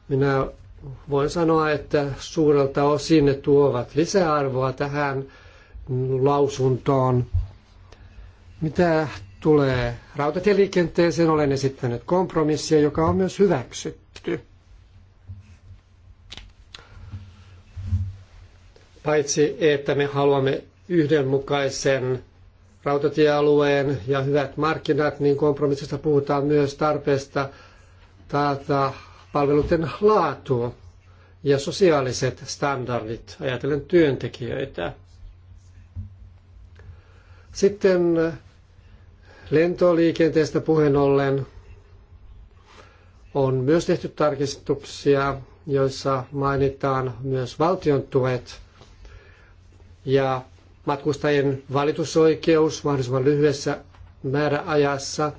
Minä voin sanoa, että suurelta osin ne tuovat lisäarvoa tähän lausuntoon. Mitä tulee rautatieliikenteeseen, olen esittänyt kompromissia, joka on myös hyväksytty. paitsi että me haluamme yhdenmukaisen rautatiealueen ja hyvät markkinat, niin kompromissista puhutaan myös tarpeesta taata palveluiden laatu ja sosiaaliset standardit, ajatellen työntekijöitä. Sitten lentoliikenteestä puheen ollen on myös tehty tarkistuksia, joissa mainitaan myös valtion tuet – ja matkustajien valitusoikeus mahdollisimman lyhyessä määräajassa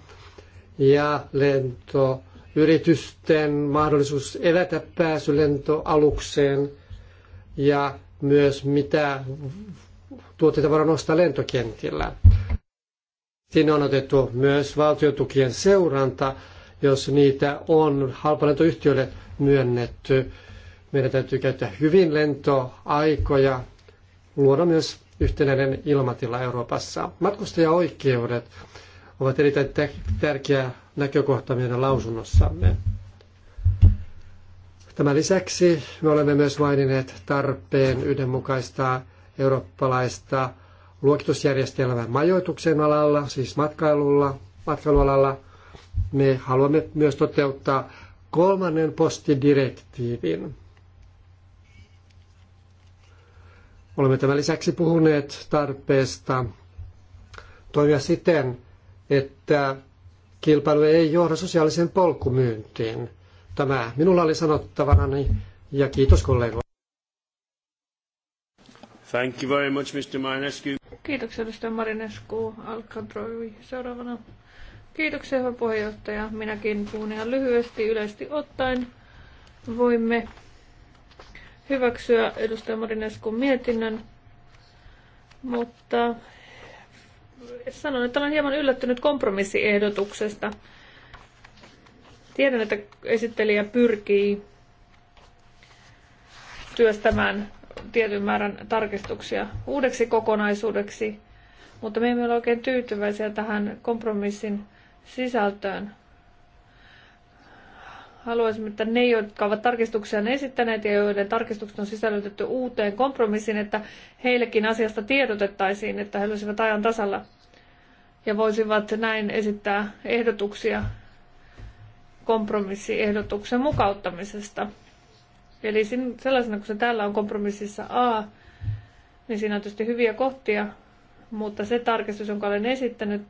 ja lentoyritysten mahdollisuus evätä pääsy lentoalukseen ja myös mitä tuotteita voidaan nostaa lentokentillä. Siinä on otettu myös valtiotukien seuranta, jos niitä on halpalentoyhtiöille myönnetty. Meidän täytyy käyttää hyvin lentoaikoja luoda myös yhtenäinen ilmatila Euroopassa. Matkustajaoikeudet ovat erittäin tärkeä näkökohta meidän lausunnossamme. Tämän lisäksi me olemme myös maininneet tarpeen yhdenmukaistaa eurooppalaista luokitusjärjestelmää majoituksen alalla, siis matkailulla, matkailualalla. Me haluamme myös toteuttaa kolmannen postidirektiivin. Olemme tämän lisäksi puhuneet tarpeesta toimia siten, että kilpailu ei johda sosiaaliseen polkumyyntiin. Tämä minulla oli sanottavanani ja kiitos kollegoille. Thank you very much, Mr. Marinescu. Kiitoksia, Mr. Marinescu. Alcadroi seuraavana. Kiitoksia, hyvä puheenjohtaja. Minäkin puhun ihan lyhyesti yleisesti ottaen. Voimme hyväksyä edustaja Marineskun mietinnön, mutta sanon, että olen hieman yllättynyt kompromissiehdotuksesta. Tiedän, että esittelijä pyrkii työstämään tietyn määrän tarkistuksia uudeksi kokonaisuudeksi, mutta me emme ole oikein tyytyväisiä tähän kompromissin sisältöön haluaisimme, että ne, jotka ovat tarkistuksia esittäneet ja joiden tarkistukset on sisällytetty uuteen kompromissiin, että heillekin asiasta tiedotettaisiin, että he olisivat ajan tasalla ja voisivat näin esittää ehdotuksia kompromissiehdotuksen mukauttamisesta. Eli sellaisena kuin se täällä on kompromississa A, niin siinä on tietysti hyviä kohtia, mutta se tarkistus, jonka olen esittänyt,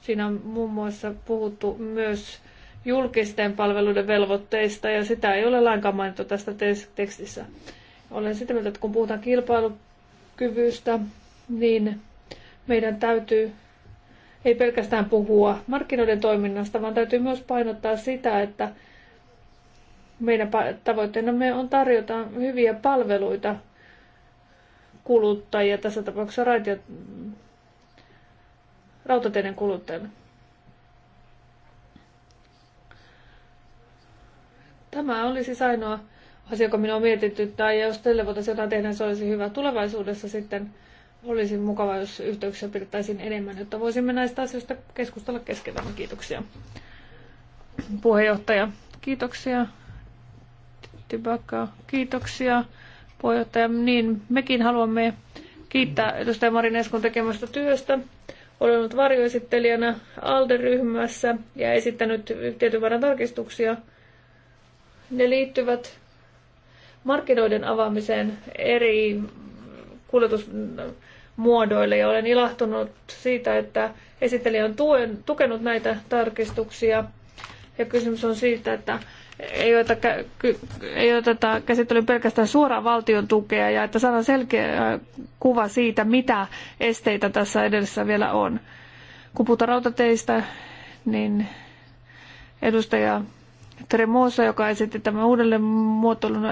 siinä on muun muassa puhuttu myös julkisten palveluiden velvoitteista ja sitä ei ole lainkaan mainittu tästä tekstissä. Olen sitä mieltä, että kun puhutaan kilpailukyvystä, niin meidän täytyy ei pelkästään puhua markkinoiden toiminnasta, vaan täytyy myös painottaa sitä, että meidän tavoitteenamme on tarjota hyviä palveluita kuluttajia, tässä tapauksessa rautio, rautateiden kuluttajille. Tämä oli siis ainoa asia, kun minua on mietitty, tai jos tälle voitaisiin jotain tehdä, niin se olisi hyvä. Tulevaisuudessa sitten olisi mukava, jos yhteyksiä pidettäisiin enemmän, jotta voisimme näistä asioista keskustella keskenään. Kiitoksia. Puheenjohtaja, kiitoksia. Tibaka, kiitoksia. Puheenjohtaja, niin mekin haluamme kiittää edustaja Marin Eskon tekemästä työstä. Olen ollut varjoesittelijänä ALDE-ryhmässä ja esittänyt tietyn verran tarkistuksia – ne liittyvät markkinoiden avaamiseen eri kuljetusmuodoille ja olen ilahtunut siitä, että esittelijä on tuen, tukenut näitä tarkistuksia. Ja kysymys on siitä, että ei oteta, ei oteta käsittelyyn pelkästään suoraan valtion tukea ja että saadaan selkeä kuva siitä, mitä esteitä tässä edessä vielä on. Kun puhutaan rautateistä, niin edustaja Tremosa, joka esitti tämän uudelleen muotoilun.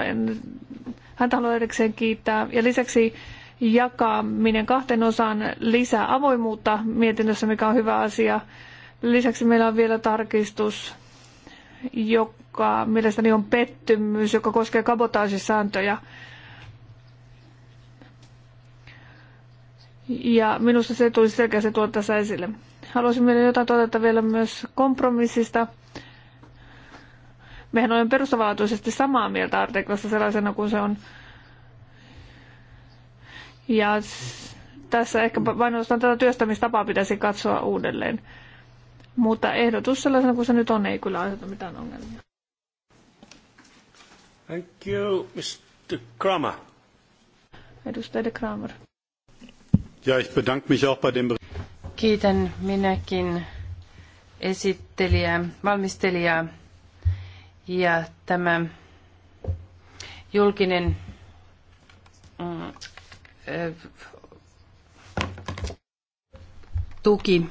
Häntä haluan erikseen kiittää. Ja lisäksi jakaminen kahteen osaan lisää avoimuutta mietinnössä, mikä on hyvä asia. Lisäksi meillä on vielä tarkistus, joka mielestäni on pettymys, joka koskee kabotaasisääntöjä. Ja minusta se tulisi selkeästi tuoda tässä esille. Haluaisin vielä jotain todeta vielä myös kompromissista – Mehän olemme perustavanlaatuisesti samaa mieltä artiklassa sellaisena kuin se on. Ja tässä ehkä vain tätä työstämistapaa pitäisi katsoa uudelleen. Mutta ehdotus sellaisena kuin se nyt on, ei kyllä aiheuta mitään ongelmia. Thank you, Mr. Kramer. Edustaja de Kramer. Ja, ich bedanke mich auch bei dem... Kiitän minäkin esittelijää, valmistelijaa ja tämä julkinen mm, tuki.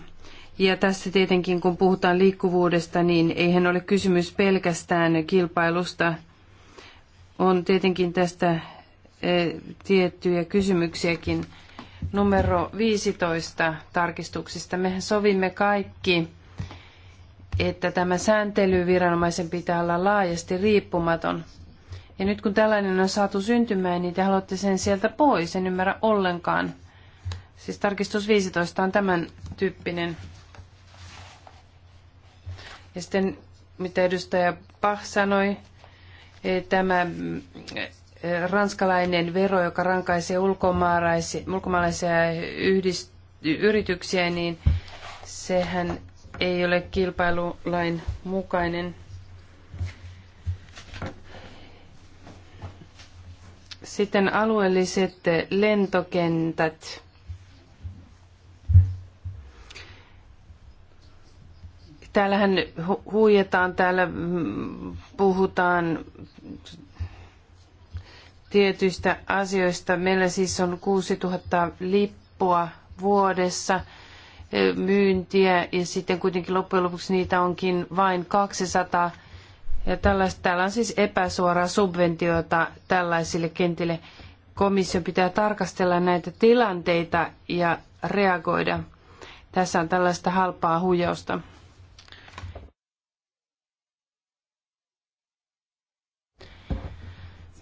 Ja tässä tietenkin, kun puhutaan liikkuvuudesta, niin eihän ole kysymys pelkästään kilpailusta. On tietenkin tästä tiettyjä kysymyksiäkin. Numero 15 tarkistuksista. Mehän sovimme kaikki että tämä sääntelyviranomaisen pitää olla laajasti riippumaton. Ja nyt kun tällainen on saatu syntymään, niin te haluatte sen sieltä pois, en ymmärrä ollenkaan. Siis tarkistus 15 on tämän tyyppinen. Ja sitten mitä edustaja Pah sanoi, eh, tämä eh, ranskalainen vero, joka rankaisee ulkomaalaisia, ulkomaalaisia yhdist, yrityksiä, niin sehän ei ole kilpailulain mukainen. Sitten alueelliset lentokentät. Täällähän huijataan, täällä puhutaan tietyistä asioista. Meillä siis on 6000 lippua vuodessa – myyntiä ja sitten kuitenkin loppujen lopuksi niitä onkin vain 200. Ja tällaista, täällä on siis epäsuoraa subventiota tällaisille kentille. Komission pitää tarkastella näitä tilanteita ja reagoida. Tässä on tällaista halpaa huijausta.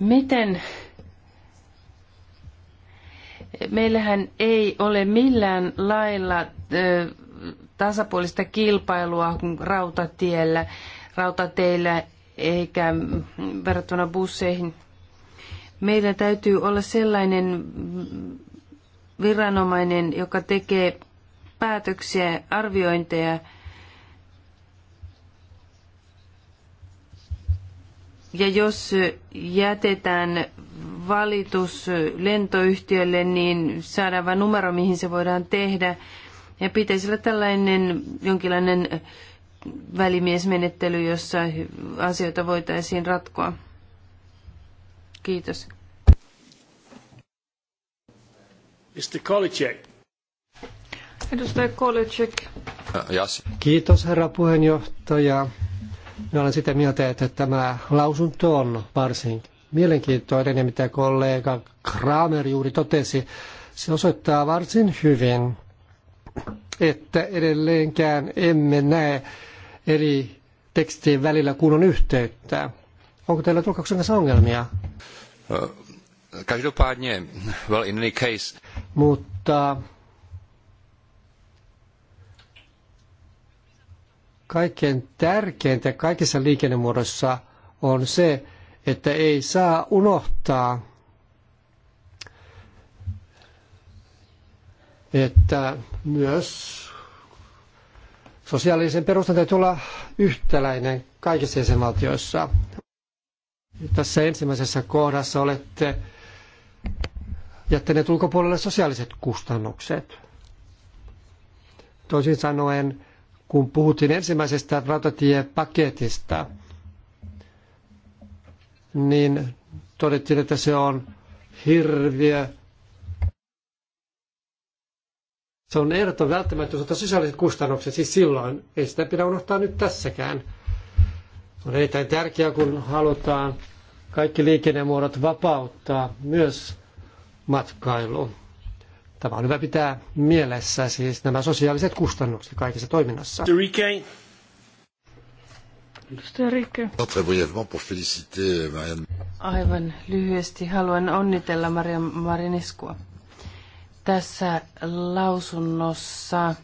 Miten Meillähän ei ole millään lailla tasapuolista kilpailua rautatiellä, rautateillä eikä verrattuna busseihin. Meillä täytyy olla sellainen viranomainen, joka tekee päätöksiä, arviointeja ja jos jätetään valitus lentoyhtiölle, niin saadaan vain numero, mihin se voidaan tehdä. Ja pitäisi olla tällainen jonkinlainen välimiesmenettely, jossa asioita voitaisiin ratkoa. Kiitos. Mr. Kolicek. Edustaja Kolicek. Yes. Äh, Kiitos herra puheenjohtaja. Minä olen sitä mieltä, että tämä lausunto on varsin mielenkiintoinen ja mitä kollega Kramer juuri totesi, se osoittaa varsin hyvin, että edelleenkään emme näe eri tekstien välillä kunnon yhteyttä. Onko teillä tulkauksen kanssa ongelmia? Eh, každopádně, well in any case. Mutta kaikkein tärkeintä kaikissa liikennemuodoissa on se, että ei saa unohtaa, että myös sosiaalisen perustan täytyy olla yhtäläinen kaikissa jäsenvaltioissa. Tässä ensimmäisessä kohdassa olette jättäneet ulkopuolelle sosiaaliset kustannukset. Toisin sanoen, kun puhuttiin ensimmäisestä rautatiepaketista – niin todettiin, että se on hirviö. Se on ehdoton välttämättömyys ottaa sosiaaliset kustannukset, siis silloin ei sitä pidä unohtaa nyt tässäkään. on erittäin tärkeää, kun halutaan kaikki liikennemuodot vapauttaa, myös matkailu. Tämä on hyvä pitää mielessä, siis nämä sosiaaliset kustannukset kaikessa toiminnassa. Edustaja Aivan lyhyesti haluan onnitella Maria Marineskua. Tässä lausunnossa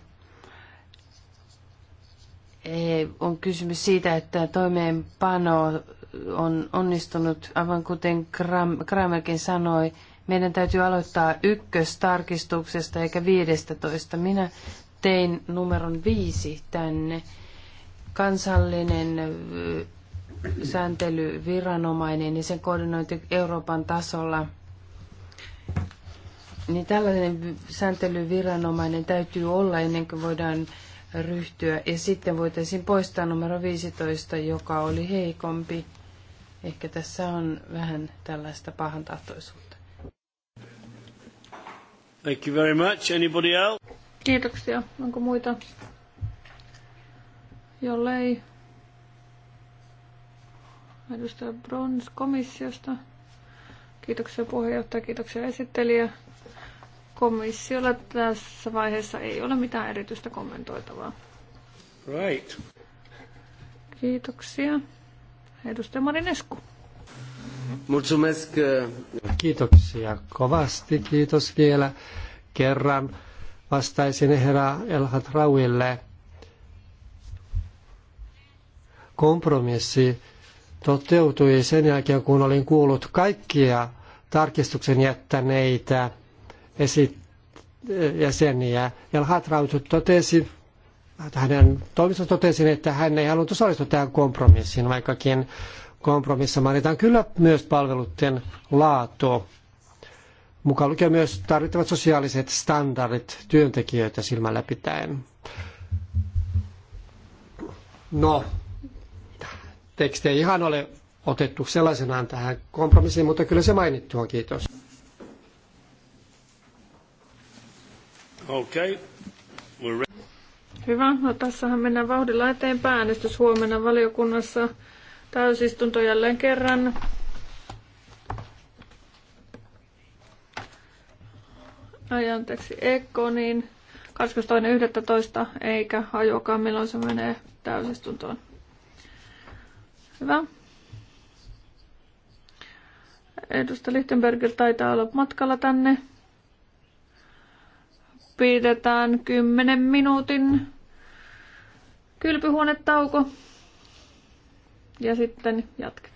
eh, on kysymys siitä, että toimeenpano on onnistunut, aivan kuten Kramerkin sanoi, meidän täytyy aloittaa ykköstarkistuksesta eikä viidestätoista. Minä tein numeron viisi tänne kansallinen sääntelyviranomainen ja sen koordinointi Euroopan tasolla, niin tällainen sääntelyviranomainen täytyy olla ennen kuin voidaan ryhtyä. Ja sitten voitaisiin poistaa numero 15, joka oli heikompi. Ehkä tässä on vähän tällaista tahtoisuutta. Thank you very much. Anybody else? Kiitoksia. Onko muita jollei edustaja Brons komissiosta. Kiitoksia puheenjohtaja, kiitoksia esittelijä. Komissiolla tässä vaiheessa ei ole mitään erityistä kommentoitavaa. Right. Kiitoksia. Edustaja Marinescu. Mulțumesc. Kiitoksia kovasti. Kiitos vielä kerran vastaisin herra Elhat Rauille kompromissi toteutui sen jälkeen, kun olin kuullut kaikkia tarkistuksen jättäneitä esit- jäseniä. Ja Hatraut totesi, hänen toimistonsa totesi, että hän ei halunnut osallistua tähän kompromissiin, vaikkakin kompromissa mainitaan kyllä myös palveluiden laatu, mukaan lukee myös tarvittavat sosiaaliset standardit työntekijöitä silmällä pitäen. No, ei ihan ole otettu sellaisenaan tähän kompromissiin, mutta kyllä se mainittu on. Kiitos. Okay. We're Hyvä. No tässähän mennään vauhdilla eteenpäin. Äänestys huomenna valiokunnassa. Täysistunto jälleen kerran. Ai anteeksi, Ekko, niin 22.11. eikä hajuakaan milloin se menee täysistuntoon. Hyvä. Edustaja Lichtenberger taitaa olla matkalla tänne. Pidetään 10 minuutin kylpyhuonetauko ja sitten jatketaan.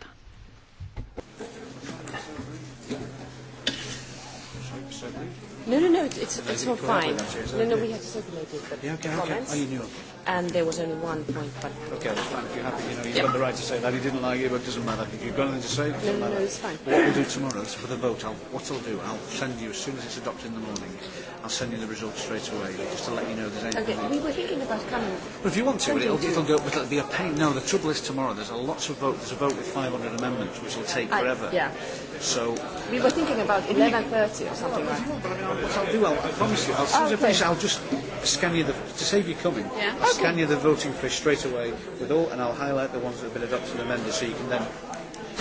No, no, no, it's, it's, it's all fine. No, no, we have circulated the yeah, okay, comments. Okay. Oh, you knew. And there was only one point, but... Okay, that's fine. If you're happy, you know, you've yeah. got the right to say that. He didn't like it, but it doesn't matter. If you've got anything to say, it doesn't no, no, no matter. No, it's fine. What we'll do tomorrow is for the vote, I'll, what I'll do, I'll send you, as soon as it's adopted in the morning, I'll send you the results straight away, just to let you know there's anything... Okay, we were thinking about coming... But if you want to, it'll, it'll, go, it'll be a pain. No, the trouble is tomorrow, there's a lots of vote. There's a vote with 500 amendments, which will take forever. I, yeah. So we were thinking about 11:30 or something like. That. No, I'll, do, well. I promise you, I'll, as soon as I finish, I'll just scan you the to save you coming. Yeah. I'll okay. Scan you the voting fish straight away with all, and I'll highlight the ones that have been adopted and amended, so you can then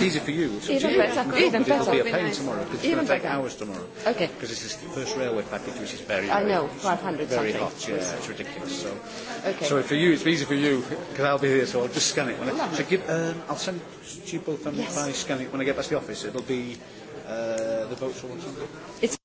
It's easy for you. It's even better. Even better. It'll be a pain nice. tomorrow. It's even going to take better. hours tomorrow. Okay. Because this is the first railway package, which is very, very I know, 500 very something. hot. Yeah, it's ridiculous. So, okay. so for you, it's easy for you because I'll be here, so I'll just scan it. When I, so give, um, I'll send you both them yes. by scan it when I get back to the office. It'll be uh, the votes or something. It's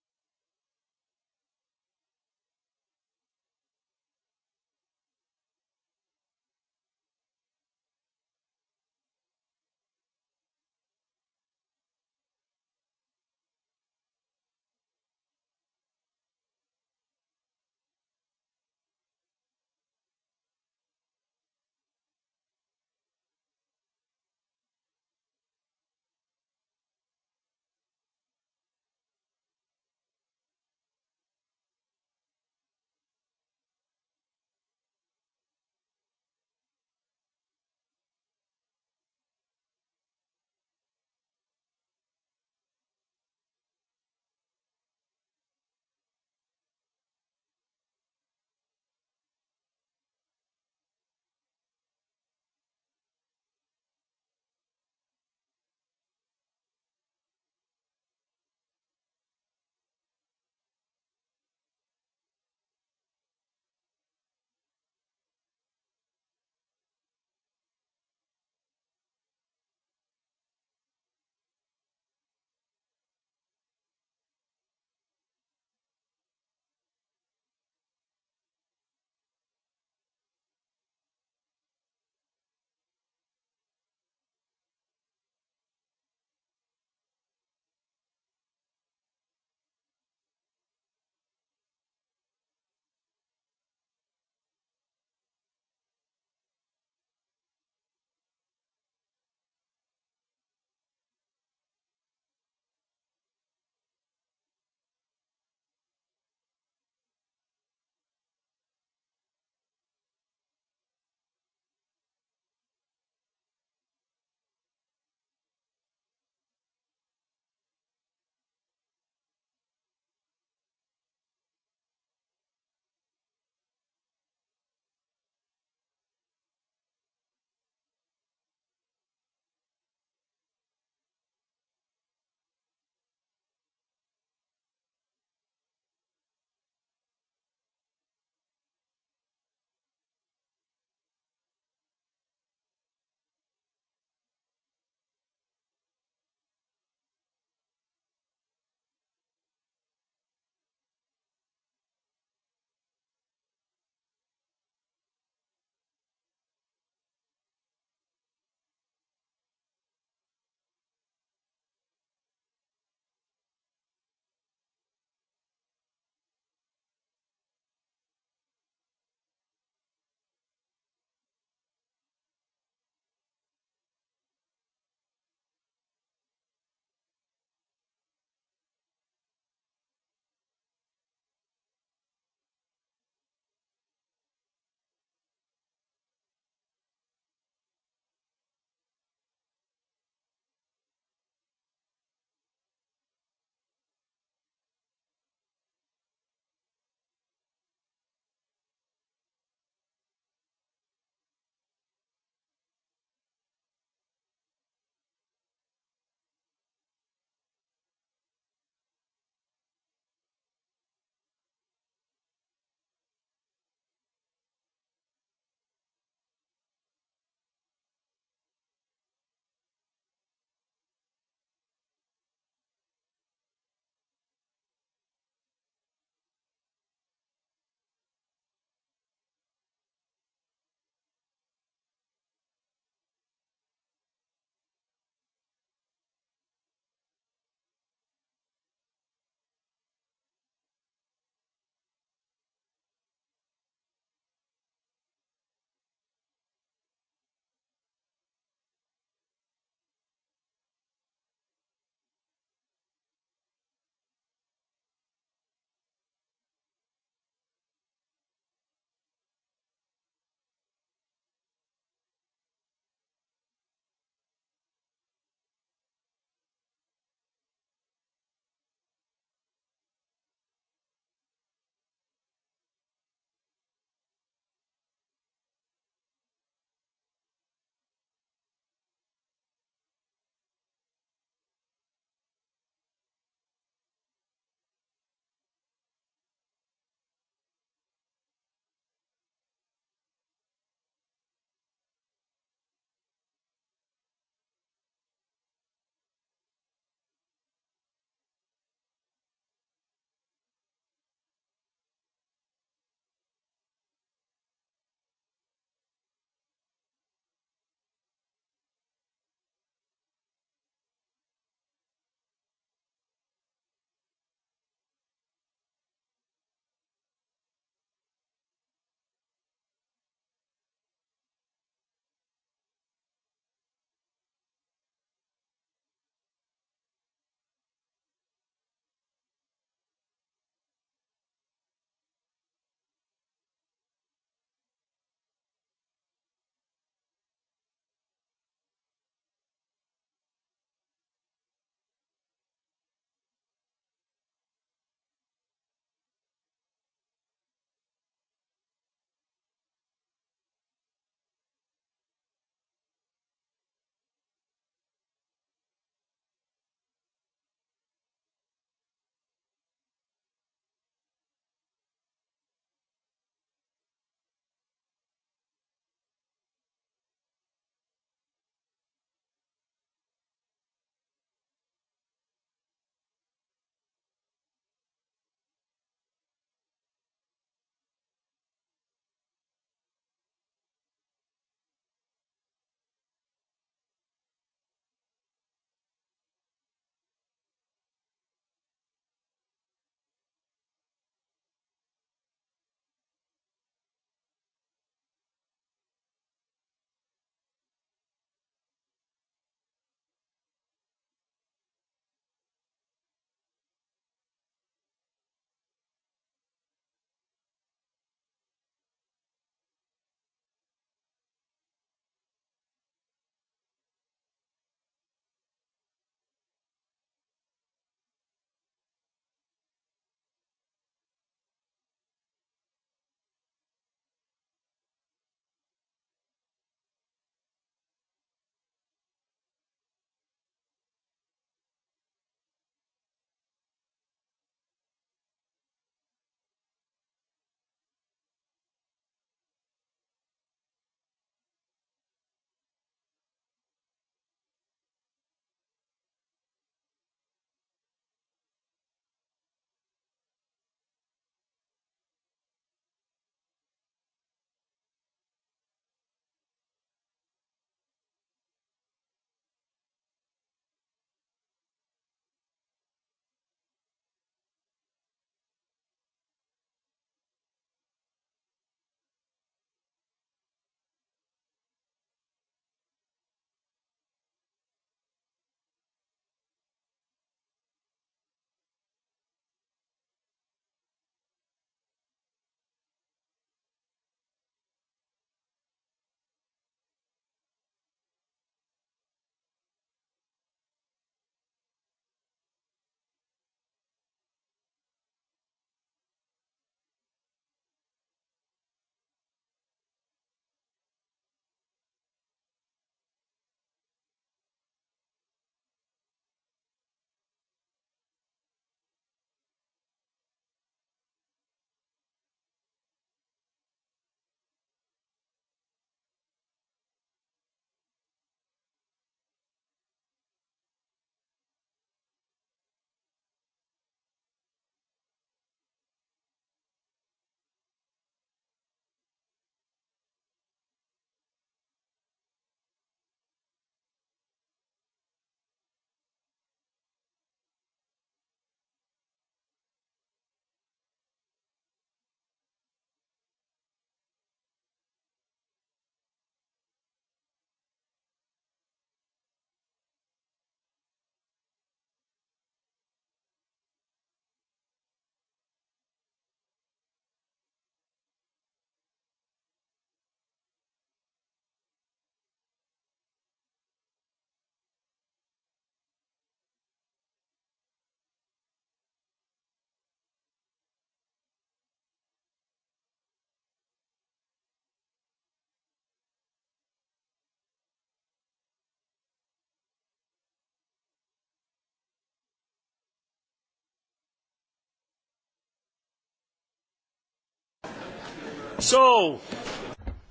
So.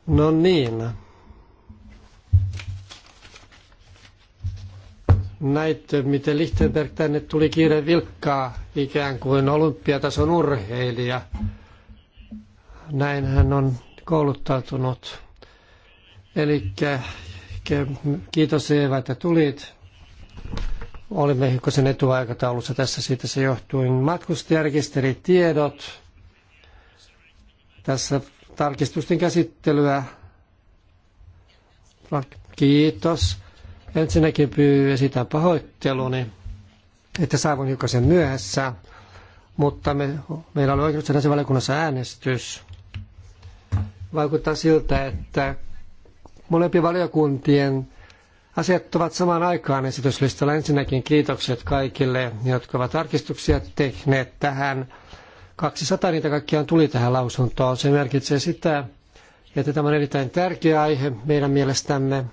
No niin. Näitte, miten Lichtenberg tänne tuli kiire vilkkaa ikään kuin olympiatason urheilija. Näin hän on kouluttautunut. Eli kiitos Eeva, että tulit. Olimme hikkosen etuaikataulussa tässä, siitä se johtui. Matkustajarekisteritiedot tässä tarkistusten käsittelyä. Kiitos. Ensinnäkin pyy esitän pahoitteluni, että saavun hiukan myöhässä, mutta me, meillä oli oikeus valiokunnassa äänestys. Vaikuttaa siltä, että molempien valiokuntien asiat ovat samaan aikaan esityslistalla. Ensinnäkin kiitokset kaikille, jotka ovat tarkistuksia tehneet tähän 200 niitä kaikkiaan tuli tähän lausuntoon. Se merkitsee sitä, että tämä on erittäin tärkeä aihe meidän mielestämme.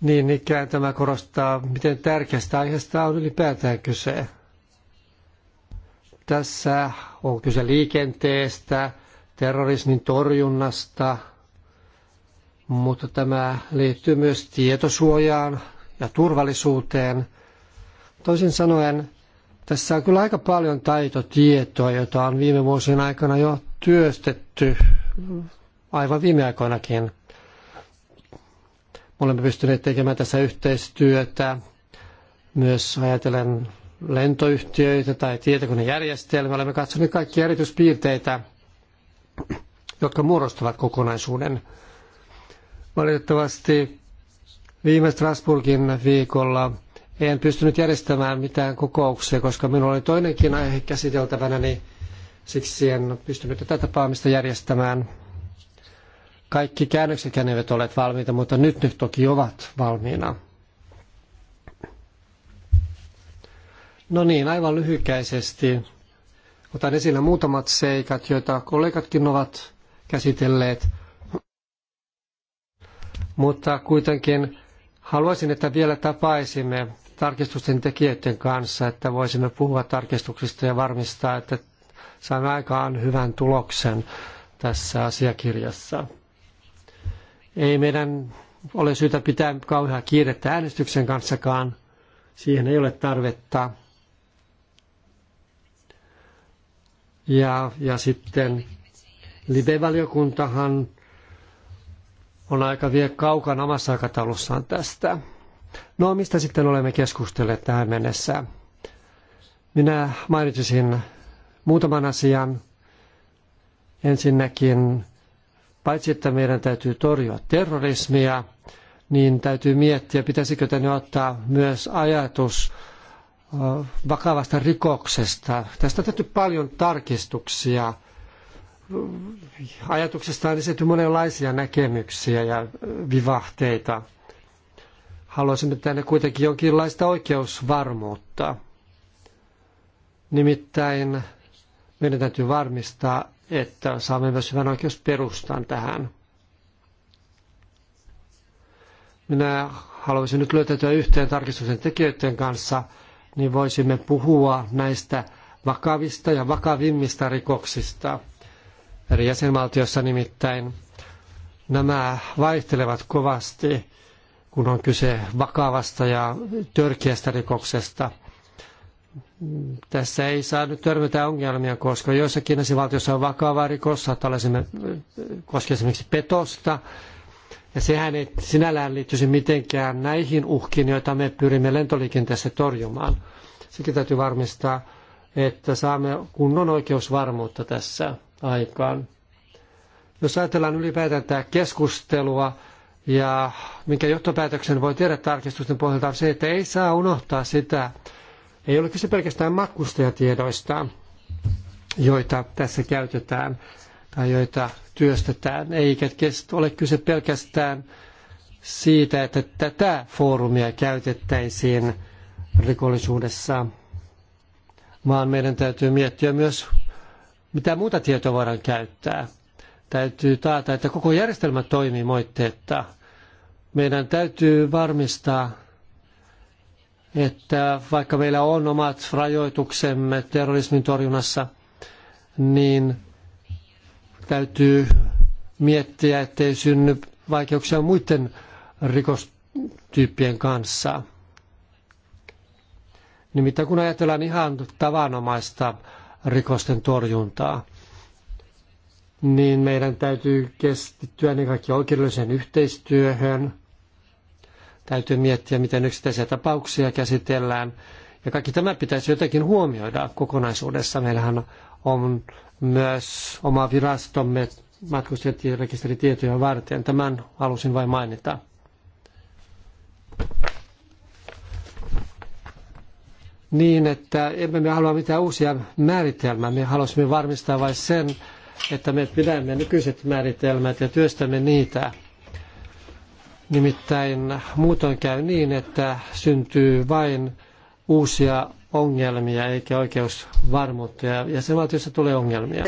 Niin ikään tämä korostaa, miten tärkeästä aiheesta on ylipäätään kyse. Tässä on kyse liikenteestä, terrorismin torjunnasta, mutta tämä liittyy myös tietosuojaan ja turvallisuuteen. Toisin sanoen tässä on kyllä aika paljon taitotietoa, jota on viime vuosien aikana jo työstetty, aivan viime aikoinakin. Me olemme pystyneet tekemään tässä yhteistyötä, myös ajatellen lentoyhtiöitä tai tietokonejärjestelmiä. Olemme katsoneet kaikkia erityispiirteitä, jotka muodostavat kokonaisuuden. Valitettavasti viime Strasbourgin viikolla – en pystynyt järjestämään mitään kokouksia, koska minulla oli toinenkin aihe käsiteltävänä, niin siksi en pystynyt tätä tapaamista järjestämään. Kaikki käännöksetkään eivät ole valmiita, mutta nyt ne toki ovat valmiina. No niin, aivan lyhykäisesti otan esille muutamat seikat, joita kollegatkin ovat käsitelleet. Mutta kuitenkin haluaisin, että vielä tapaisimme tarkistusten tekijöiden kanssa, että voisimme puhua tarkistuksista ja varmistaa, että saamme aikaan hyvän tuloksen tässä asiakirjassa. Ei meidän ole syytä pitää kauhean kiirettä äänestyksen kanssakaan. Siihen ei ole tarvetta. Ja, ja sitten Libe-valiokuntahan on aika vie kaukana omassa aikataulussaan tästä. No mistä sitten olemme keskustelleet tähän mennessä? Minä mainitsisin muutaman asian. Ensinnäkin, paitsi että meidän täytyy torjua terrorismia, niin täytyy miettiä, pitäisikö tänne ottaa myös ajatus vakavasta rikoksesta. Tästä on tehty paljon tarkistuksia. Ajatuksesta on esitetty monenlaisia näkemyksiä ja vivahteita – haluaisimme tänne kuitenkin jonkinlaista oikeusvarmuutta. Nimittäin meidän täytyy varmistaa, että saamme myös hyvän oikeusperustan tähän. Minä haluaisin nyt löytäytyä yhteen tarkistuksen tekijöiden kanssa, niin voisimme puhua näistä vakavista ja vakavimmista rikoksista. Eri jäsenvaltiossa nimittäin nämä vaihtelevat kovasti kun on kyse vakavasta ja törkeästä rikoksesta. Tässä ei saa nyt törmätä ongelmia, koska joissakin valtiossa on vakava rikos, saattaa koskee esimerkiksi petosta, ja sehän ei sinällään liittyisi mitenkään näihin uhkiin, joita me pyrimme lentoliikenteessä torjumaan. Sekin täytyy varmistaa, että saamme kunnon oikeusvarmuutta tässä aikaan. Jos ajatellaan ylipäätään tämä keskustelua, ja minkä johtopäätöksen voi tehdä tarkistusten pohjalta on se, että ei saa unohtaa sitä. Ei ole kyse pelkästään matkustajatiedoista, joita tässä käytetään tai joita työstetään, eikä ole kyse pelkästään siitä, että tätä foorumia käytettäisiin rikollisuudessa, vaan meidän täytyy miettiä myös, mitä muuta tietoa voidaan käyttää. Täytyy taata, että koko järjestelmä toimii moitteetta. Meidän täytyy varmistaa, että vaikka meillä on omat rajoituksemme terrorismin torjunnassa, niin täytyy miettiä, ettei synny vaikeuksia muiden rikostyyppien kanssa. Nimittäin kun ajatellaan ihan tavanomaista rikosten torjuntaa, niin meidän täytyy keskittyä ennen kaikkea oikeudelliseen yhteistyöhön. Täytyy miettiä, miten yksittäisiä tapauksia käsitellään. Ja kaikki tämä pitäisi jotenkin huomioida kokonaisuudessa. Meillähän on myös oma virastomme matkustajatietorekisteritietoja varten. Tämän halusin vain mainita. Niin, että emme me halua mitään uusia määritelmää. Me halusimme varmistaa vain sen, että me pidämme nykyiset määritelmät ja työstämme niitä. Nimittäin muutoin käy niin, että syntyy vain uusia ongelmia eikä oikeusvarmuutta ja jäsenvaltiossa tulee ongelmia.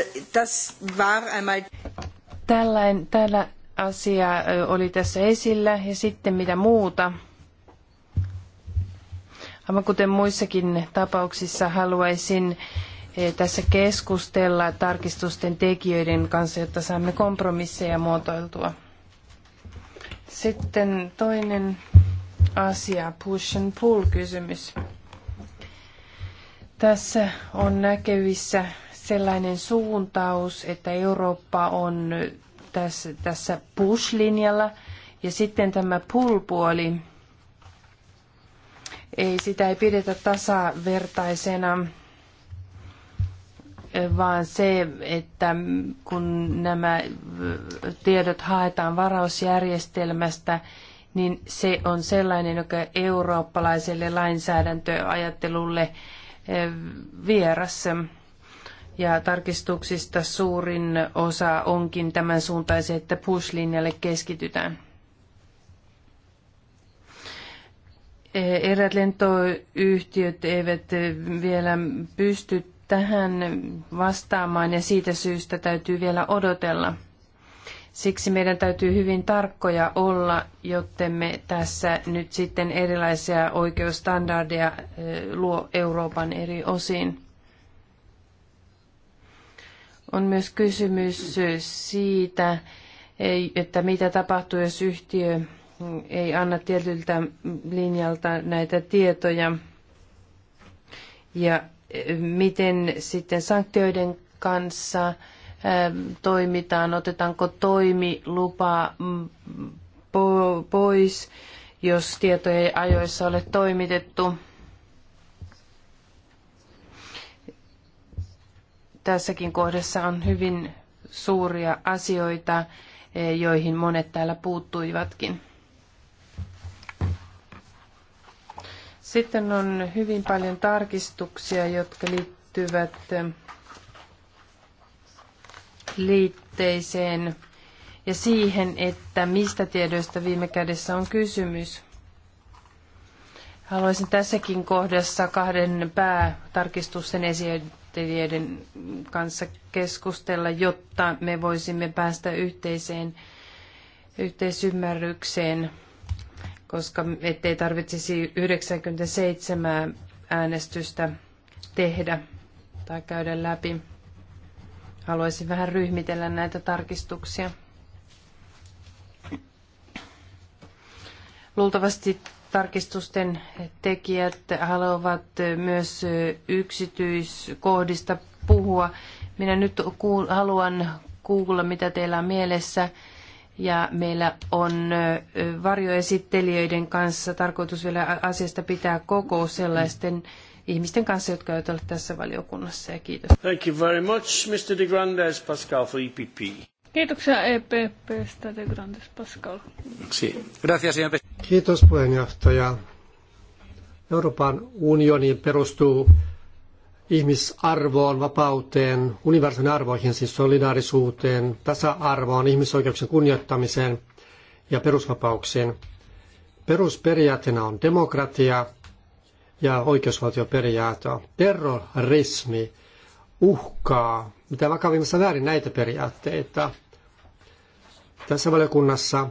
Tällainen tällä asia oli tässä esillä ja sitten mitä muuta. Aivan kuten muissakin tapauksissa haluaisin tässä keskustella tarkistusten tekijöiden kanssa, jotta saamme kompromisseja muotoiltua. Sitten toinen asia, push and pull kysymys. Tässä on näkyvissä sellainen suuntaus, että Eurooppa on tässä, tässä push-linjalla ja sitten tämä pull-puoli, ei, sitä ei pidetä tasavertaisena vaan se, että kun nämä tiedot haetaan varausjärjestelmästä, niin se on sellainen, joka eurooppalaiselle lainsäädäntöajattelulle eh, vieras. Ja tarkistuksista suurin osa onkin tämän suuntaisia, että push-linjalle keskitytään. Eh, Eräät lentoyhtiöt eivät vielä pysty tähän vastaamaan ja siitä syystä täytyy vielä odotella. Siksi meidän täytyy hyvin tarkkoja olla, me tässä nyt sitten erilaisia oikeusstandardeja luo Euroopan eri osiin. On myös kysymys siitä, että mitä tapahtuu, jos yhtiö ei anna tietyltä linjalta näitä tietoja. Ja miten sitten sanktioiden kanssa toimitaan, otetaanko toimilupa pois, jos tietoja ei ajoissa ole toimitettu. Tässäkin kohdassa on hyvin suuria asioita, joihin monet täällä puuttuivatkin. Sitten on hyvin paljon tarkistuksia, jotka liittyvät ähm, liitteeseen ja siihen, että mistä tiedoista viime kädessä on kysymys. Haluaisin tässäkin kohdassa kahden päätarkistusten esittelijöiden kanssa keskustella, jotta me voisimme päästä yhteiseen yhteisymmärrykseen koska ettei tarvitsisi 97 äänestystä tehdä tai käydä läpi. Haluaisin vähän ryhmitellä näitä tarkistuksia. Luultavasti tarkistusten tekijät haluavat myös yksityiskohdista puhua. Minä nyt haluan kuulla, mitä teillä on mielessä ja meillä on varjoesittelijöiden kanssa tarkoitus vielä asiasta pitää kokous sellaisten ihmisten kanssa, jotka eivät ole tässä valiokunnassa. Ja kiitos. Thank you very much, Mr. De Grandes Pascal for EPP. Kiitoksia EPPstä, De Grandes Pascal. Si. Kiitos puheenjohtaja. Euroopan unioni perustuu ihmisarvoon, vapauteen, universaalin arvoihin, siis solidaarisuuteen, tasa-arvoon, ihmisoikeuksien kunnioittamiseen ja perusvapauksiin. Perusperiaatteena on demokratia ja oikeusvaltioperiaate. Terrorismi uhkaa mitä vakavimmassa väärin näitä periaatteita. Tässä valiokunnassa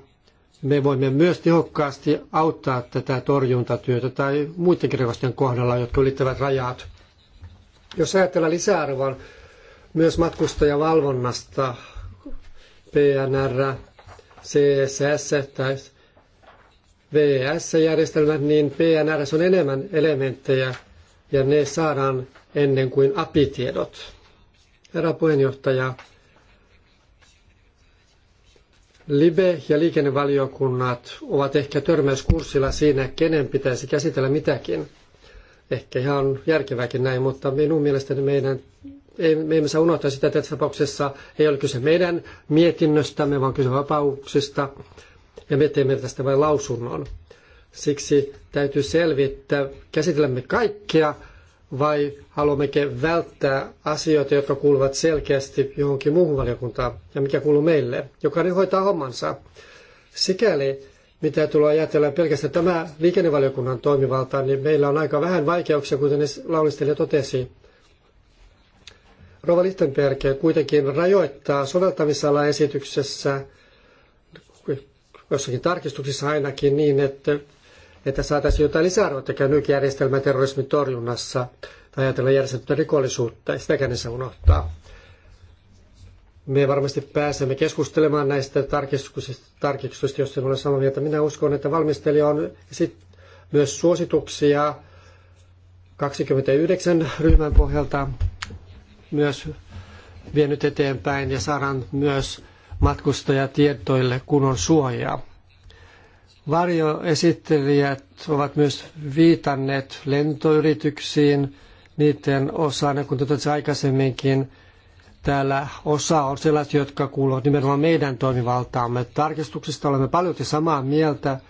me voimme myös tehokkaasti auttaa tätä torjuntatyötä tai muidenkin rikosten kohdalla, jotka ylittävät rajat – jos ajatellaan lisäarvoa myös matkustajavalvonnasta, PNR, CSS tai VS-järjestelmät, niin PNR on enemmän elementtejä ja ne saadaan ennen kuin apitiedot. Herra puheenjohtaja, Libe- ja liikennevaliokunnat ovat ehkä törmäyskurssilla siinä, kenen pitäisi käsitellä mitäkin. Ehkä ihan järkeväkin näin, mutta minun mielestäni meidän ei, me emme saa unohtaa sitä, että tässä tapauksessa ei ole kyse meidän mietinnöstämme, vaan kyse vapauksista, ja me teemme tästä vain lausunnon. Siksi täytyy että käsitellemme kaikkea vai haluammeko välttää asioita, jotka kuuluvat selkeästi johonkin muuhun valiokuntaan ja mikä kuuluu meille. Jokainen hoitaa hommansa. Sikäli mitä tulee ajatella pelkästään tämä liikennevaliokunnan toimivalta, niin meillä on aika vähän vaikeuksia, kuten laulistelija totesi. Rova Lichtenberg kuitenkin rajoittaa soveltamisala esityksessä, jossakin tarkistuksissa ainakin niin, että, että saataisiin jotain lisäarvoa tekemään nykyjärjestelmä terrorismin torjunnassa tai ajatella järjestettyä rikollisuutta, ja sitäkään ei saa unohtaa. Me varmasti pääsemme keskustelemaan näistä tarkistuksista, jos en ole samaa mieltä. Minä uskon, että valmistelija on sit myös suosituksia 29 ryhmän pohjalta myös vienyt eteenpäin ja saadaan myös matkustajatietoille kunnon suojaa. Varjoesittelijät ovat myös viitanneet lentoyrityksiin, niiden osana, kun totesi aikaisemminkin, Täällä osa on sellaisia, jotka kuuluvat nimenomaan meidän toimivaltaamme. Tarkistuksista olemme paljon samaa mieltä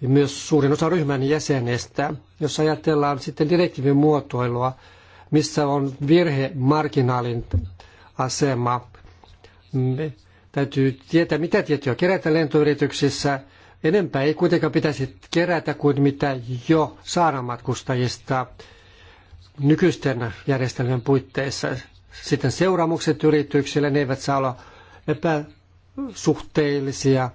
ja myös suurin osa ryhmän jäsenistä. Jos ajatellaan sitten direktiivin muotoilua, missä on virhemarginaalin asema, Me täytyy tietää, mitä tietoja kerätä lentoyrityksissä. Enempää ei kuitenkaan pitäisi kerätä kuin mitä jo saadaan matkustajista nykyisten järjestelmien puitteissa. Sitten seuraamukset yrityksille, ne eivät saa olla epäsuhteellisia.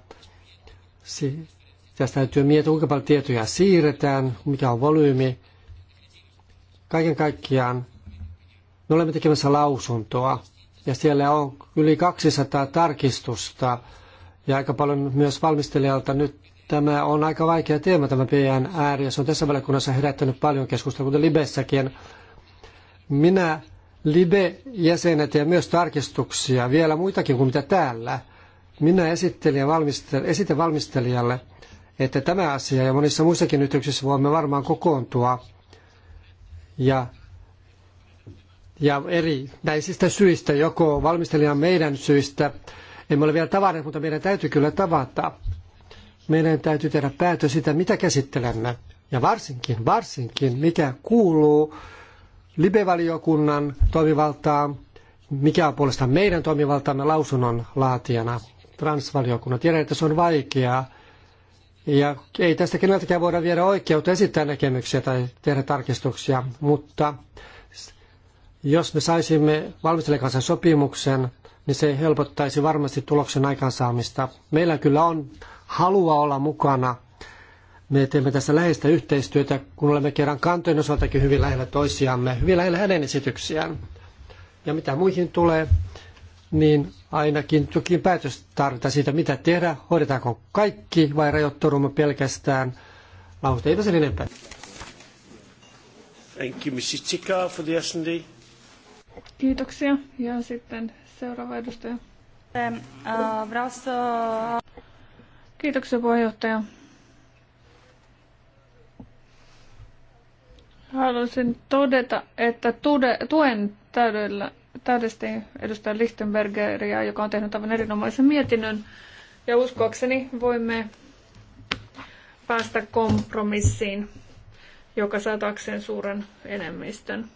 Si- Tästä täytyy miettiä, kuinka paljon tietoja siirretään, mikä on volyymi. Kaiken kaikkiaan me olemme tekemässä lausuntoa ja siellä on yli 200 tarkistusta ja aika paljon myös valmistelijalta nyt tämä on aika vaikea teema tämä PNR ja se on tässä valiokunnassa herättänyt paljon keskustelua, kuten Libessäkin. Minä Libe-jäsenet ja myös tarkistuksia, vielä muitakin kuin mitä täällä. Minä esittelin valmistel, esitin valmistelijalle, että tämä asia ja monissa muissakin yhteyksissä voimme varmaan kokoontua ja, ja eri näisistä syistä, joko valmistelijan meidän syistä, emme ole vielä tavanneet, mutta meidän täytyy kyllä tavata. Meidän täytyy tehdä päätös sitä, mitä käsittelemme. Ja varsinkin, varsinkin, mikä kuuluu libevaliokunnan toimivaltaa, mikä on puolestaan meidän toimivaltaamme lausunnon laatijana transvaliokunnan. Tiedän, että se on vaikeaa. Ja ei tästä keneltäkään voida viedä oikeutta esittää näkemyksiä tai tehdä tarkistuksia, mutta jos me saisimme valmistelijan sopimuksen, niin se helpottaisi varmasti tuloksen aikaansaamista. Meillä kyllä on halua olla mukana me teemme tässä läheistä yhteistyötä, kun olemme kerran kantojen osaltakin hyvin lähellä toisiamme, hyvin lähellä hänen esityksiään. Ja mitä muihin tulee, niin ainakin jokin päätös tarvitaan siitä, mitä tehdä, hoidetaanko kaikki vai rajoittuumme pelkästään lauteita sen enempää. Thank you, Mrs. Tika, for the S&D. Kiitoksia. Ja sitten seuraava edustaja. Kiitoksia puheenjohtaja. Haluaisin todeta, että tuen täydellä, täydellisesti edustaja Lichtenbergeria, joka on tehnyt aivan erinomaisen mietinnön. Ja uskoakseni voimme päästä kompromissiin, joka saa takseen suuren enemmistön.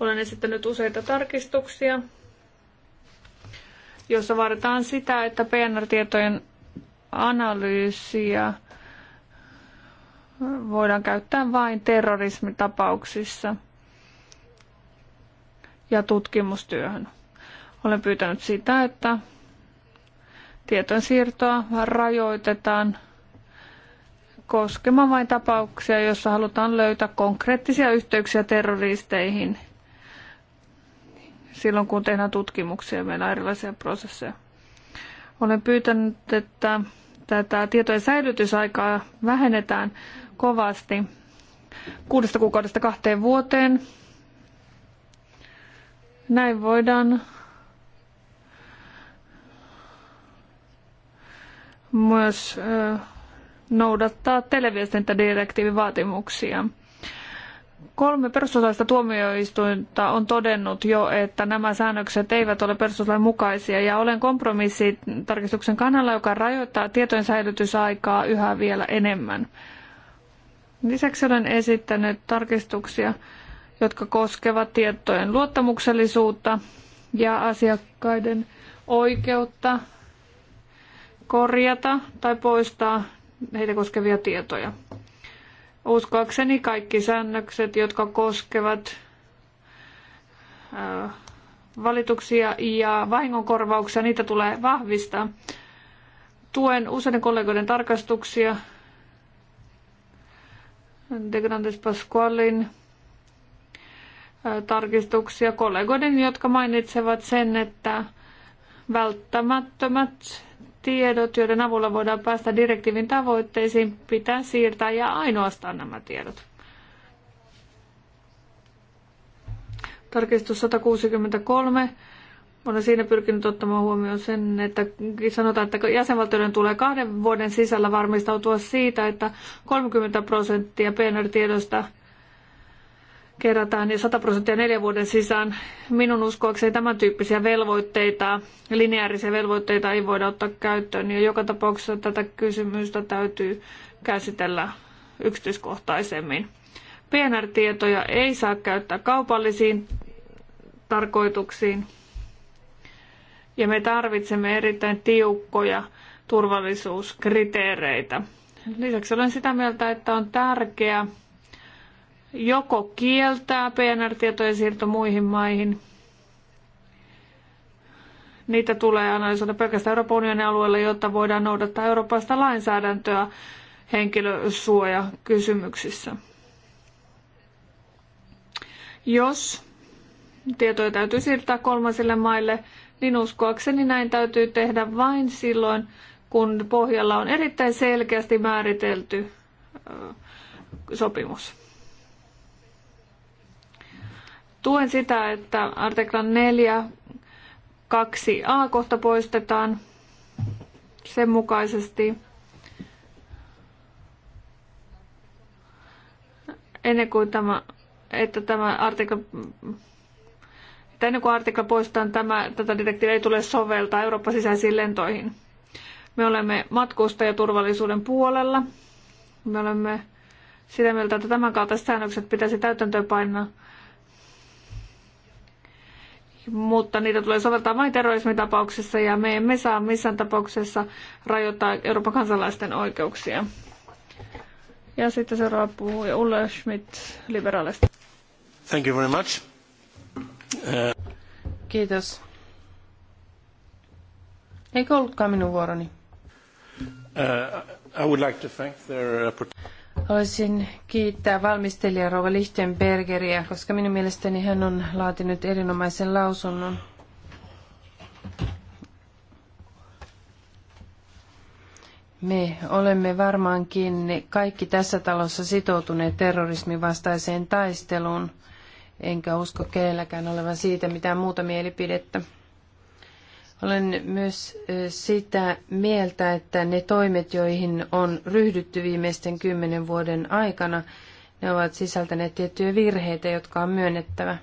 Olen esittänyt useita tarkistuksia, joissa vaaditaan sitä, että PNR-tietojen analyysiä voidaan käyttää vain terrorismitapauksissa ja tutkimustyöhön. Olen pyytänyt sitä, että tietojensiirtoa rajoitetaan koskemaan vain tapauksia, joissa halutaan löytää konkreettisia yhteyksiä terroristeihin silloin, kun tehdään tutkimuksia. Meillä on erilaisia prosesseja. Olen pyytänyt, että tätä tietojen säilytysaikaa vähennetään kovasti kuudesta kuukaudesta kahteen vuoteen. Näin voidaan myös noudattaa televiestintädirektiivin vaatimuksia. Kolme perustuslaista tuomioistuinta on todennut jo, että nämä säännökset eivät ole perustuslain mukaisia ja olen kompromissitarkistuksen kannalla, joka rajoittaa tietojen säilytysaikaa yhä vielä enemmän. Lisäksi olen esittänyt tarkistuksia, jotka koskevat tietojen luottamuksellisuutta ja asiakkaiden oikeutta korjata tai poistaa heitä koskevia tietoja. Uskoakseni kaikki säännökset, jotka koskevat äh, valituksia ja vahingonkorvauksia, niitä tulee vahvistaa. Tuen useiden kollegoiden tarkastuksia De Grandes Pasqualin äh, tarkistuksia kollegoiden, jotka mainitsevat sen, että välttämättömät tiedot, joiden avulla voidaan päästä direktiivin tavoitteisiin, pitää siirtää ja ainoastaan nämä tiedot. Tarkistus 163 olen siinä pyrkinyt ottamaan huomioon sen, että sanotaan, että jäsenvaltioiden tulee kahden vuoden sisällä varmistautua siitä, että 30 prosenttia PNR-tiedosta kerätään ja 100 prosenttia neljän vuoden sisään. Minun uskoakseni tämän tyyppisiä velvoitteita, lineaarisia velvoitteita ei voida ottaa käyttöön. Ja joka tapauksessa tätä kysymystä täytyy käsitellä yksityiskohtaisemmin. PNR-tietoja ei saa käyttää kaupallisiin tarkoituksiin – ja me tarvitsemme erittäin tiukkoja turvallisuuskriteereitä. Lisäksi olen sitä mieltä, että on tärkeää joko kieltää PNR-tietojen siirto muihin maihin, niitä tulee analysoida pelkästään Euroopan unionin alueella, jotta voidaan noudattaa eurooppalaista lainsäädäntöä henkilösuojakysymyksissä. Jos tietoja täytyy siirtää kolmansille maille, niin uskoakseni näin täytyy tehdä vain silloin, kun pohjalla on erittäin selkeästi määritelty sopimus. Tuen sitä, että artiklan 4 2a kohta poistetaan sen mukaisesti. Ennen kuin tämä, että tämä artikla että ennen kuin artikla poistetaan, niin tämä, tätä direktiiviä ei tule soveltaa Euroopan sisäisiin lentoihin. Me olemme matkustajaturvallisuuden puolella. Me olemme sitä mieltä, että tämän kaltaiset säännökset pitäisi täytäntöön painaa. Mutta niitä tulee soveltaa vain terrorismitapauksessa ja me emme saa missään tapauksessa rajoittaa Euroopan kansalaisten oikeuksia. Ja sitten seuraava puhuja Ulle Schmidt liberaalista. Thank you very much. Kiitos. Eikö ollutkaan minun vuoroni? Uh, I would like to thank their... Uh, Haluaisin kiittää valmistelija Rova Lichtenbergeriä, koska minun mielestäni hän on laatinut erinomaisen lausunnon. Me olemme varmaankin kaikki tässä talossa sitoutuneet terrorismin vastaiseen taisteluun – enkä usko kenelläkään olevan siitä mitään muuta mielipidettä. Olen myös sitä mieltä, että ne toimet, joihin on ryhdytty viimeisten kymmenen vuoden aikana, ne ovat sisältäneet tiettyjä virheitä, jotka on myönnettävä.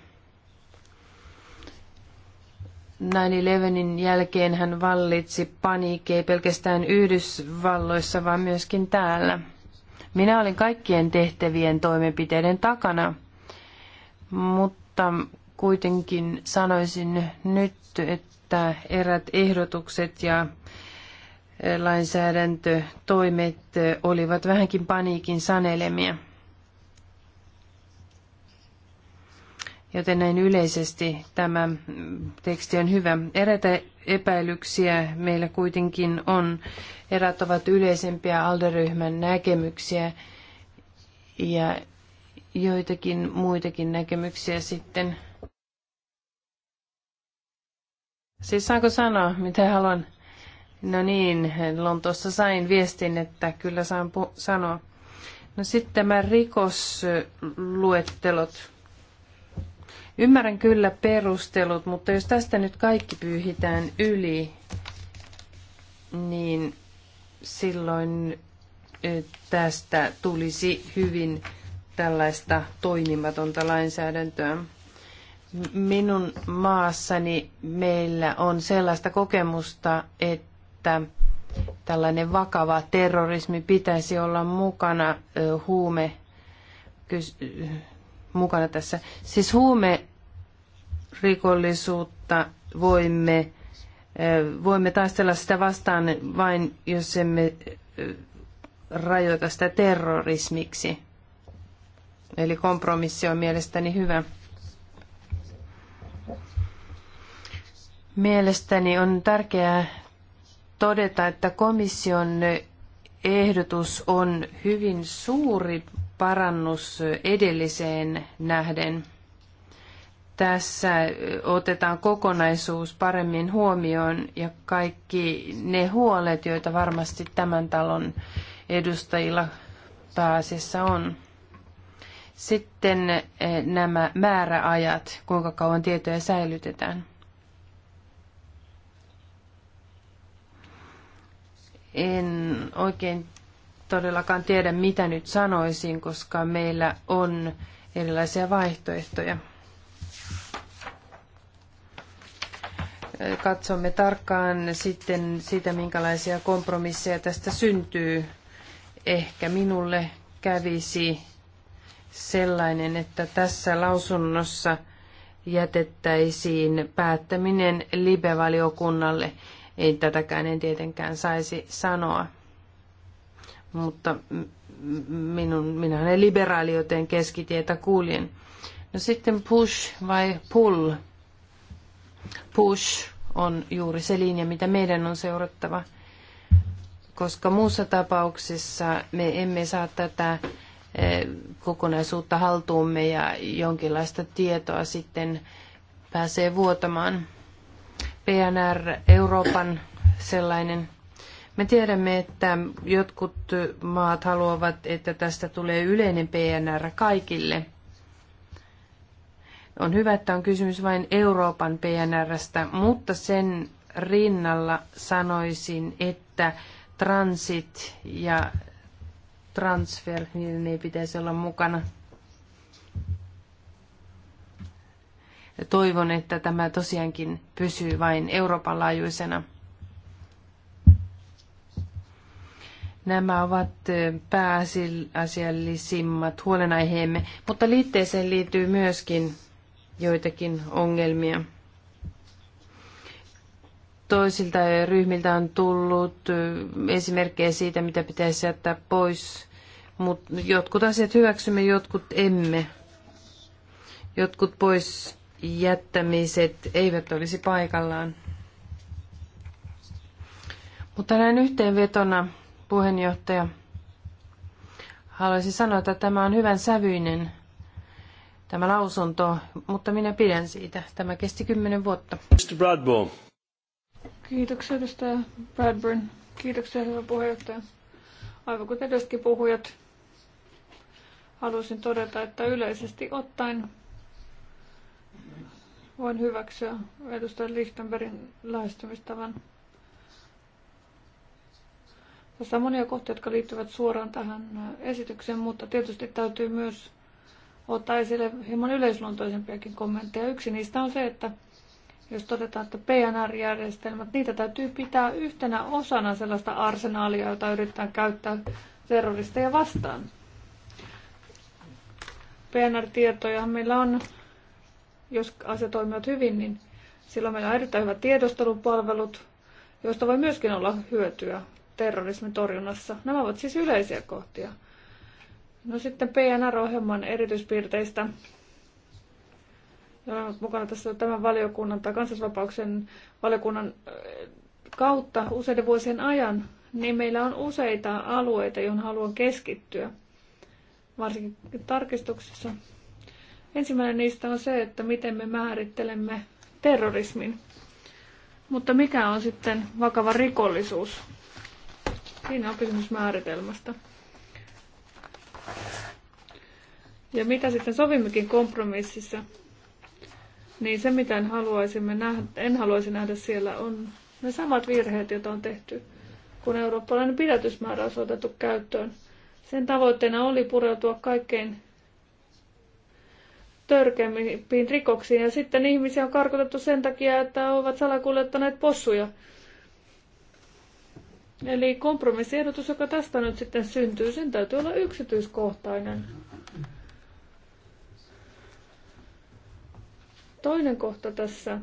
9-11 jälkeen hän vallitsi paniikki ei pelkästään Yhdysvalloissa, vaan myöskin täällä. Minä olin kaikkien tehtävien toimenpiteiden takana – mutta kuitenkin sanoisin nyt, että erät ehdotukset ja e, lainsäädäntötoimet e, olivat vähänkin paniikin sanelemia. Joten näin yleisesti tämä teksti on hyvä. Erätä epäilyksiä meillä kuitenkin on. Erät ovat yleisempiä alderyhmän näkemyksiä ja joitakin muitakin näkemyksiä sitten. Siis saanko sanoa, mitä haluan? No niin, Lontoossa sain viestin, että kyllä saan sanoa. No sitten tämä rikosluettelot. Ymmärrän kyllä perustelut, mutta jos tästä nyt kaikki pyyhitään yli, niin silloin tästä tulisi hyvin tällaista toimimatonta lainsäädäntöä. Minun maassani meillä on sellaista kokemusta, että tällainen vakava terrorismi pitäisi olla mukana huume mukana tässä. Siis huume rikollisuutta voimme, voimme taistella sitä vastaan vain, jos emme rajoita sitä terrorismiksi. Eli kompromissi on mielestäni hyvä. Mielestäni on tärkeää todeta, että komission ehdotus on hyvin suuri parannus edelliseen nähden. Tässä otetaan kokonaisuus paremmin huomioon ja kaikki ne huolet, joita varmasti tämän talon edustajilla pääasiassa on. Sitten eh, nämä määräajat, kuinka kauan tietoja säilytetään. En oikein todellakaan tiedä, mitä nyt sanoisin, koska meillä on erilaisia vaihtoehtoja. Katsomme tarkkaan sitten sitä, minkälaisia kompromisseja tästä syntyy. Ehkä minulle kävisi sellainen, että tässä lausunnossa jätettäisiin päättäminen libevaliokunnalle. Ei tätäkään en tietenkään saisi sanoa. Mutta minun, minä olen liberaali, joten keskitietä kuljen. No sitten push vai pull? Push on juuri se linja, mitä meidän on seurattava, koska muussa tapauksessa me emme saa tätä Eh, kokonaisuutta haltuumme ja jonkinlaista tietoa sitten pääsee vuotamaan. PNR Euroopan sellainen. Me tiedämme, että jotkut maat haluavat, että tästä tulee yleinen PNR kaikille. On hyvä, että on kysymys vain Euroopan PNRstä, mutta sen rinnalla sanoisin, että transit ja transfer, niin ei pitäisi olla mukana. Toivon, että tämä tosiaankin pysyy vain Euroopan laajuisena. Nämä ovat pääasiallisimmat huolenaiheemme, mutta liitteeseen liittyy myöskin joitakin ongelmia. Toisilta ryhmiltä on tullut esimerkkejä siitä, mitä pitäisi jättää pois mutta jotkut asiat hyväksymme, jotkut emme. Jotkut pois jättämiset eivät olisi paikallaan. Mutta näin yhteenvetona, puheenjohtaja, haluaisin sanoa, että tämä on hyvän sävyinen tämä lausunto, mutta minä pidän siitä. Tämä kesti kymmenen vuotta. Mr. Bradburn. Kiitoksia, edustaja Bradburn. Kiitoksia, hyvä puheenjohtaja. Aivan kuten edustakin puhujat, haluaisin todeta, että yleisesti ottaen voin hyväksyä edustaja Lichtenbergin lähestymistavan. Tässä on monia kohtia, jotka liittyvät suoraan tähän esitykseen, mutta tietysti täytyy myös ottaa esille hieman yleisluontoisempiakin kommentteja. Yksi niistä on se, että jos todetaan, että PNR-järjestelmät, niitä täytyy pitää yhtenä osana sellaista arsenaalia, jota yritetään käyttää terroristeja vastaan. PNR-tietoja meillä on, jos asiat toimivat hyvin, niin silloin meillä on erittäin hyvät tiedostelupalvelut, joista voi myöskin olla hyötyä terrorismin torjunnassa. Nämä ovat siis yleisiä kohtia. No sitten PNR-ohjelman erityispiirteistä. Olen ollut mukana tässä tämän valiokunnan tai kansallisvapauksen valiokunnan eh, kautta useiden vuosien ajan, niin meillä on useita alueita, joihin haluan keskittyä – varsinkin tarkistuksissa. Ensimmäinen niistä on se, että miten me määrittelemme terrorismin. Mutta mikä on sitten vakava rikollisuus? Siinä on kysymys määritelmästä. Ja mitä sitten sovimmekin kompromississa, niin se mitä en, haluaisimme nähdä, en haluaisi nähdä siellä on ne samat virheet, joita on tehty, kun eurooppalainen pidätysmääräys on otettu käyttöön – sen tavoitteena oli pureutua kaikkein törkeimpiin rikoksiin. Ja sitten ihmisiä on karkotettu sen takia, että ovat salakuljettaneet possuja. Eli kompromissiehdotus, joka tästä nyt sitten syntyy, sen täytyy olla yksityiskohtainen. Toinen kohta tässä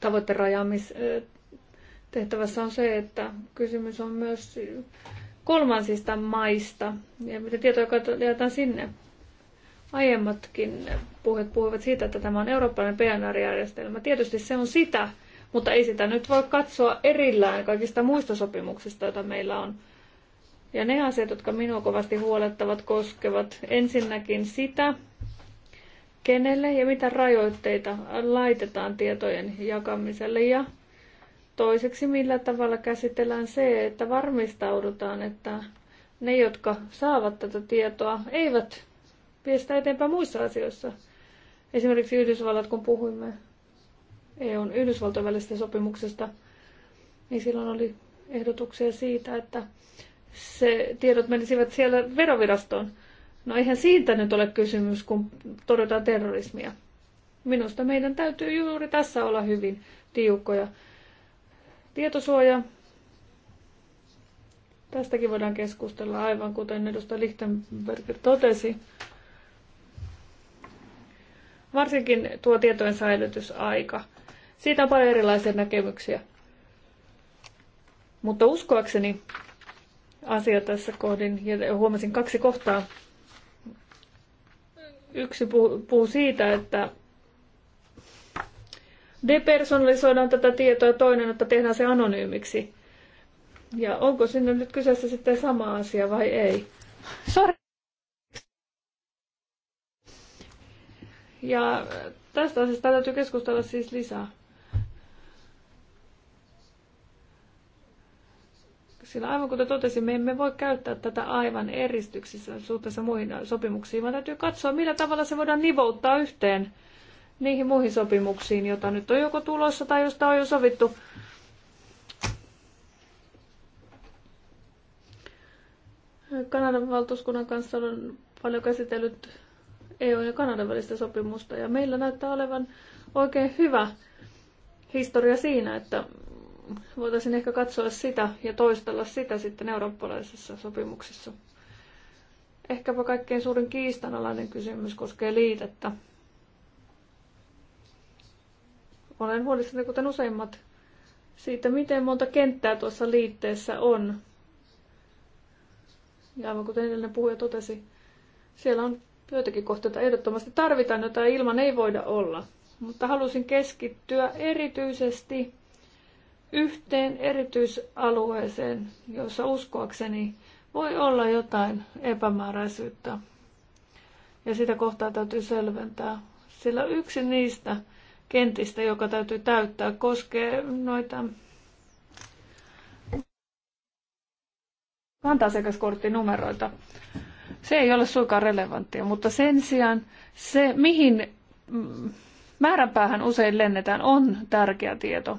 tavoitterajaamistehtävässä eh, on se, että kysymys on myös kolmansista maista ja mitä tietoja jaetaan sinne. Aiemmatkin puhet puhuivat siitä, että tämä on eurooppalainen PNR-järjestelmä. Tietysti se on sitä, mutta ei sitä nyt voi katsoa erillään kaikista muista sopimuksista, joita meillä on. Ja ne asiat, jotka minua kovasti huolettavat, koskevat ensinnäkin sitä, kenelle ja mitä rajoitteita laitetaan tietojen jakamiselle ja Toiseksi, millä tavalla käsitellään se, että varmistaudutaan, että ne, jotka saavat tätä tietoa, eivät vie eteenpäin muissa asioissa. Esimerkiksi Yhdysvallat, kun puhuimme EUn Yhdysvaltojen välisestä sopimuksesta, niin silloin oli ehdotuksia siitä, että se tiedot menisivät siellä verovirastoon. No eihän siitä nyt ole kysymys, kun todetaan terrorismia. Minusta meidän täytyy juuri tässä olla hyvin tiukkoja. Tietosuoja. Tästäkin voidaan keskustella, aivan kuten edustaja Lichtenberger totesi. Varsinkin tuo tietojen säilytysaika. Siitä on paljon erilaisia näkemyksiä. Mutta uskoakseni asia tässä kohdin, ja huomasin kaksi kohtaa. Yksi puhuu siitä, että depersonalisoidaan tätä tietoa ja toinen, että tehdään se anonyymiksi. Ja onko sinne nyt kyseessä sitten sama asia vai ei? Sorry. Ja äh, tästä asiasta täytyy keskustella siis lisää. Sillä aivan kuten totesin, me emme voi käyttää tätä aivan eristyksissä suhteessa muihin sopimuksiin, vaan täytyy katsoa, millä tavalla se voidaan nivouttaa yhteen niihin muihin sopimuksiin, joita nyt on joko tulossa tai josta on jo sovittu. Kanadan valtuuskunnan kanssa olen paljon käsitellyt EU- ja Kanadan välistä sopimusta ja meillä näyttää olevan oikein hyvä historia siinä, että voitaisiin ehkä katsoa sitä ja toistella sitä sitten eurooppalaisessa sopimuksessa. Ehkäpä kaikkein suurin kiistanalainen kysymys koskee liitettä Olen huolissani, kuten useimmat, siitä, miten monta kenttää tuossa liitteessä on. Ja aivan kuten edellinen puhuja totesi, siellä on joitakin kohteita ehdottomasti tarvitaan, jota ilman ei voida olla. Mutta halusin keskittyä erityisesti yhteen erityisalueeseen, jossa uskoakseni voi olla jotain epämääräisyyttä. Ja sitä kohtaa täytyy selventää, sillä yksi niistä kentistä, joka täytyy täyttää, koskee noita kanta-asiakaskorttinumeroita. Se ei ole suinkaan relevanttia, mutta sen sijaan se, mihin määränpäähän usein lennetään, on tärkeä tieto.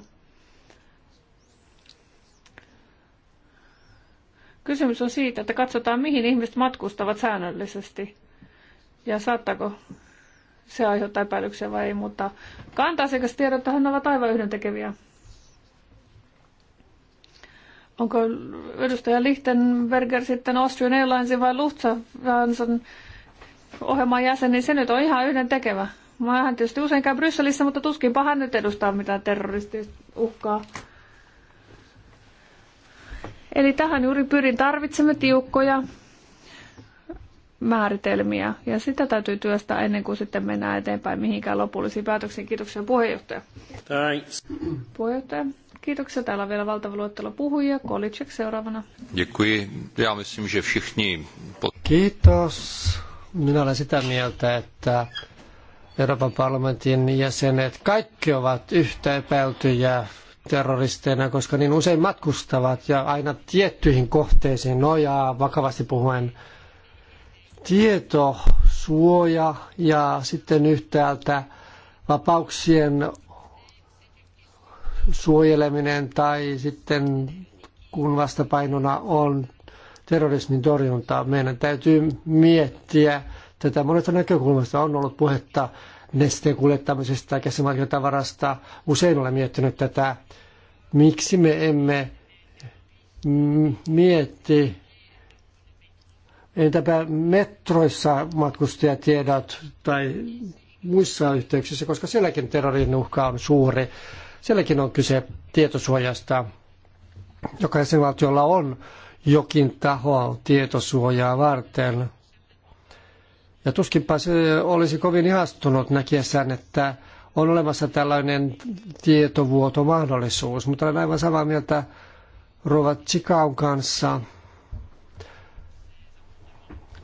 Kysymys on siitä, että katsotaan, mihin ihmiset matkustavat säännöllisesti ja saattaako se aiheuttaa epäilyksiä vai ei, mutta kanta-asiakastiedothan ovat aivan yhdentekeviä. Onko edustaja Lichtenberger sitten Austrian Airlines vai Lufthansan ohjelman jäsen, niin se nyt on ihan yhden tekevä. Mä hän tietysti usein käy Brysselissä, mutta tuskin pahan nyt edustaa mitään terroristiuhkaa. Eli tähän juuri pyrin. Tarvitsemme tiukkoja määritelmiä ja sitä täytyy työstää ennen kuin sitten mennään eteenpäin mihinkään lopullisiin päätöksiin. Kiitoksia puheenjohtaja. Thanks. Puheenjohtaja. Kiitoksia. Täällä on vielä valtava luettelo puhujia. Kolicek seuraavana. Děkuji. myslím, že všichni... Kiitos. Minä olen sitä mieltä, että Euroopan parlamentin jäsenet kaikki ovat yhtä epäiltyjä terroristeina, koska niin usein matkustavat ja aina tiettyihin kohteisiin nojaa vakavasti puhuen tietosuoja ja sitten yhtäältä vapauksien suojeleminen tai sitten kun vastapainona on terrorismin torjuntaa. Meidän täytyy miettiä tätä monesta näkökulmasta. On ollut puhetta nesteen kuljettamisesta, käsimarkkinatavarasta. Usein olen miettinyt tätä, miksi me emme mietti Entäpä metroissa matkustajatiedot tai muissa yhteyksissä, koska sielläkin terrorin uhka on suuri. Sielläkin on kyse tietosuojasta. Jokaisen valtiolla on jokin taho tietosuojaa varten. Ja tuskinpa se olisi kovin ihastunut näkiessään, että on olemassa tällainen tietovuotomahdollisuus, mutta olen aivan samaa mieltä Rova Chikaun kanssa –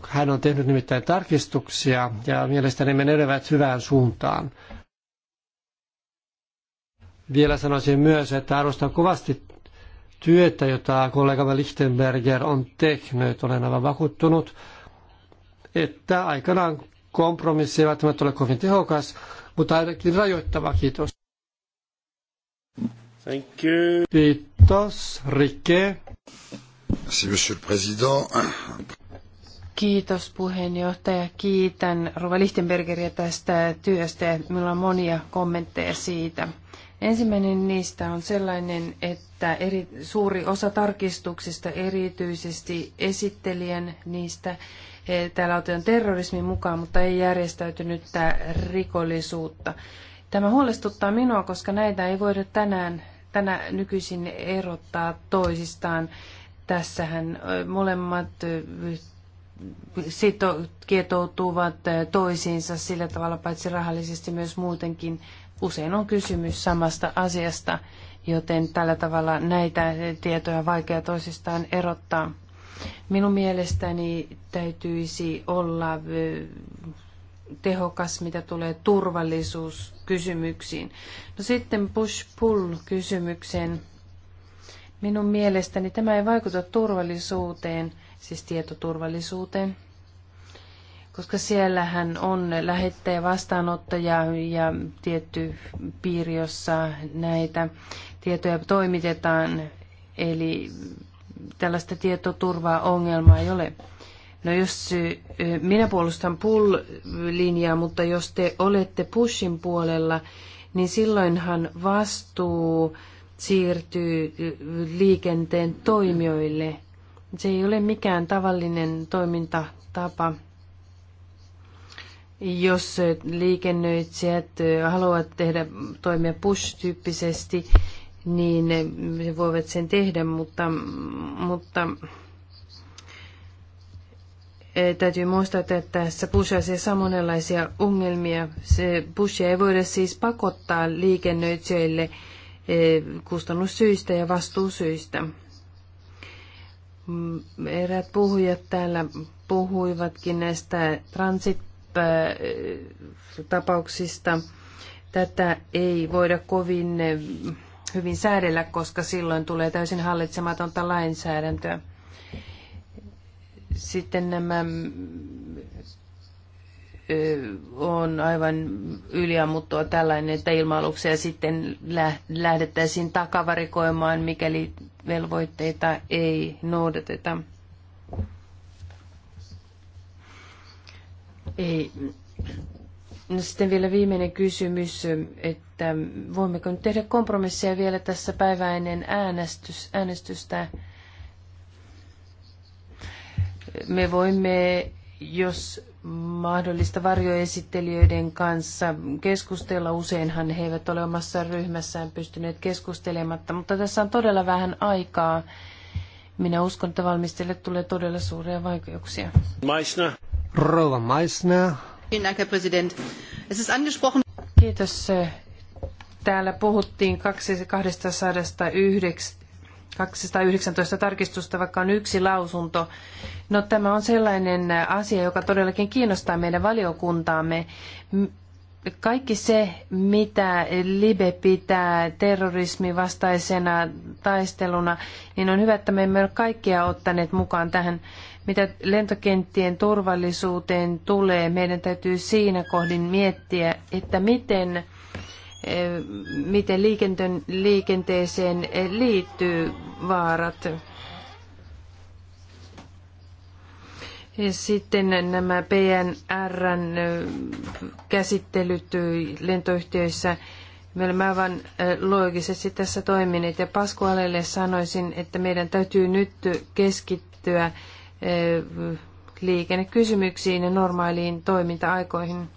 hän on tehnyt nimittäin tarkistuksia ja mielestäni menevät hyvään suuntaan. Vielä sanoisin myös, että arvostan kovasti työtä, jota kollegamme Lichtenberger on tehnyt. Olen aivan vakuuttunut, että aikanaan kompromissi ei välttämättä ole kovin tehokas, mutta ainakin rajoittava. Kiitos. Thank you. Kiitos, Rikke. Merci, monsieur le président. Kiitos puheenjohtaja. Kiitän Rova Lichtenbergeriä tästä työstä. Minulla on monia kommentteja siitä. Ensimmäinen niistä on sellainen, että eri, suuri osa tarkistuksista, erityisesti esittelijän niistä, täällä otetaan terrorismi mukaan, mutta ei järjestäytynyttä rikollisuutta. Tämä huolestuttaa minua, koska näitä ei voida tänään, tänä nykyisin erottaa toisistaan. Tässähän molemmat kietoutuvat eh, toisiinsa sillä tavalla paitsi rahallisesti myös muutenkin. Usein on kysymys samasta asiasta, joten tällä tavalla näitä tietoja on vaikea toisistaan erottaa. Minun mielestäni täytyisi olla eh, tehokas, mitä tulee turvallisuuskysymyksiin. No sitten push-pull-kysymykseen. Minun mielestäni tämä ei vaikuta turvallisuuteen – siis tietoturvallisuuteen, koska siellähän on lähettäjä, vastaanottaja ja tietty piiri, jossa näitä tietoja toimitetaan, eli tällaista tietoturvaa ongelmaa ei ole. No jos minä puolustan pull-linjaa, mutta jos te olette pushin puolella, niin silloinhan vastuu siirtyy liikenteen toimijoille. Se ei ole mikään tavallinen toimintatapa. Jos liikennöitsijät haluavat tehdä toimia push-tyyppisesti, niin he voivat sen tehdä, mutta, mutta e, täytyy muistaa, että tässä push-asiassa on monenlaisia ongelmia. Se pushia ei voida siis pakottaa liikennöitsijöille e, kustannussyistä ja vastuusyistä. Mm, eräät puhujat täällä puhuivatkin näistä transit-tapauksista. Tätä ei voida kovin eh, hyvin säädellä, koska silloin tulee täysin hallitsematonta lainsäädäntöä. Sitten nämä on aivan yliammuttua tällainen, että ilma-aluksia sitten lähdettäisiin takavarikoimaan, mikäli velvoitteita ei noudateta. Ei. No sitten vielä viimeinen kysymys, että voimmeko nyt tehdä kompromisseja vielä tässä päiväinen äänestys, äänestystä? Me voimme, jos mahdollista varjoesittelijöiden kanssa keskustella. Useinhan he eivät ole omassa ryhmässään pystyneet keskustelematta, mutta tässä on todella vähän aikaa. Minä uskon, että valmistajille tulee todella suuria vaikeuksia. Maisna. Rouva Maisna. Kiitos. Täällä puhuttiin 209 219 tarkistusta, vaikka on yksi lausunto. No tämä on sellainen asia, joka todellakin kiinnostaa meidän valiokuntaamme. Kaikki se, mitä Libe pitää terrorismin vastaisena taisteluna, niin on hyvä, että me emme ole kaikkia ottaneet mukaan tähän. Mitä lentokenttien turvallisuuteen tulee, meidän täytyy siinä kohdin miettiä, että miten Eh, miten liikenteeseen eh, liittyy vaarat. Ja eh, sitten nämä PNRn käsittelyt lentoyhtiöissä. Me olemme aivan loogisesti tässä toimineet ja Paskualelle sanoisin, että meidän täytyy nyt keskittyä liikennekysymyksiin ja normaaliin toiminta-aikoihin.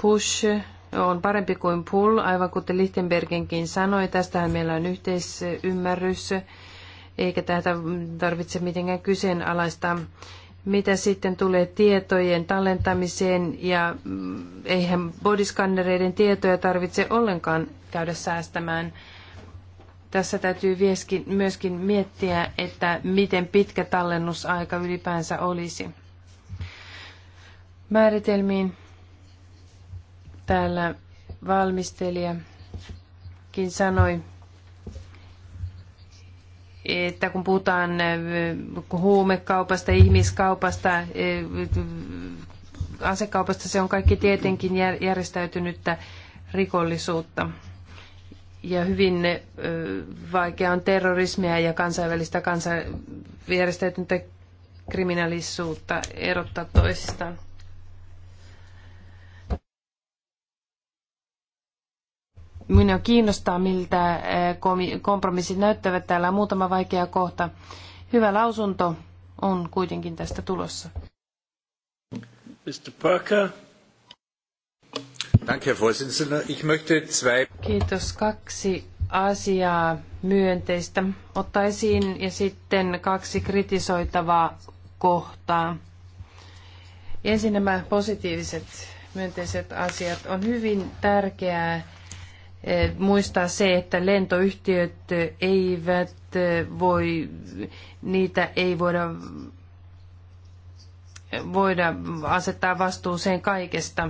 Push on parempi kuin pull, aivan kuten Lichtenbergenkin sanoi. Tästähän meillä on yhteisymmärrys, eikä tätä tarvitse mitenkään kyseenalaistaa. Mitä sitten tulee tietojen tallentamiseen ja mm, eihän bodyskannereiden tietoja tarvitse ollenkaan käydä säästämään. Tässä täytyy myöskin miettiä, että miten pitkä tallennusaika ylipäänsä olisi. Määritelmiin täällä valmistelijakin sanoi, että kun puhutaan äh, huumekaupasta, ihmiskaupasta, äh, asekaupasta, se on kaikki tietenkin järjestäytynyttä rikollisuutta. Ja hyvin äh, vaikea on terrorismia ja kansainvälistä kansa, järjestäytynyttä kriminaalisuutta erottaa toisistaan. Minua kiinnostaa, miltä eh, kompromissit näyttävät. Täällä on muutama vaikea kohta. Hyvä lausunto on kuitenkin tästä tulossa. Mr. Parker. Danke, Herr Vorsitzender. Ich möchte zwei... Kiitos. Kaksi asiaa myönteistä ottaa esiin ja sitten kaksi kritisoitavaa kohtaa. Ensin nämä positiiviset myönteiset asiat. On hyvin tärkeää, Eh, muistaa se, että lentoyhtiöt eh, eivät eh, voi, niitä ei voida, voida asettaa vastuuseen kaikesta.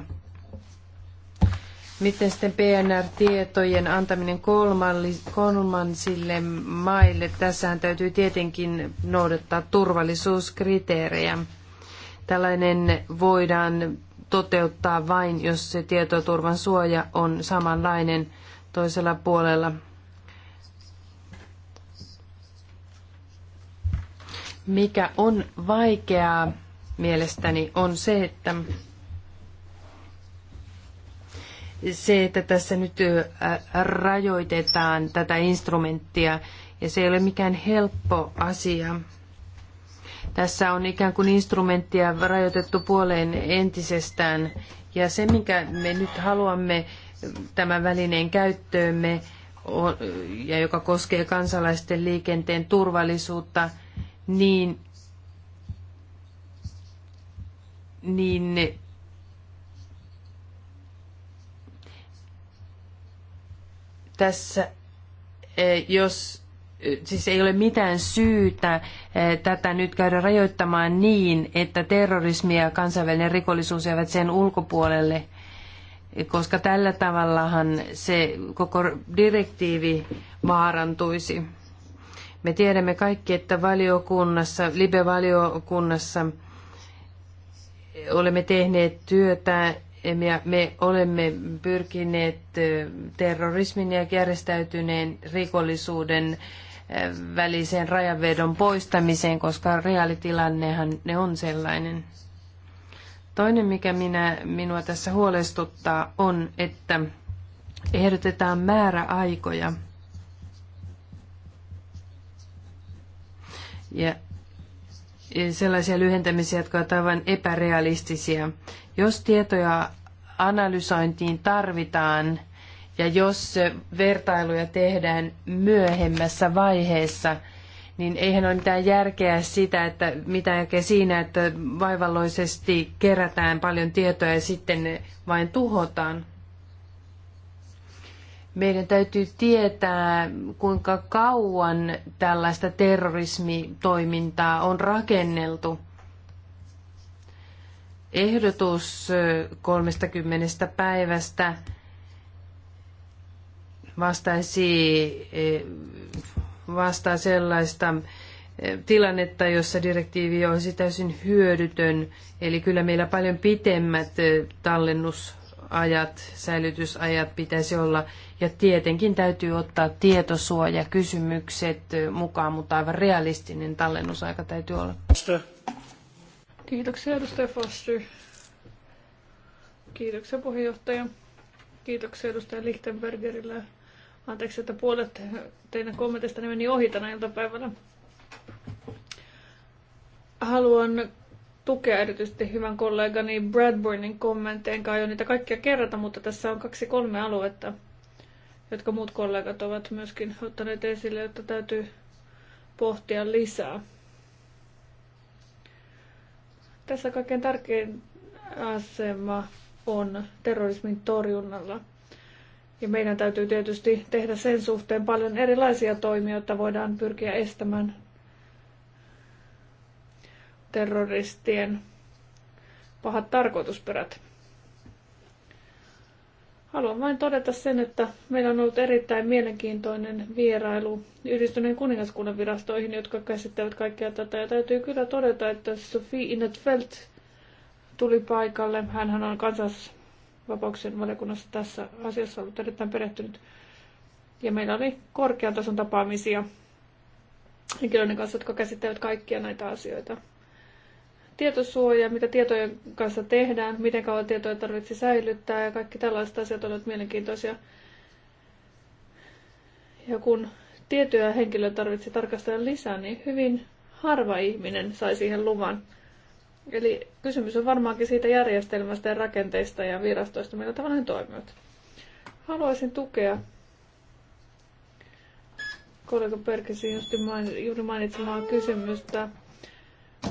Miten sitten PNR-tietojen antaminen kolmansille maille? Tässähän täytyy tietenkin noudattaa turvallisuuskriteerejä. Tällainen voidaan toteuttaa vain, jos se tietoturvan suoja on samanlainen toisella puolella. Mikä on vaikeaa mielestäni on se, että se, että tässä nyt rajoitetaan tätä instrumenttia, ja se ei ole mikään helppo asia. Tässä on ikään kuin instrumenttia rajoitettu puoleen entisestään. Ja se, minkä me nyt haluamme tämän välineen käyttöömme, ja joka koskee kansalaisten liikenteen turvallisuutta, niin, niin tässä, eh, jos siis ei ole mitään syytä eh, tätä nyt käydä rajoittamaan niin, että terrorismi ja kansainvälinen rikollisuus jäävät sen ulkopuolelle, koska tällä tavallahan se koko direktiivi vaarantuisi. Me tiedämme kaikki, että valiokunnassa, Libe-valiokunnassa olemme tehneet työtä ja me olemme pyrkineet eh, terrorismin ja järjestäytyneen rikollisuuden välisen rajanvedon poistamiseen, koska reaalitilannehan ne on sellainen. Toinen, mikä minä, minua tässä huolestuttaa, on, että ehdotetaan määräaikoja. Ja sellaisia lyhentämisiä, jotka ovat aivan epärealistisia. Jos tietoja analysointiin tarvitaan, ja jos vertailuja tehdään myöhemmässä vaiheessa, niin eihän ole mitään järkeä sitä, että mitä järkeä siinä, että vaivalloisesti kerätään paljon tietoa ja sitten ne vain tuhotaan. Meidän täytyy tietää, kuinka kauan tällaista terrorismitoimintaa on rakenneltu. Ehdotus 30 päivästä vastaisi e, vastaa sellaista e, tilannetta, jossa direktiivi olisi täysin hyödytön. Eli kyllä meillä paljon pitemmät e, tallennusajat, säilytysajat pitäisi olla. Ja tietenkin täytyy ottaa tietosuojakysymykset mukaan, mutta aivan realistinen tallennusaika täytyy olla. Kiitoksia edustaja Fossy. Kiitoksia puheenjohtaja. Kiitoksia edustaja Lichtenbergerille Anteeksi, että puolet teidän kommentista meni ohi tänä iltapäivänä. Haluan tukea erityisesti hyvän kollegani Bradburnin kommentteja, enkä aio niitä kaikkia kerrata, mutta tässä on kaksi kolme aluetta, jotka muut kollegat ovat myöskin ottaneet esille, että täytyy pohtia lisää. Tässä kaikkein tärkein asema on terrorismin torjunnalla. Ja meidän täytyy tietysti tehdä sen suhteen paljon erilaisia toimia, jotta voidaan pyrkiä estämään terroristien pahat tarkoitusperät. Haluan vain todeta sen, että meillä on ollut erittäin mielenkiintoinen vierailu yhdistyneen kuningaskunnan virastoihin, jotka käsittävät kaikkea tätä. Ja täytyy kyllä todeta, että Sophie Innetfeldt tuli paikalle. Hänhän on kansas vapauksien valiokunnassa tässä asiassa ollut erittäin perehtynyt. Ja meillä oli korkean tason tapaamisia henkilöiden kanssa, jotka käsittelevät kaikkia näitä asioita. Tietosuoja, mitä tietojen kanssa tehdään, miten kauan tietoja tarvitsee säilyttää ja kaikki tällaiset asiat ovat mielenkiintoisia. Ja kun tietoja henkilö tarvitsi tarkastella lisää, niin hyvin harva ihminen sai siihen luvan. Eli kysymys on varmaankin siitä järjestelmästä ja rakenteista ja virastoista, millä tavalla ne toimivat. Haluaisin tukea kollega Perkisin juuri mainitsemaan kysymystä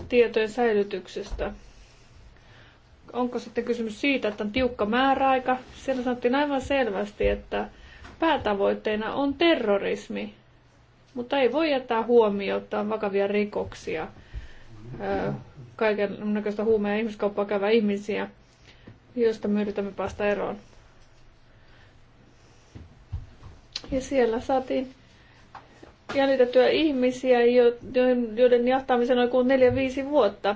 tietojen säilytyksestä. Onko sitten kysymys siitä, että on tiukka määräaika? Siellä sanottiin aivan selvästi, että päätavoitteena on terrorismi, mutta ei voi jättää huomiota vakavia rikoksia – kaiken näköistä huumea ja ihmiskauppaa käyvää ihmisiä, joista me yritämme päästä eroon. Ja siellä saatiin jännitettyä ihmisiä, joiden jahtaamisen on kuin neljä viisi vuotta,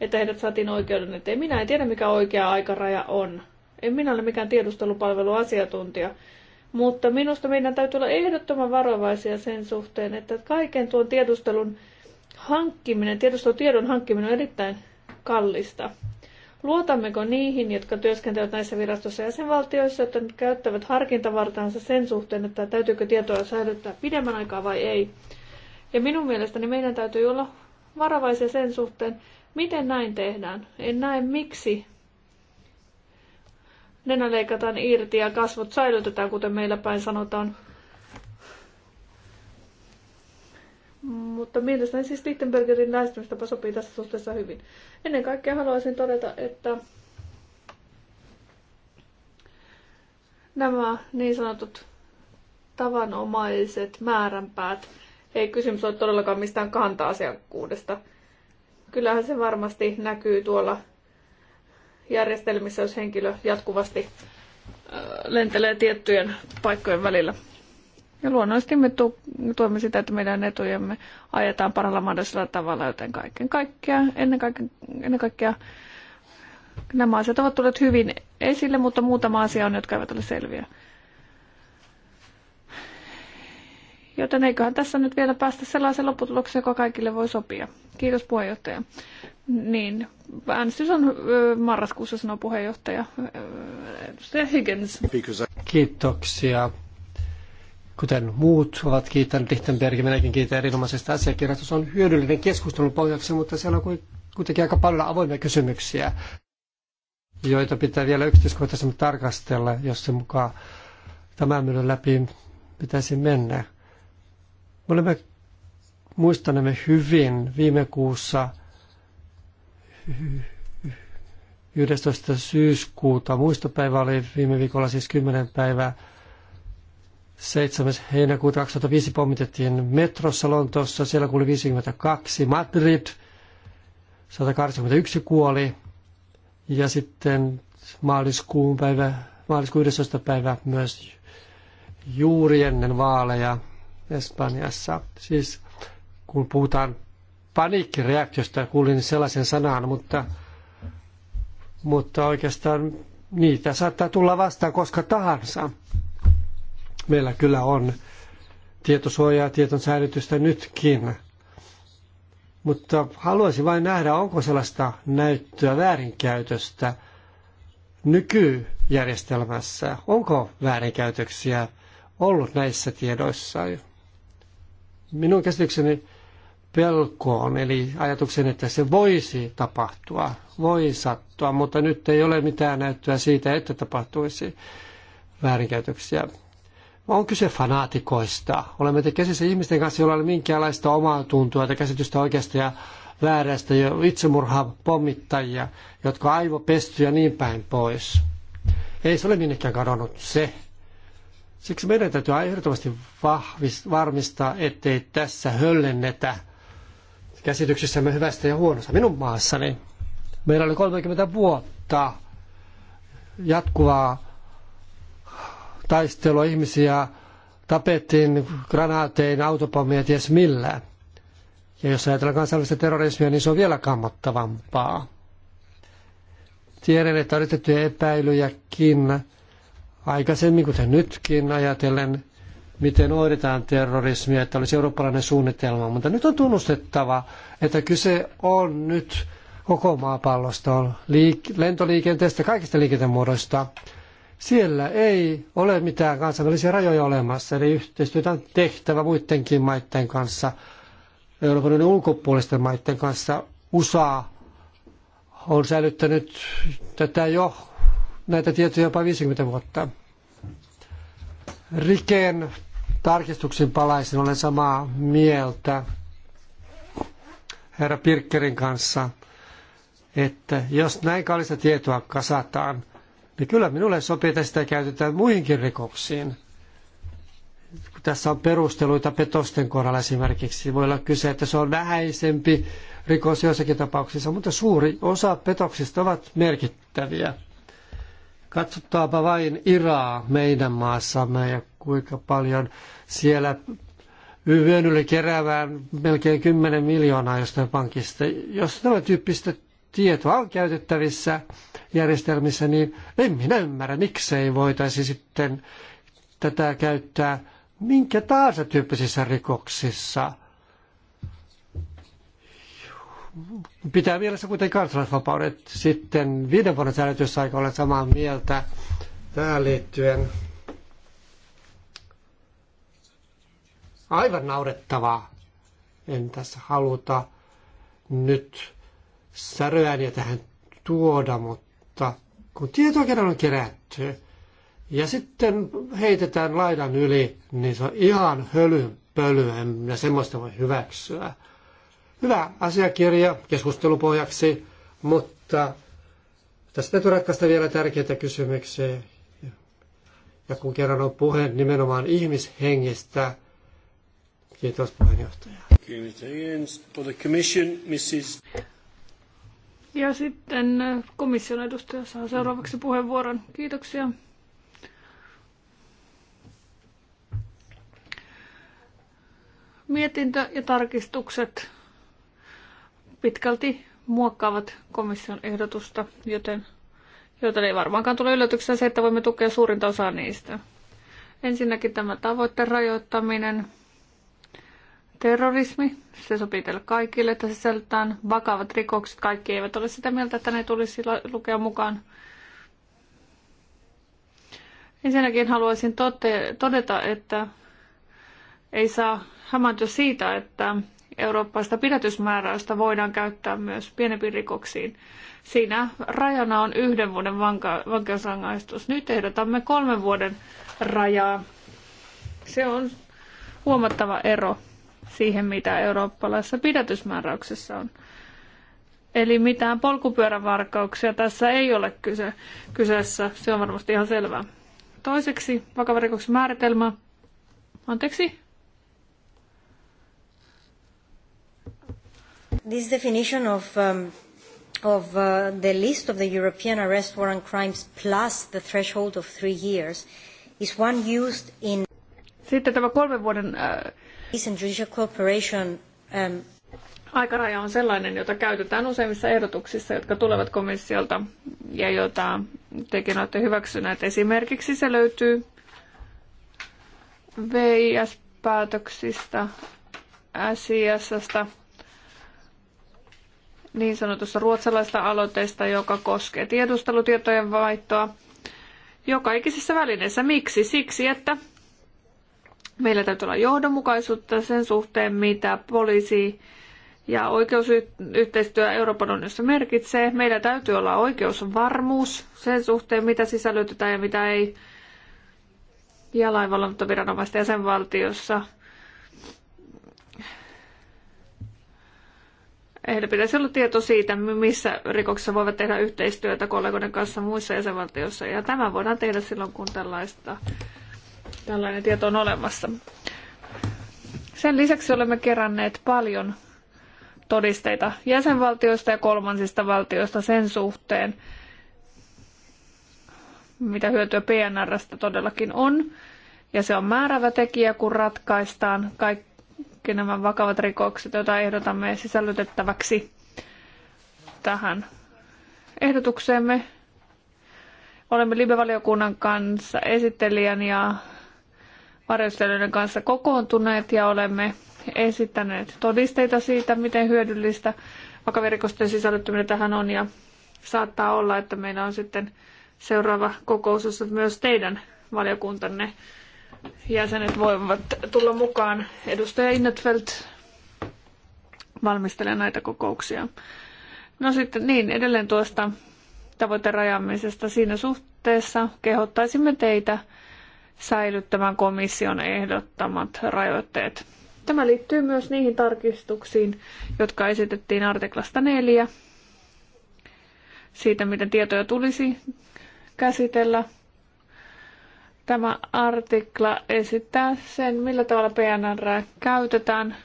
että heidät saatiin oikeuden eteen. Minä en tiedä, mikä oikea aikaraja on. En minä ole mikään tiedustelupalveluasiantuntija, mutta minusta meidän täytyy olla ehdottoman varovaisia sen suhteen, että kaiken tuon tiedustelun hankkiminen, tiedustelutiedon hankkiminen on erittäin kallista. Luotammeko niihin, jotka työskentelevät näissä virastossa jäsenvaltioissa, että käyttävät harkintavartaansa sen suhteen, että täytyykö tietoa säilyttää pidemmän aikaa vai ei? Ja minun mielestäni meidän täytyy olla varovaisia sen suhteen, miten näin tehdään. En näe miksi nenä leikataan irti ja kasvot säilytetään, kuten meillä päin sanotaan. Mutta mielestäni siis Lichtenbergerin lähestymistapa sopii tässä suhteessa hyvin. Ennen kaikkea haluaisin todeta, että nämä niin sanotut tavanomaiset määränpäät, ei kysymys ole todellakaan mistään kanta-asiakkuudesta. Kyllähän se varmasti näkyy tuolla järjestelmissä, jos henkilö jatkuvasti lentelee tiettyjen paikkojen välillä. Ja luonnollisesti me tu- tuemme sitä, että meidän etujemme ajetaan parhaalla mahdollisella tavalla, joten kaiken kaikkea, ennen kaikkea, ennen kaikkea nämä asiat ovat tulleet hyvin esille, mutta muutama asia on, jotka eivät ole selviä. Joten eiköhän tässä nyt vielä päästä sellaisen lopputulokseen, joka kaikille voi sopia. Kiitos puheenjohtaja. Niin, äänestys on marraskuussa, sanoo puheenjohtaja edustaja Higgins. Kiitoksia. Kuten muut ovat kiittäneet Lichtenberg, minäkin kiitän erinomaisesta asiakirjasta. Se on hyödyllinen keskustelun pohjaksi, mutta siellä on kuitenkin aika paljon avoimia kysymyksiä, joita pitää vielä yksityiskohtaisemmin tarkastella, jos se mukaan tämän myllyn läpi pitäisi mennä. Me olemme muistanemme hyvin viime kuussa 11. syyskuuta. Muistopäivä oli viime viikolla siis 10 päivää 7. heinäkuuta 2005 pommitettiin metrossa Lontoossa, siellä kuoli 52, Madrid 181 kuoli ja sitten maaliskuun päivä, maaliskuun 11. päivä myös juuri ennen vaaleja Espanjassa. Siis kun puhutaan paniikkireaktiosta, kuulin sellaisen sanan, mutta, mutta oikeastaan niitä saattaa tulla vastaan koska tahansa. Meillä kyllä on tietosuojaa, tieton säilytystä nytkin. Mutta haluaisin vain nähdä, onko sellaista näyttöä väärinkäytöstä nykyjärjestelmässä. Onko väärinkäytöksiä ollut näissä tiedoissa? Minun käsitykseni pelkoon, eli ajatuksen, että se voisi tapahtua, voi sattua, mutta nyt ei ole mitään näyttöä siitä, että tapahtuisi väärinkäytöksiä on kyse fanaatikoista. Olemme tekemisissä ihmisten kanssa, joilla ei ole minkäänlaista omaa tuntua tai käsitystä oikeasta ja väärästä, ja itsemurhaa pommittajia, jotka aivopesty ja niin päin pois. Ei se ole minnekään kadonnut se. Siksi meidän täytyy ehdottomasti varmistaa, ettei tässä höllennetä käsityksissämme hyvästä ja huonosta. Minun maassani meillä oli 30 vuotta jatkuvaa taistelua ihmisiä tapettiin granaatein, autopommeja, ties millään. Ja jos ajatellaan kansainvälistä terrorismia, niin se on vielä kammottavampaa. Tiedän, että on yritetty epäilyjäkin aikaisemmin, kuten nytkin, ajatellen, miten hoidetaan terrorismia, että olisi eurooppalainen suunnitelma. Mutta nyt on tunnustettava, että kyse on nyt koko maapallosta, on liik- lentoliikenteestä, kaikista liikenteen muodoista. Siellä ei ole mitään kansainvälisiä rajoja olemassa, eli yhteistyötä on tehtävä muidenkin maiden kanssa, Euroopan unionin ulkopuolisten maiden kanssa. USA on säilyttänyt tätä jo näitä tietoja jopa 50 vuotta. Rikeen tarkistuksen palaisin olen samaa mieltä herra Pirkkerin kanssa, että jos näin kallista tietoa kasataan – niin kyllä minulle sopii, että sitä käytetään muihinkin rikoksiin. Tässä on perusteluita petosten kohdalla esimerkiksi. Voi olla kyse, että se on vähäisempi rikos joissakin tapauksissa, mutta suuri osa petoksista ovat merkittäviä. Katsotaanpa vain Iraa meidän maassamme ja kuinka paljon siellä yön yli keräävään melkein 10 miljoonaa jostain pankista. Jos tämä tyyppistä tietoa on käytettävissä, järjestelmissä, niin en minä ymmärrä, miksei voitaisi sitten tätä käyttää minkä tahansa tyyppisissä rikoksissa. Pitää mielessä kuitenkin kansalaisvapaudet. Sitten viiden vuoden säilytysaika olen samaa mieltä tähän liittyen. Aivan naurettavaa. En tässä haluta nyt säröääniä tähän tuoda, mutta kun tieto kerran on kerätty ja sitten heitetään laidan yli, niin se on ihan hölynpölyä ja semmoista voi hyväksyä. Hyvä asiakirja keskustelupohjaksi, mutta tästä täytyy ratkaista vielä tärkeitä kysymyksiä. Ja kun kerran on puhe nimenomaan ihmishengestä, kiitos puheenjohtaja. Ja sitten komission edustaja saa seuraavaksi puheenvuoron. Kiitoksia. Mietintö ja tarkistukset pitkälti muokkaavat komission ehdotusta, joten, joten ei varmaankaan tule yllätyksenä se, että voimme tukea suurinta osaa niistä. Ensinnäkin tämä tavoitteen rajoittaminen – terrorismi. Se sopii teille kaikille, että sisällytetään vakavat rikokset. Kaikki eivät ole sitä mieltä, että ne tulisi lukea mukaan. Ensinnäkin haluaisin tote- todeta, että ei saa hämääntyä siitä, että eurooppaista pidätysmääräystä voidaan käyttää myös pienempiin rikoksiin. Siinä rajana on yhden vuoden vanka- vankeusrangaistus. Nyt ehdotamme kolmen vuoden rajaa. Se on huomattava ero siihen, mitä eurooppalaisessa pidätysmääräyksessä on. Eli mitään polkupyörävarkauksia tässä ei ole kyse, kyseessä, se on varmasti ihan selvää. Toiseksi vakavarikoksen määritelmä. Anteeksi? This definition of, um, of uh, the list of the European arrest warrant crimes plus the threshold of three years is one used in... Sitten tämä kolmen vuoden äh, Um, Aikaraja on sellainen, jota käytetään useimmissa ehdotuksissa, jotka tulevat komissiolta ja jota tekin olette hyväksyneet. Esimerkiksi se löytyy VIS-päätöksistä, SISstä, niin sanotusta ruotsalaista aloitteesta, joka koskee tiedustelutietojen vaihtoa. Joka ikisessä välineessä. Miksi? Siksi, että Meillä täytyy olla johdonmukaisuutta sen suhteen, mitä poliisi ja oikeusyhteistyö Euroopan unionissa merkitsee. Meillä täytyy olla oikeusvarmuus sen suhteen, mitä sisällytetään ja mitä ei. Ja laivallantoviranomaisten jäsenvaltiossa. Heillä pitäisi olla tieto siitä, missä rikoksissa voivat tehdä yhteistyötä kollegoiden kanssa muissa jäsenvaltioissa. Ja tämä voidaan tehdä silloin, kun tällaista Tällainen tieto on olemassa. Sen lisäksi olemme keränneet paljon todisteita jäsenvaltioista ja kolmansista valtioista sen suhteen, mitä hyötyä PNRstä todellakin on. Ja se on määrävä tekijä, kun ratkaistaan kaikki nämä vakavat rikokset, joita ehdotamme sisällytettäväksi tähän ehdotukseemme. Olemme Libevaliokunnan kanssa esittelijän ja varjostelijoiden kanssa kokoontuneet ja olemme esittäneet todisteita siitä, miten hyödyllistä vakavirikosten sisällyttäminen tähän on ja saattaa olla, että meillä on sitten seuraava kokous, jossa myös teidän valiokuntanne jäsenet voivat tulla mukaan. Edustaja Innetfeldt valmistelee näitä kokouksia. No sitten niin, edelleen tuosta tavoiterajaamisesta siinä suhteessa kehottaisimme teitä säilyttämään komission ehdottamat rajoitteet. Tämä liittyy myös niihin tarkistuksiin, jotka esitettiin artiklasta 4 siitä, miten tietoja tulisi käsitellä. Tämä artikla esittää sen, millä tavalla PNR käytetään.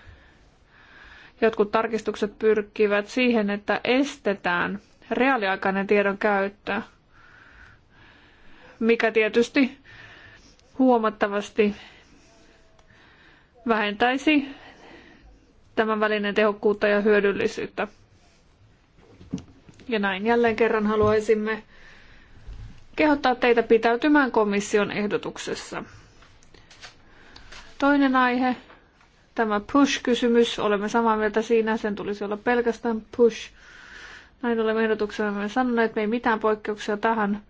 Jotkut tarkistukset pyrkivät siihen, että estetään reaaliaikainen tiedon käyttö, mikä tietysti huomattavasti vähentäisi tämän välineen tehokkuutta ja hyödyllisyyttä. Ja näin jälleen kerran haluaisimme kehottaa teitä pitäytymään komission ehdotuksessa. Toinen aihe, tämä push-kysymys. Olemme samaa mieltä siinä, sen tulisi olla pelkästään push. Näin olemme ehdotuksena sanoneet, että me ei mitään poikkeuksia tähän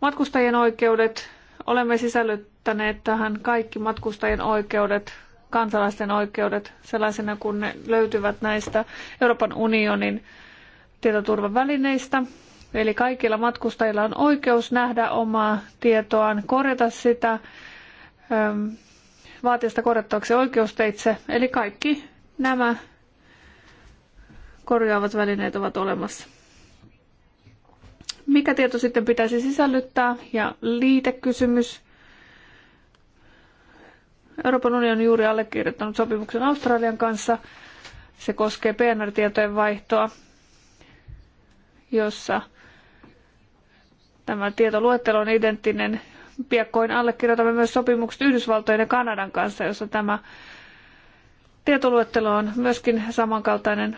Matkustajien oikeudet. Olemme sisällyttäneet tähän kaikki matkustajien oikeudet, kansalaisten oikeudet sellaisena kuin ne löytyvät näistä Euroopan unionin tietoturvavälineistä. Eli kaikilla matkustajilla on oikeus nähdä omaa tietoaan, korjata sitä, ähm, vaatia sitä korjattavaksi oikeusteitse. Eli kaikki nämä korjaavat välineet ovat olemassa mikä tieto sitten pitäisi sisällyttää ja liitekysymys. Euroopan unioni on juuri allekirjoittanut sopimuksen Australian kanssa. Se koskee PNR-tietojen vaihtoa, jossa tämä tietoluettelo on identtinen. Piakkoin allekirjoitamme myös sopimukset Yhdysvaltojen ja Kanadan kanssa, jossa tämä tietoluettelo on myöskin samankaltainen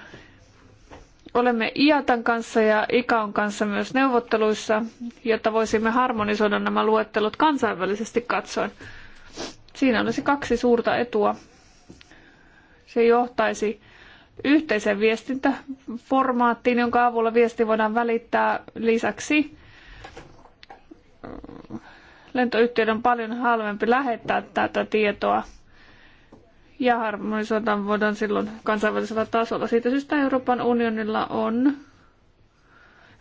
Olemme IATan kanssa ja ICAON kanssa myös neuvotteluissa, jotta voisimme harmonisoida nämä luettelot kansainvälisesti katsoen. Siinä olisi kaksi suurta etua. Se johtaisi yhteisen viestintäformaattiin, jonka avulla viesti voidaan välittää lisäksi. Lentoyhtiöiden on paljon halvempi lähettää tätä tietoa ja harmonisoidaan voidaan silloin kansainvälisellä tasolla. Siitä syystä Euroopan unionilla on,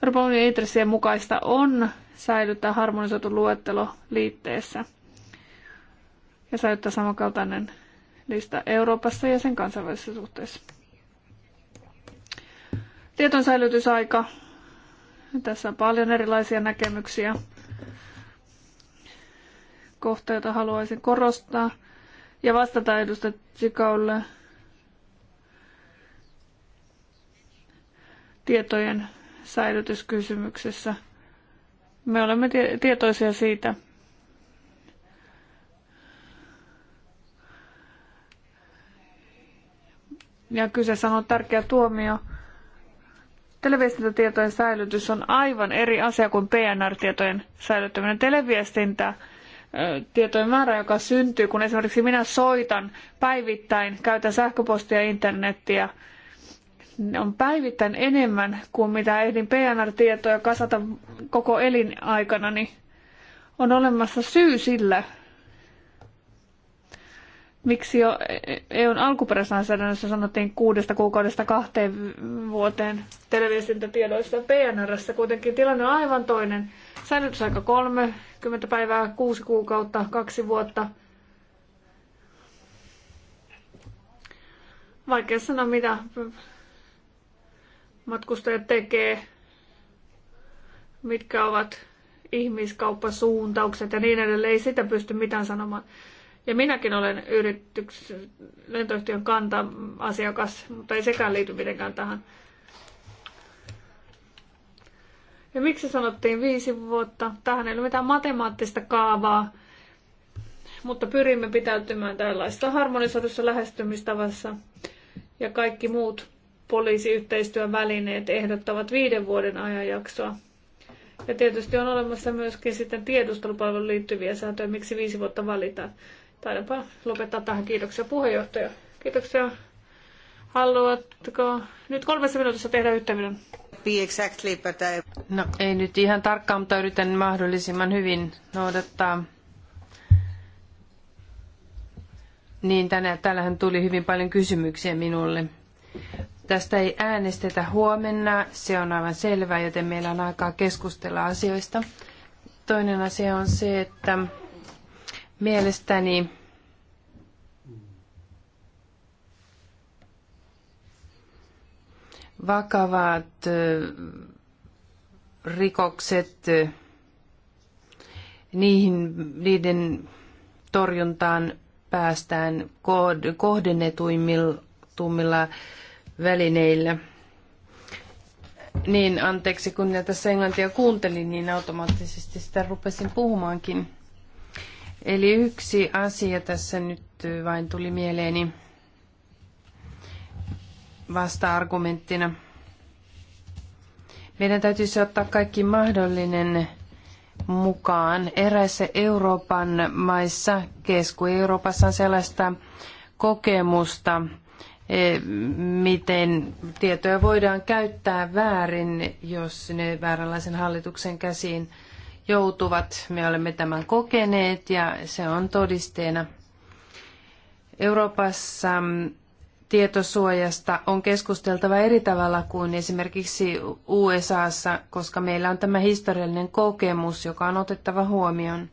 Euroopan unionin intressien mukaista on säilyttää harmonisoitu luettelo liitteessä ja säilyttää samankaltainen lista Euroopassa ja sen kansainvälisessä suhteessa. Tieton säilytysaika. Tässä on paljon erilaisia näkemyksiä. Kohta, jota haluaisin korostaa ja vastata edustaja Tsikaulle tietojen säilytyskysymyksessä. Me olemme tietoisia siitä, ja kyseessä on tärkeä tuomio. Televiestintätietojen säilytys on aivan eri asia kuin PNR-tietojen säilyttäminen. Televiestintä tietojen määrä, joka syntyy, kun esimerkiksi minä soitan päivittäin, käytän sähköpostia ja internettiä, on päivittäin enemmän kuin mitä ehdin PNR-tietoja kasata koko elinaikana, niin on olemassa syy sillä, miksi jo EUn e- e- alkuperäislainsäädännössä sanottiin kuudesta kuukaudesta kahteen vuoteen televiestintätiedoista PNRssä kuitenkin tilanne on aivan toinen. Säilytysaika kolme 10 päivää, 6 kuukautta, 2 vuotta. Vaikea sanoa, mitä matkustajat tekee, mitkä ovat ihmiskauppasuuntaukset ja niin edelleen. Ei sitä pysty mitään sanomaan. Ja minäkin olen yrityksen, lentoyhtiön kanta-asiakas, mutta ei sekään liity mitenkään tähän Ja miksi sanottiin viisi vuotta? Tähän ei ole mitään matemaattista kaavaa, mutta pyrimme pitäytymään tällaista harmonisoidussa lähestymistavassa. Ja kaikki muut poliisiyhteistyön välineet ehdottavat viiden vuoden ajanjaksoa. Ja tietysti on olemassa myöskin sitten tiedustelupalveluun liittyviä sääntöjä, miksi viisi vuotta valitaan. Taidanpa lopettaa tähän. Kiitoksia puheenjohtaja. Kiitoksia. Haluatko nyt kolmessa minuutissa tehdä minuutin? exactly, but I... No ei nyt ihan tarkkaan, mutta yritän mahdollisimman hyvin noudattaa. Niin, tänään, täällähän tuli hyvin paljon kysymyksiä minulle. Tästä ei äänestetä huomenna, se on aivan selvää, joten meillä on aikaa keskustella asioista. Toinen asia on se, että mielestäni vakavat eh, rikokset, eh, niihin, niiden torjuntaan päästään kohdennetuimmilla välineillä. Niin, anteeksi, kun minä tässä englantia kuuntelin, niin automaattisesti sitä rupesin puhumaankin. Eli yksi asia tässä nyt eh, vain tuli mieleeni vasta-argumenttina. Meidän täytyisi ottaa kaikki mahdollinen mukaan. Eräissä Euroopan maissa, keski euroopassa on sellaista kokemusta, e, miten tietoja voidaan käyttää väärin, jos ne vääränlaisen hallituksen käsiin joutuvat. Me olemme tämän kokeneet ja se on todisteena. Euroopassa tietosuojasta on keskusteltava eri tavalla kuin esimerkiksi USAssa, koska meillä on tämä historiallinen kokemus, joka on otettava huomioon.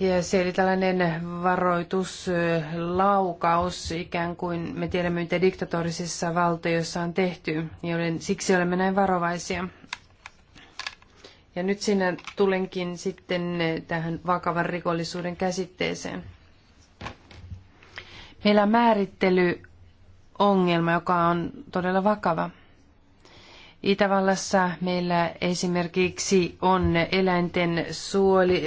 Ja se oli tällainen varoituslaukaus, ikään kuin me tiedämme, mitä diktatorisissa valtioissa on tehty, joten siksi olemme näin varovaisia. Ja nyt sinä tulenkin sitten tähän vakavan rikollisuuden käsitteeseen. Meillä on määrittelyongelma, joka on todella vakava. Itävallassa meillä esimerkiksi on eläinten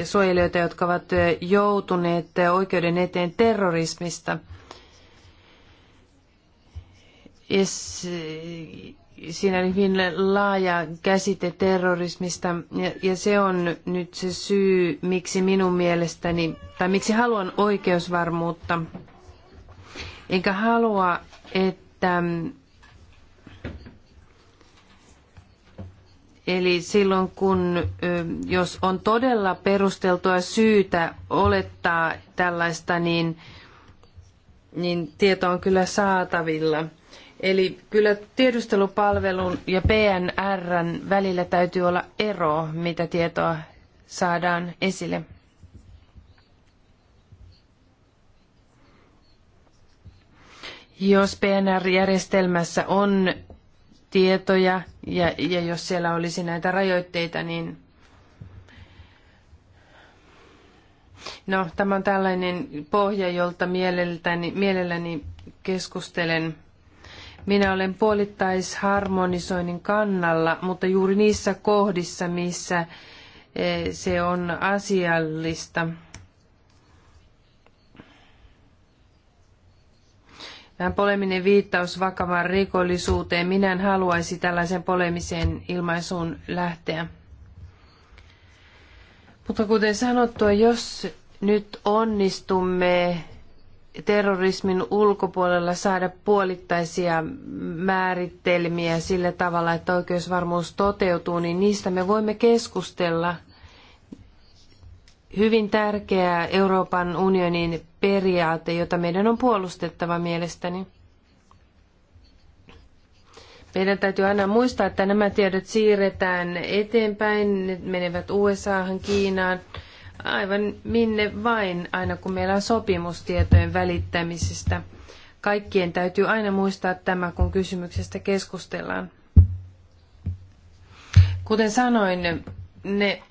suojelijoita, jotka ovat joutuneet oikeuden eteen terrorismista. Es, siinä on hyvin laaja käsite terrorismista ja, ja se on nyt se syy, miksi minun mielestäni, tai miksi haluan oikeusvarmuutta Enkä halua, että Eli silloin kun, jos on todella perusteltua syytä olettaa tällaista, niin, niin tieto on kyllä saatavilla. Eli kyllä tiedustelupalvelun ja PNRn välillä täytyy olla ero, mitä tietoa saadaan esille. Jos PNR-järjestelmässä on tietoja ja, ja jos siellä olisi näitä rajoitteita, niin No, tämä on tällainen pohja, jolta mielelläni, mielelläni keskustelen. Minä olen puolittaisharmonisoinnin kannalla, mutta juuri niissä kohdissa, missä eh, se on asiallista. Tämä poleminen viittaus vakavaan rikollisuuteen. Minä en haluaisi tällaisen polemiseen ilmaisuun lähteä. Mutta kuten sanottua, jos nyt onnistumme terrorismin ulkopuolella saada puolittaisia määritelmiä sillä tavalla, että oikeusvarmuus toteutuu, niin niistä me voimme keskustella – hyvin tärkeä Euroopan unionin periaate, jota meidän on puolustettava mielestäni. Meidän täytyy aina muistaa, että nämä tiedot siirretään eteenpäin, ne menevät USAhan, Kiinaan, aivan minne vain, aina kun meillä on sopimustietojen välittämisestä. Kaikkien täytyy aina muistaa tämä, kun kysymyksestä keskustellaan. Kuten sanoin, ne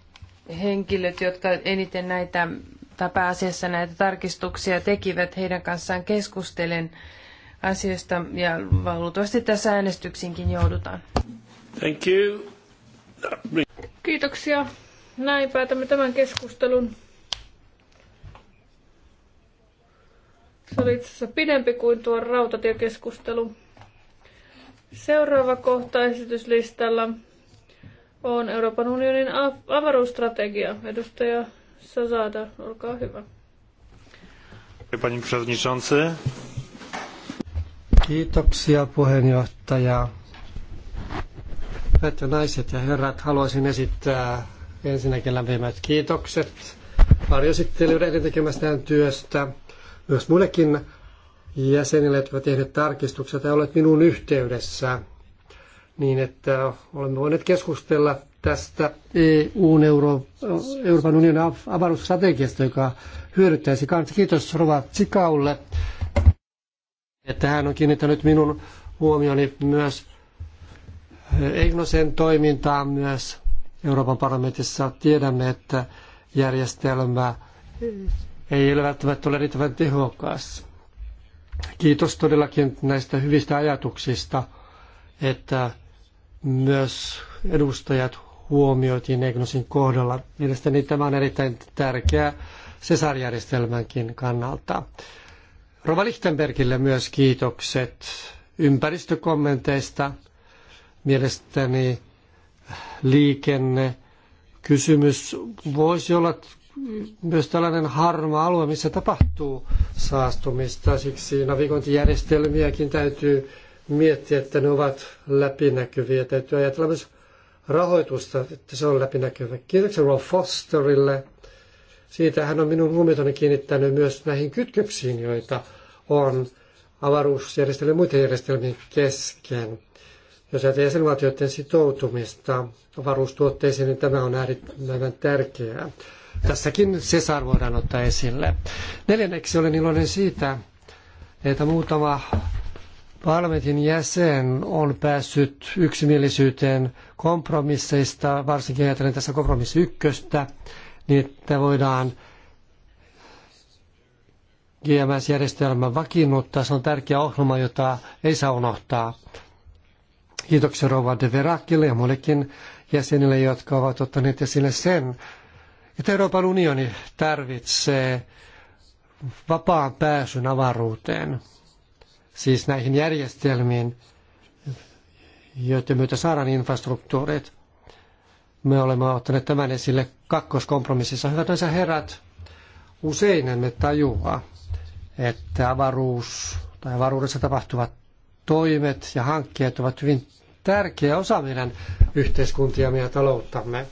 henkilöt, jotka eniten näitä tai pääasiassa näitä tarkistuksia tekivät, heidän kanssaan keskustelen asioista ja luultavasti tässä äänestyksiinkin joudutaan. Thank you. Kiitoksia. Näin päätämme tämän keskustelun. Se oli itse asiassa pidempi kuin tuo rautatiekeskustelu. Seuraava kohta esityslistalla on Euroopan unionin avaruusstrategia. Edustaja Sazada, olkaa hyvä. Kiitoksia puheenjohtaja. Hyvät naiset ja herrat, haluaisin esittää ensinnäkin lämpimät kiitokset varjosittelijoiden tekemästään työstä. Myös muillekin jäsenille, jotka ovat tehneet tarkistuksia tai olleet minun yhteydessä niin että olemme voineet keskustella tästä EUn Euro, Euroopan unionin avaruusstrategiasta, joka hyödyttäisi kanssa. Kiitos Rova Tsikaulle, että hän on kiinnittänyt minun huomioni myös Egnosen toimintaan myös Euroopan parlamentissa. Tiedämme, että järjestelmä ei ole välttämättä ole riittävän tehokas. Kiitos todellakin näistä hyvistä ajatuksista, että myös edustajat huomioitiin Egnosin kohdalla. Mielestäni tämä on erittäin tärkeä sesarjärjestelmänkin kannalta. Rova Lichtenbergille myös kiitokset ympäristökommenteista. Mielestäni liikenne kysymys voisi olla myös tällainen harma alue, missä tapahtuu saastumista. Siksi navigointijärjestelmiäkin täytyy miettiä, että ne ovat läpinäkyviä. Täytyy ajatella myös rahoitusta, että se on läpinäkyvä. Kiitoksia Rob Fosterille. Siitä hän on minun huomiotani kiinnittänyt myös näihin kytköksiin, joita on avaruusjärjestelmien ja muiden järjestelmien kesken. Jos ajatellaan jäsenvaltioiden sitoutumista avaruustuotteisiin, niin tämä on äärimmäisen tärkeää. Tässäkin Cesar voidaan ottaa esille. Neljänneksi olen iloinen siitä, että muutama Parlamentin jäsen on päässyt yksimielisyyteen kompromisseista, varsinkin ajatellen tässä kompromissi ykköstä, niin että voidaan GMS-järjestelmän vakiinnuttaa. Se on tärkeä ohjelma, jota ei saa unohtaa. Kiitoksia Rova de Verakille ja muillekin jäsenille, jotka ovat ottaneet esille sen, että Euroopan unioni tarvitsee vapaan pääsyn avaruuteen siis näihin järjestelmiin, joiden myötä saadaan infrastruktuurit. Me olemme ottaneet tämän esille kakkoskompromississa. Hyvät ja herrat, usein emme tajua, että avaruus tai avaruudessa tapahtuvat toimet ja hankkeet ovat hyvin tärkeä osa meidän yhteiskuntiamme ja talouttamme.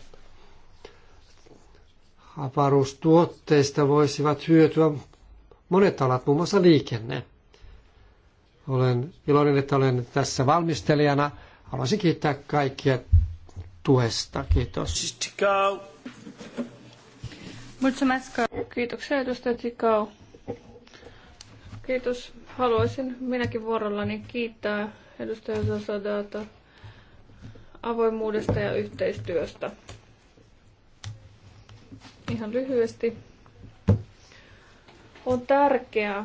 Avaruustuotteista voisivat hyötyä monet alat, muun muassa liikenne. Olen iloinen, että olen tässä valmistelijana. Haluaisin kiittää kaikkia tuesta. Kiitos. Kiitoksia edustaja Tikau. Kiitos. Haluaisin minäkin vuorollani kiittää edustaja Sasadata avoimuudesta ja yhteistyöstä. Ihan lyhyesti. On tärkeää,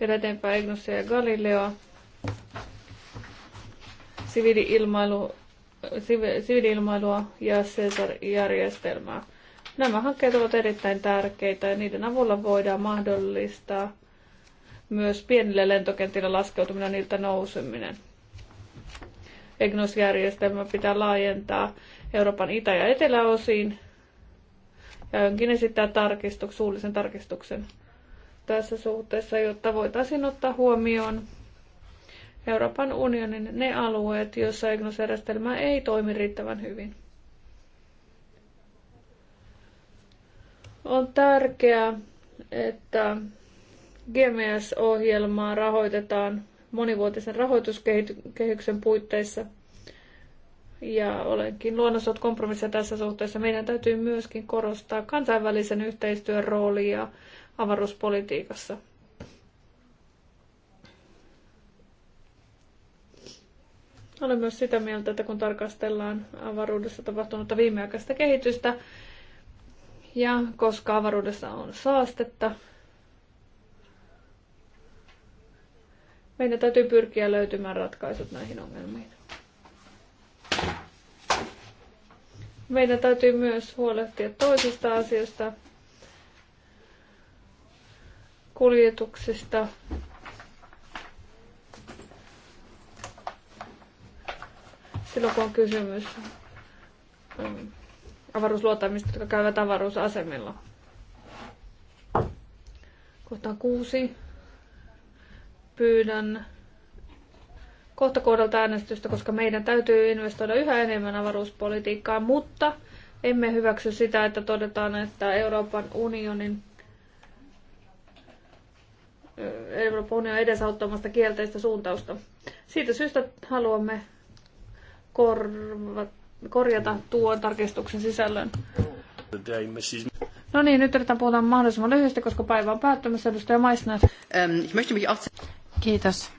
vielä eteenpäin Egnosia ja Galileo. siviili sivi, ja CESAR-järjestelmää. Nämä hankkeet ovat erittäin tärkeitä ja niiden avulla voidaan mahdollistaa myös pienille lentokentille laskeutuminen niiltä nouseminen. EGNOS-järjestelmä pitää laajentaa Euroopan itä- ja eteläosiin ja jonkin esittää tarkistuk, suullisen tarkistuksen tässä suhteessa, jotta voitaisiin ottaa huomioon Euroopan unionin ne alueet, joissa EGNOS-järjestelmä ei toimi riittävän hyvin. On tärkeää, että GMS-ohjelmaa rahoitetaan monivuotisen rahoituskehyksen puitteissa. Ja olenkin luonnossot kompromissia tässä suhteessa. Meidän täytyy myöskin korostaa kansainvälisen yhteistyön roolia avaruuspolitiikassa. Olen myös sitä mieltä, että kun tarkastellaan avaruudessa tapahtunutta viimeaikaista kehitystä, ja koska avaruudessa on saastetta, meidän täytyy pyrkiä löytymään ratkaisut näihin ongelmiin. Meidän täytyy myös huolehtia toisista asioista, kuljetuksesta Silloin kun on kysymys ähm, avaruusluotaimista, jotka käyvät avaruusasemilla. Kohta kuusi. Pyydän kohta kohdalta äänestystä, koska meidän täytyy investoida yhä enemmän avaruuspolitiikkaan, mutta emme hyväksy sitä, että todetaan, että Euroopan unionin Euroopan unionin edesauttamasta kielteistä suuntausta. Siitä syystä haluamme korva, korjata tuon tarkistuksen sisällön. No niin, nyt yritetään puhua mahdollisimman lyhyesti, koska päivä on päättymässä. Edustaja Maisner. Ähm, Kiitos.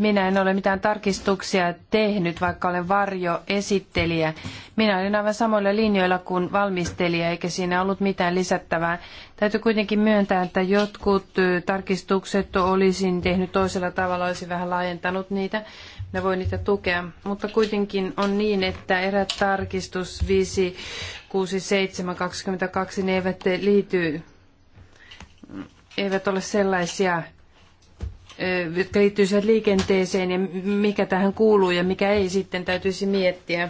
Minä en ole mitään tarkistuksia tehnyt, vaikka olen varjoesittelijä. Minä olin aivan samoilla linjoilla kuin valmistelija, eikä siinä ollut mitään lisättävää. Täytyy kuitenkin myöntää, että jotkut tarkistukset olisin tehnyt toisella tavalla, olisin vähän laajentanut niitä. Minä voin niitä tukea. Mutta kuitenkin on niin, että erät tarkistus 5, 6, 7, 22, ne eivät liity, eivät ole sellaisia jotka liittyisivät liikenteeseen ja mikä tähän kuuluu ja mikä ei sitten täytyisi miettiä.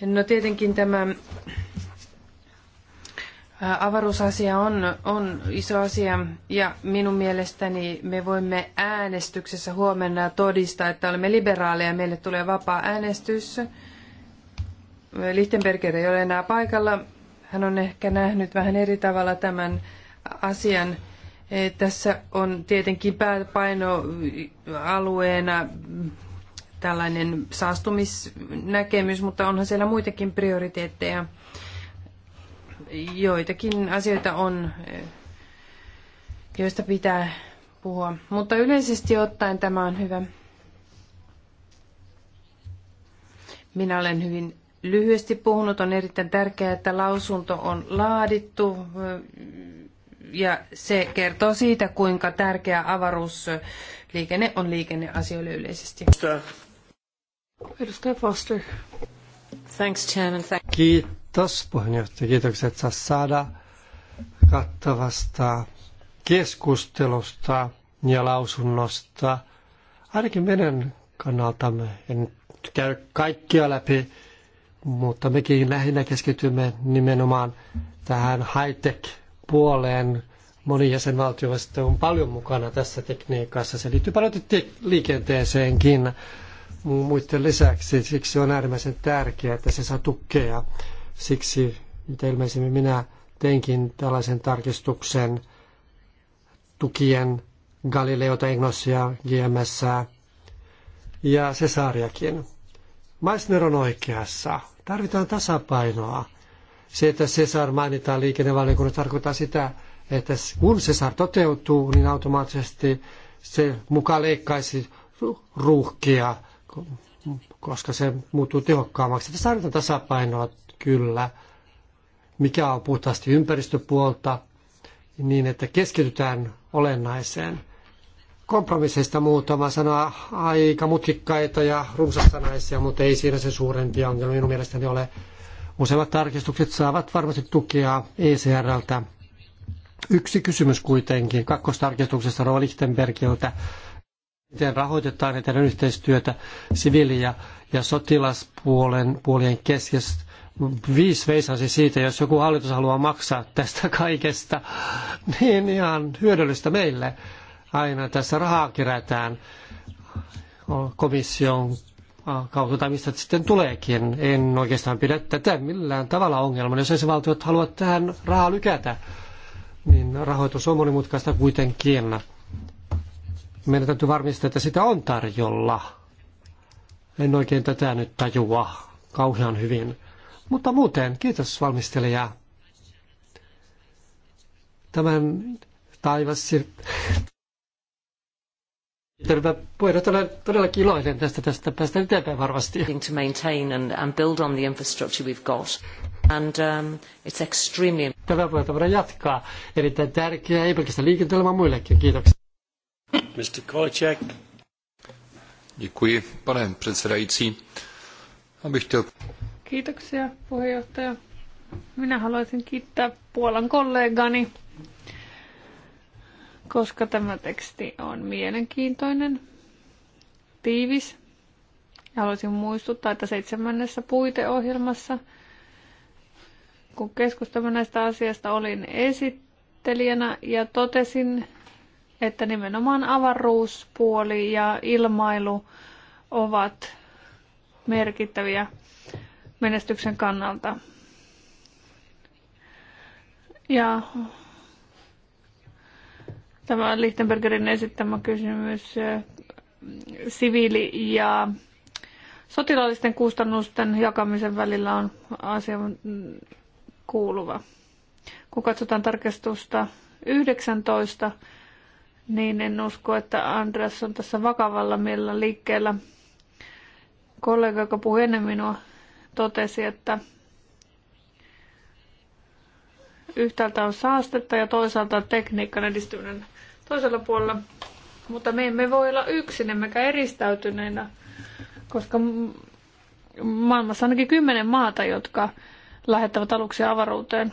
No tietenkin tämä avaruusasia on, on iso asia ja minun mielestäni me voimme äänestyksessä huomenna todistaa, että olemme liberaaleja. Meille tulee vapaa äänestys. Lichtenberger ei ole enää paikalla. Hän on ehkä nähnyt vähän eri tavalla tämän asian. Eh, tässä on tietenkin pääpainoalueena tällainen saastumisnäkemys, mutta onhan siellä muitakin prioriteetteja. Joitakin asioita on, eh, joista pitää puhua. Mutta yleisesti ottaen tämä on hyvä. Minä olen hyvin lyhyesti puhunut. On erittäin tärkeää, että lausunto on laadittu eh, ja se kertoo siitä, kuinka tärkeä avaruusliikenne on liikenneasioille yleisesti. Edustaja Foster. Thanks, Chairman. Thank- Kiitos puheenjohtaja. Kiitokset Sassada kattavasta keskustelusta ja lausunnosta. Ainakin meidän kannaltamme en käy kaikkia läpi, mutta mekin lähinnä keskitymme nimenomaan tähän high-tech puoleen moni jäsenvaltio on paljon mukana tässä tekniikassa. Se liittyy paljon liikenteeseenkin muiden lisäksi. Siksi on äärimmäisen tärkeää, että se saa tukea. Siksi mitä ilmeisimmin minä teinkin tällaisen tarkistuksen tukien Galileota, Ignosia, GMS ja Cesariakin. Meissner on oikeassa. Tarvitaan tasapainoa se, että Cesar mainitaan liikennevaliokunnassa, tarkoittaa sitä, että kun Cesar toteutuu, niin automaattisesti se mukaan leikkaisi ruuhkia, koska se muuttuu tehokkaammaksi. Tässä tarvitaan tasapainoa kyllä, mikä on puhtaasti ympäristöpuolta, niin että keskitytään olennaiseen. Kompromisseista muutama sana, aika mutkikkaita ja runsassanaisia, mutta ei siinä se suurempia ongelmia minun mielestäni ole. Useimmat tarkistukset saavat varmasti tukea ECRltä. Yksi kysymys kuitenkin kakkostarkistuksessa Rova Lichtenbergiltä. Miten rahoitetaan näitä yhteistyötä siviili- ja, ja sotilaspuolen puolien keskestä? viisi veisasi siitä, jos joku hallitus haluaa maksaa tästä kaikesta, niin ihan hyödyllistä meille. Aina tässä rahaa kerätään komission Ah, kautta mistä sitten tuleekin. En oikeastaan pidä tätä millään tavalla ongelmana. Jos jäsenvaltiot haluavat tähän rahaa lykätä, niin rahoitus on monimutkaista kuitenkin. Meidän täytyy varmistaa, että sitä on tarjolla. En oikein tätä nyt tajua kauhean hyvin. Mutta muuten, kiitos valmistelija. Tämän taivas Tervetuloa puheenjohtaja, todellakin iloinen tästä, tästä päästään eteenpäin varmasti. To maintain and, and build on the infrastructure we've got. And um, it's extremely... Tämä voidaan jatkaa. Erittäin tärkeää, ei pelkästään liikenteelle, vaan muillekin. Kiitoksia. Mr. Kolicek. Děkuji, pane předsedající. Abych chtěl... Kiitoksia, puheenjohtaja. Minä haluaisin kiittää Puolan kollegani koska tämä teksti on mielenkiintoinen, tiivis. Ja haluaisin muistuttaa, että seitsemännessä puiteohjelmassa, kun keskustelimme näistä asiasta, olin esittelijänä ja totesin, että nimenomaan avaruuspuoli ja ilmailu ovat merkittäviä menestyksen kannalta. Ja Tämä Lichtenbergerin esittämä kysymys siviili- ja sotilaallisten kustannusten jakamisen välillä on asia kuuluva. Kun katsotaan tarkastusta 19, niin en usko, että Andreas on tässä vakavalla mielellä liikkeellä. Kollega, joka puhui ennen minua, totesi, että yhtäältä on saastetta ja toisaalta tekniikan edistyminen toisella puolella. Mutta me emme voi olla yksin, emmekä eristäytyneinä, koska maailmassa on ainakin kymmenen maata, jotka lähettävät aluksia avaruuteen.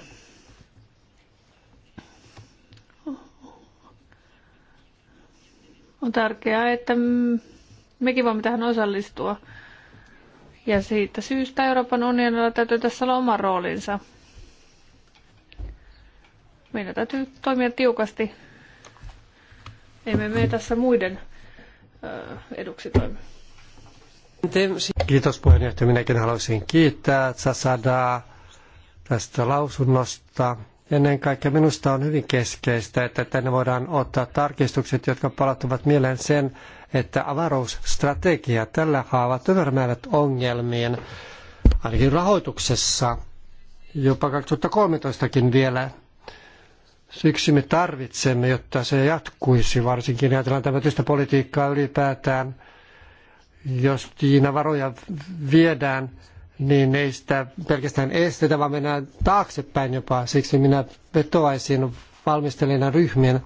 On tärkeää, että mekin voimme tähän osallistua. Ja siitä syystä Euroopan unionilla täytyy tässä olla oma roolinsa. Meidän täytyy toimia tiukasti emme me tässä muiden eduksi toimi. Kiitos puheenjohtaja. Minäkin haluaisin kiittää Sasadaa tästä lausunnosta. Ennen kaikkea minusta on hyvin keskeistä, että tänne voidaan ottaa tarkistukset, jotka palauttavat mieleen sen, että avaruusstrategia tällä haava törmäävät ongelmiin, ainakin rahoituksessa, jopa 2013kin vielä Siksi me tarvitsemme, jotta se jatkuisi, varsinkin ajatellaan tämmöistä politiikkaa ylipäätään. Jos Kiina varoja viedään, niin ei sitä pelkästään estetä, vaan mennään taaksepäin jopa. Siksi minä vetoaisin valmistelijana ryhmien,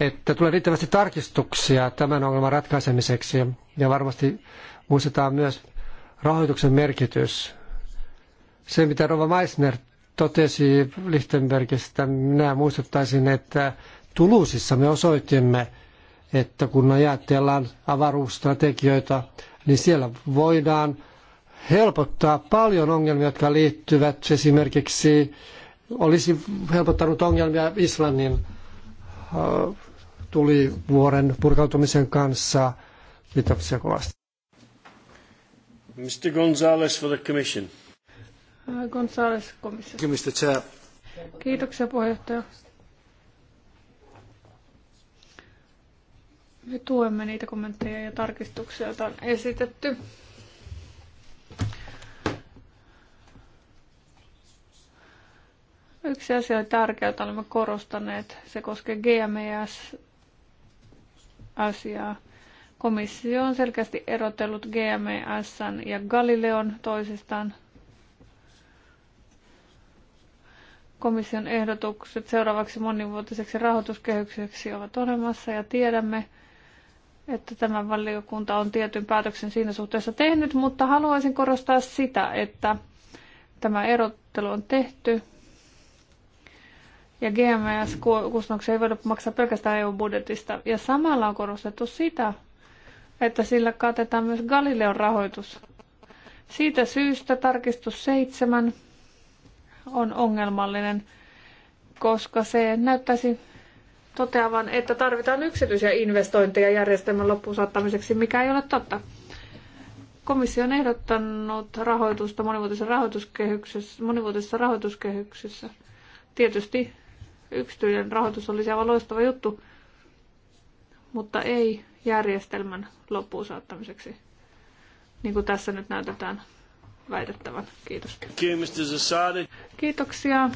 että tulee riittävästi tarkistuksia tämän ongelman ratkaisemiseksi. Ja varmasti muistetaan myös rahoituksen merkitys. Se, mitä Rova Meissner totesi Lichtenbergistä, minä muistuttaisin, että Tulusissa me osoitimme, että kun ajatellaan avaruusstrategioita, niin siellä voidaan helpottaa paljon ongelmia, jotka liittyvät esimerkiksi, olisi helpottanut ongelmia Islannin tulivuoren purkautumisen kanssa. Kiitoksia kovasti. Mr. Gonzalez for the Commission. Äh, Gonzales komissiosta. Mr. Chair. Kiitoksia puheenjohtaja. Me tuemme niitä kommentteja ja tarkistuksia, joita on esitetty. Yksi asia on tärkeä, jota olemme korostaneet. Se koskee GMES-asiaa. Komissio on selkeästi erotellut GMES ja Galileon toisistaan. Komission ehdotukset seuraavaksi monivuotiseksi rahoituskehykseksi ovat olemassa ja tiedämme, että tämä valiokunta on tietyn päätöksen siinä suhteessa tehnyt, mutta haluaisin korostaa sitä, että tämä erottelu on tehty ja GMS-kustannuksia ei voida maksaa pelkästään EU-budjetista. Ja samalla on korostettu sitä, että sillä katetaan myös Galileon rahoitus. Siitä syystä tarkistus 7 on ongelmallinen, koska se näyttäisi toteavan, että tarvitaan yksityisiä investointeja järjestelmän loppuun saattamiseksi, mikä ei ole totta. Komissio on ehdottanut rahoitusta monivuotisessa rahoituskehyksessä, monivuotisessa rahoituskehyksessä. Tietysti yksityinen rahoitus olisi aivan loistava juttu, mutta ei järjestelmän loppuun saattamiseksi, niin kuin tässä nyt näytetään väitettävän. Kiitos. Kiitoksia.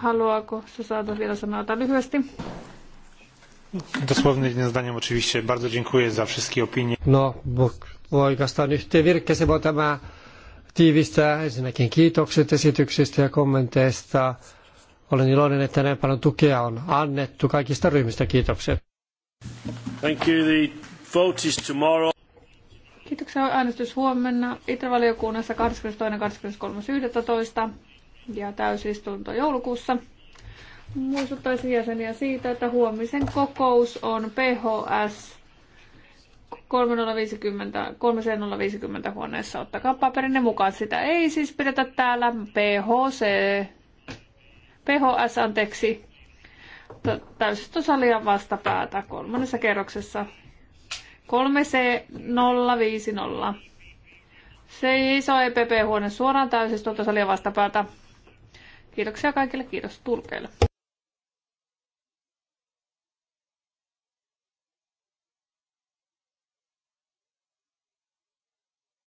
Haluaako Sasada vielä sanoa jotain lyhyesti? Dosłownym zdaniem oczywiście bardzo dziękuję za wszystkie opinie. No, oikeastaan yhteen virkkeeseen voi tämä tiivistää. Ensinnäkin kiitokset esityksistä ja kommenteista. Olen iloinen, että näin paljon tukea on annettu kaikista ryhmistä. Kiitokset. Thank you. The vote is tomorrow. Kiitoksia. Äänestys huomenna Itävaliokunnassa 22.23.11. ja täysistunto joulukuussa. Muistuttaisin jäseniä siitä, että huomisen kokous on PHS 3050, 3050 huoneessa. Ottakaa paperinne mukaan. Sitä ei siis pidetä täällä PHC, PHS anteeksi, Täysistosalia vastapäätä kolmannessa kerroksessa 3C050. Se iso EPP-huone suoraan täysistuntosalia vastapäätä. Kiitoksia kaikille, kiitos tulkeille.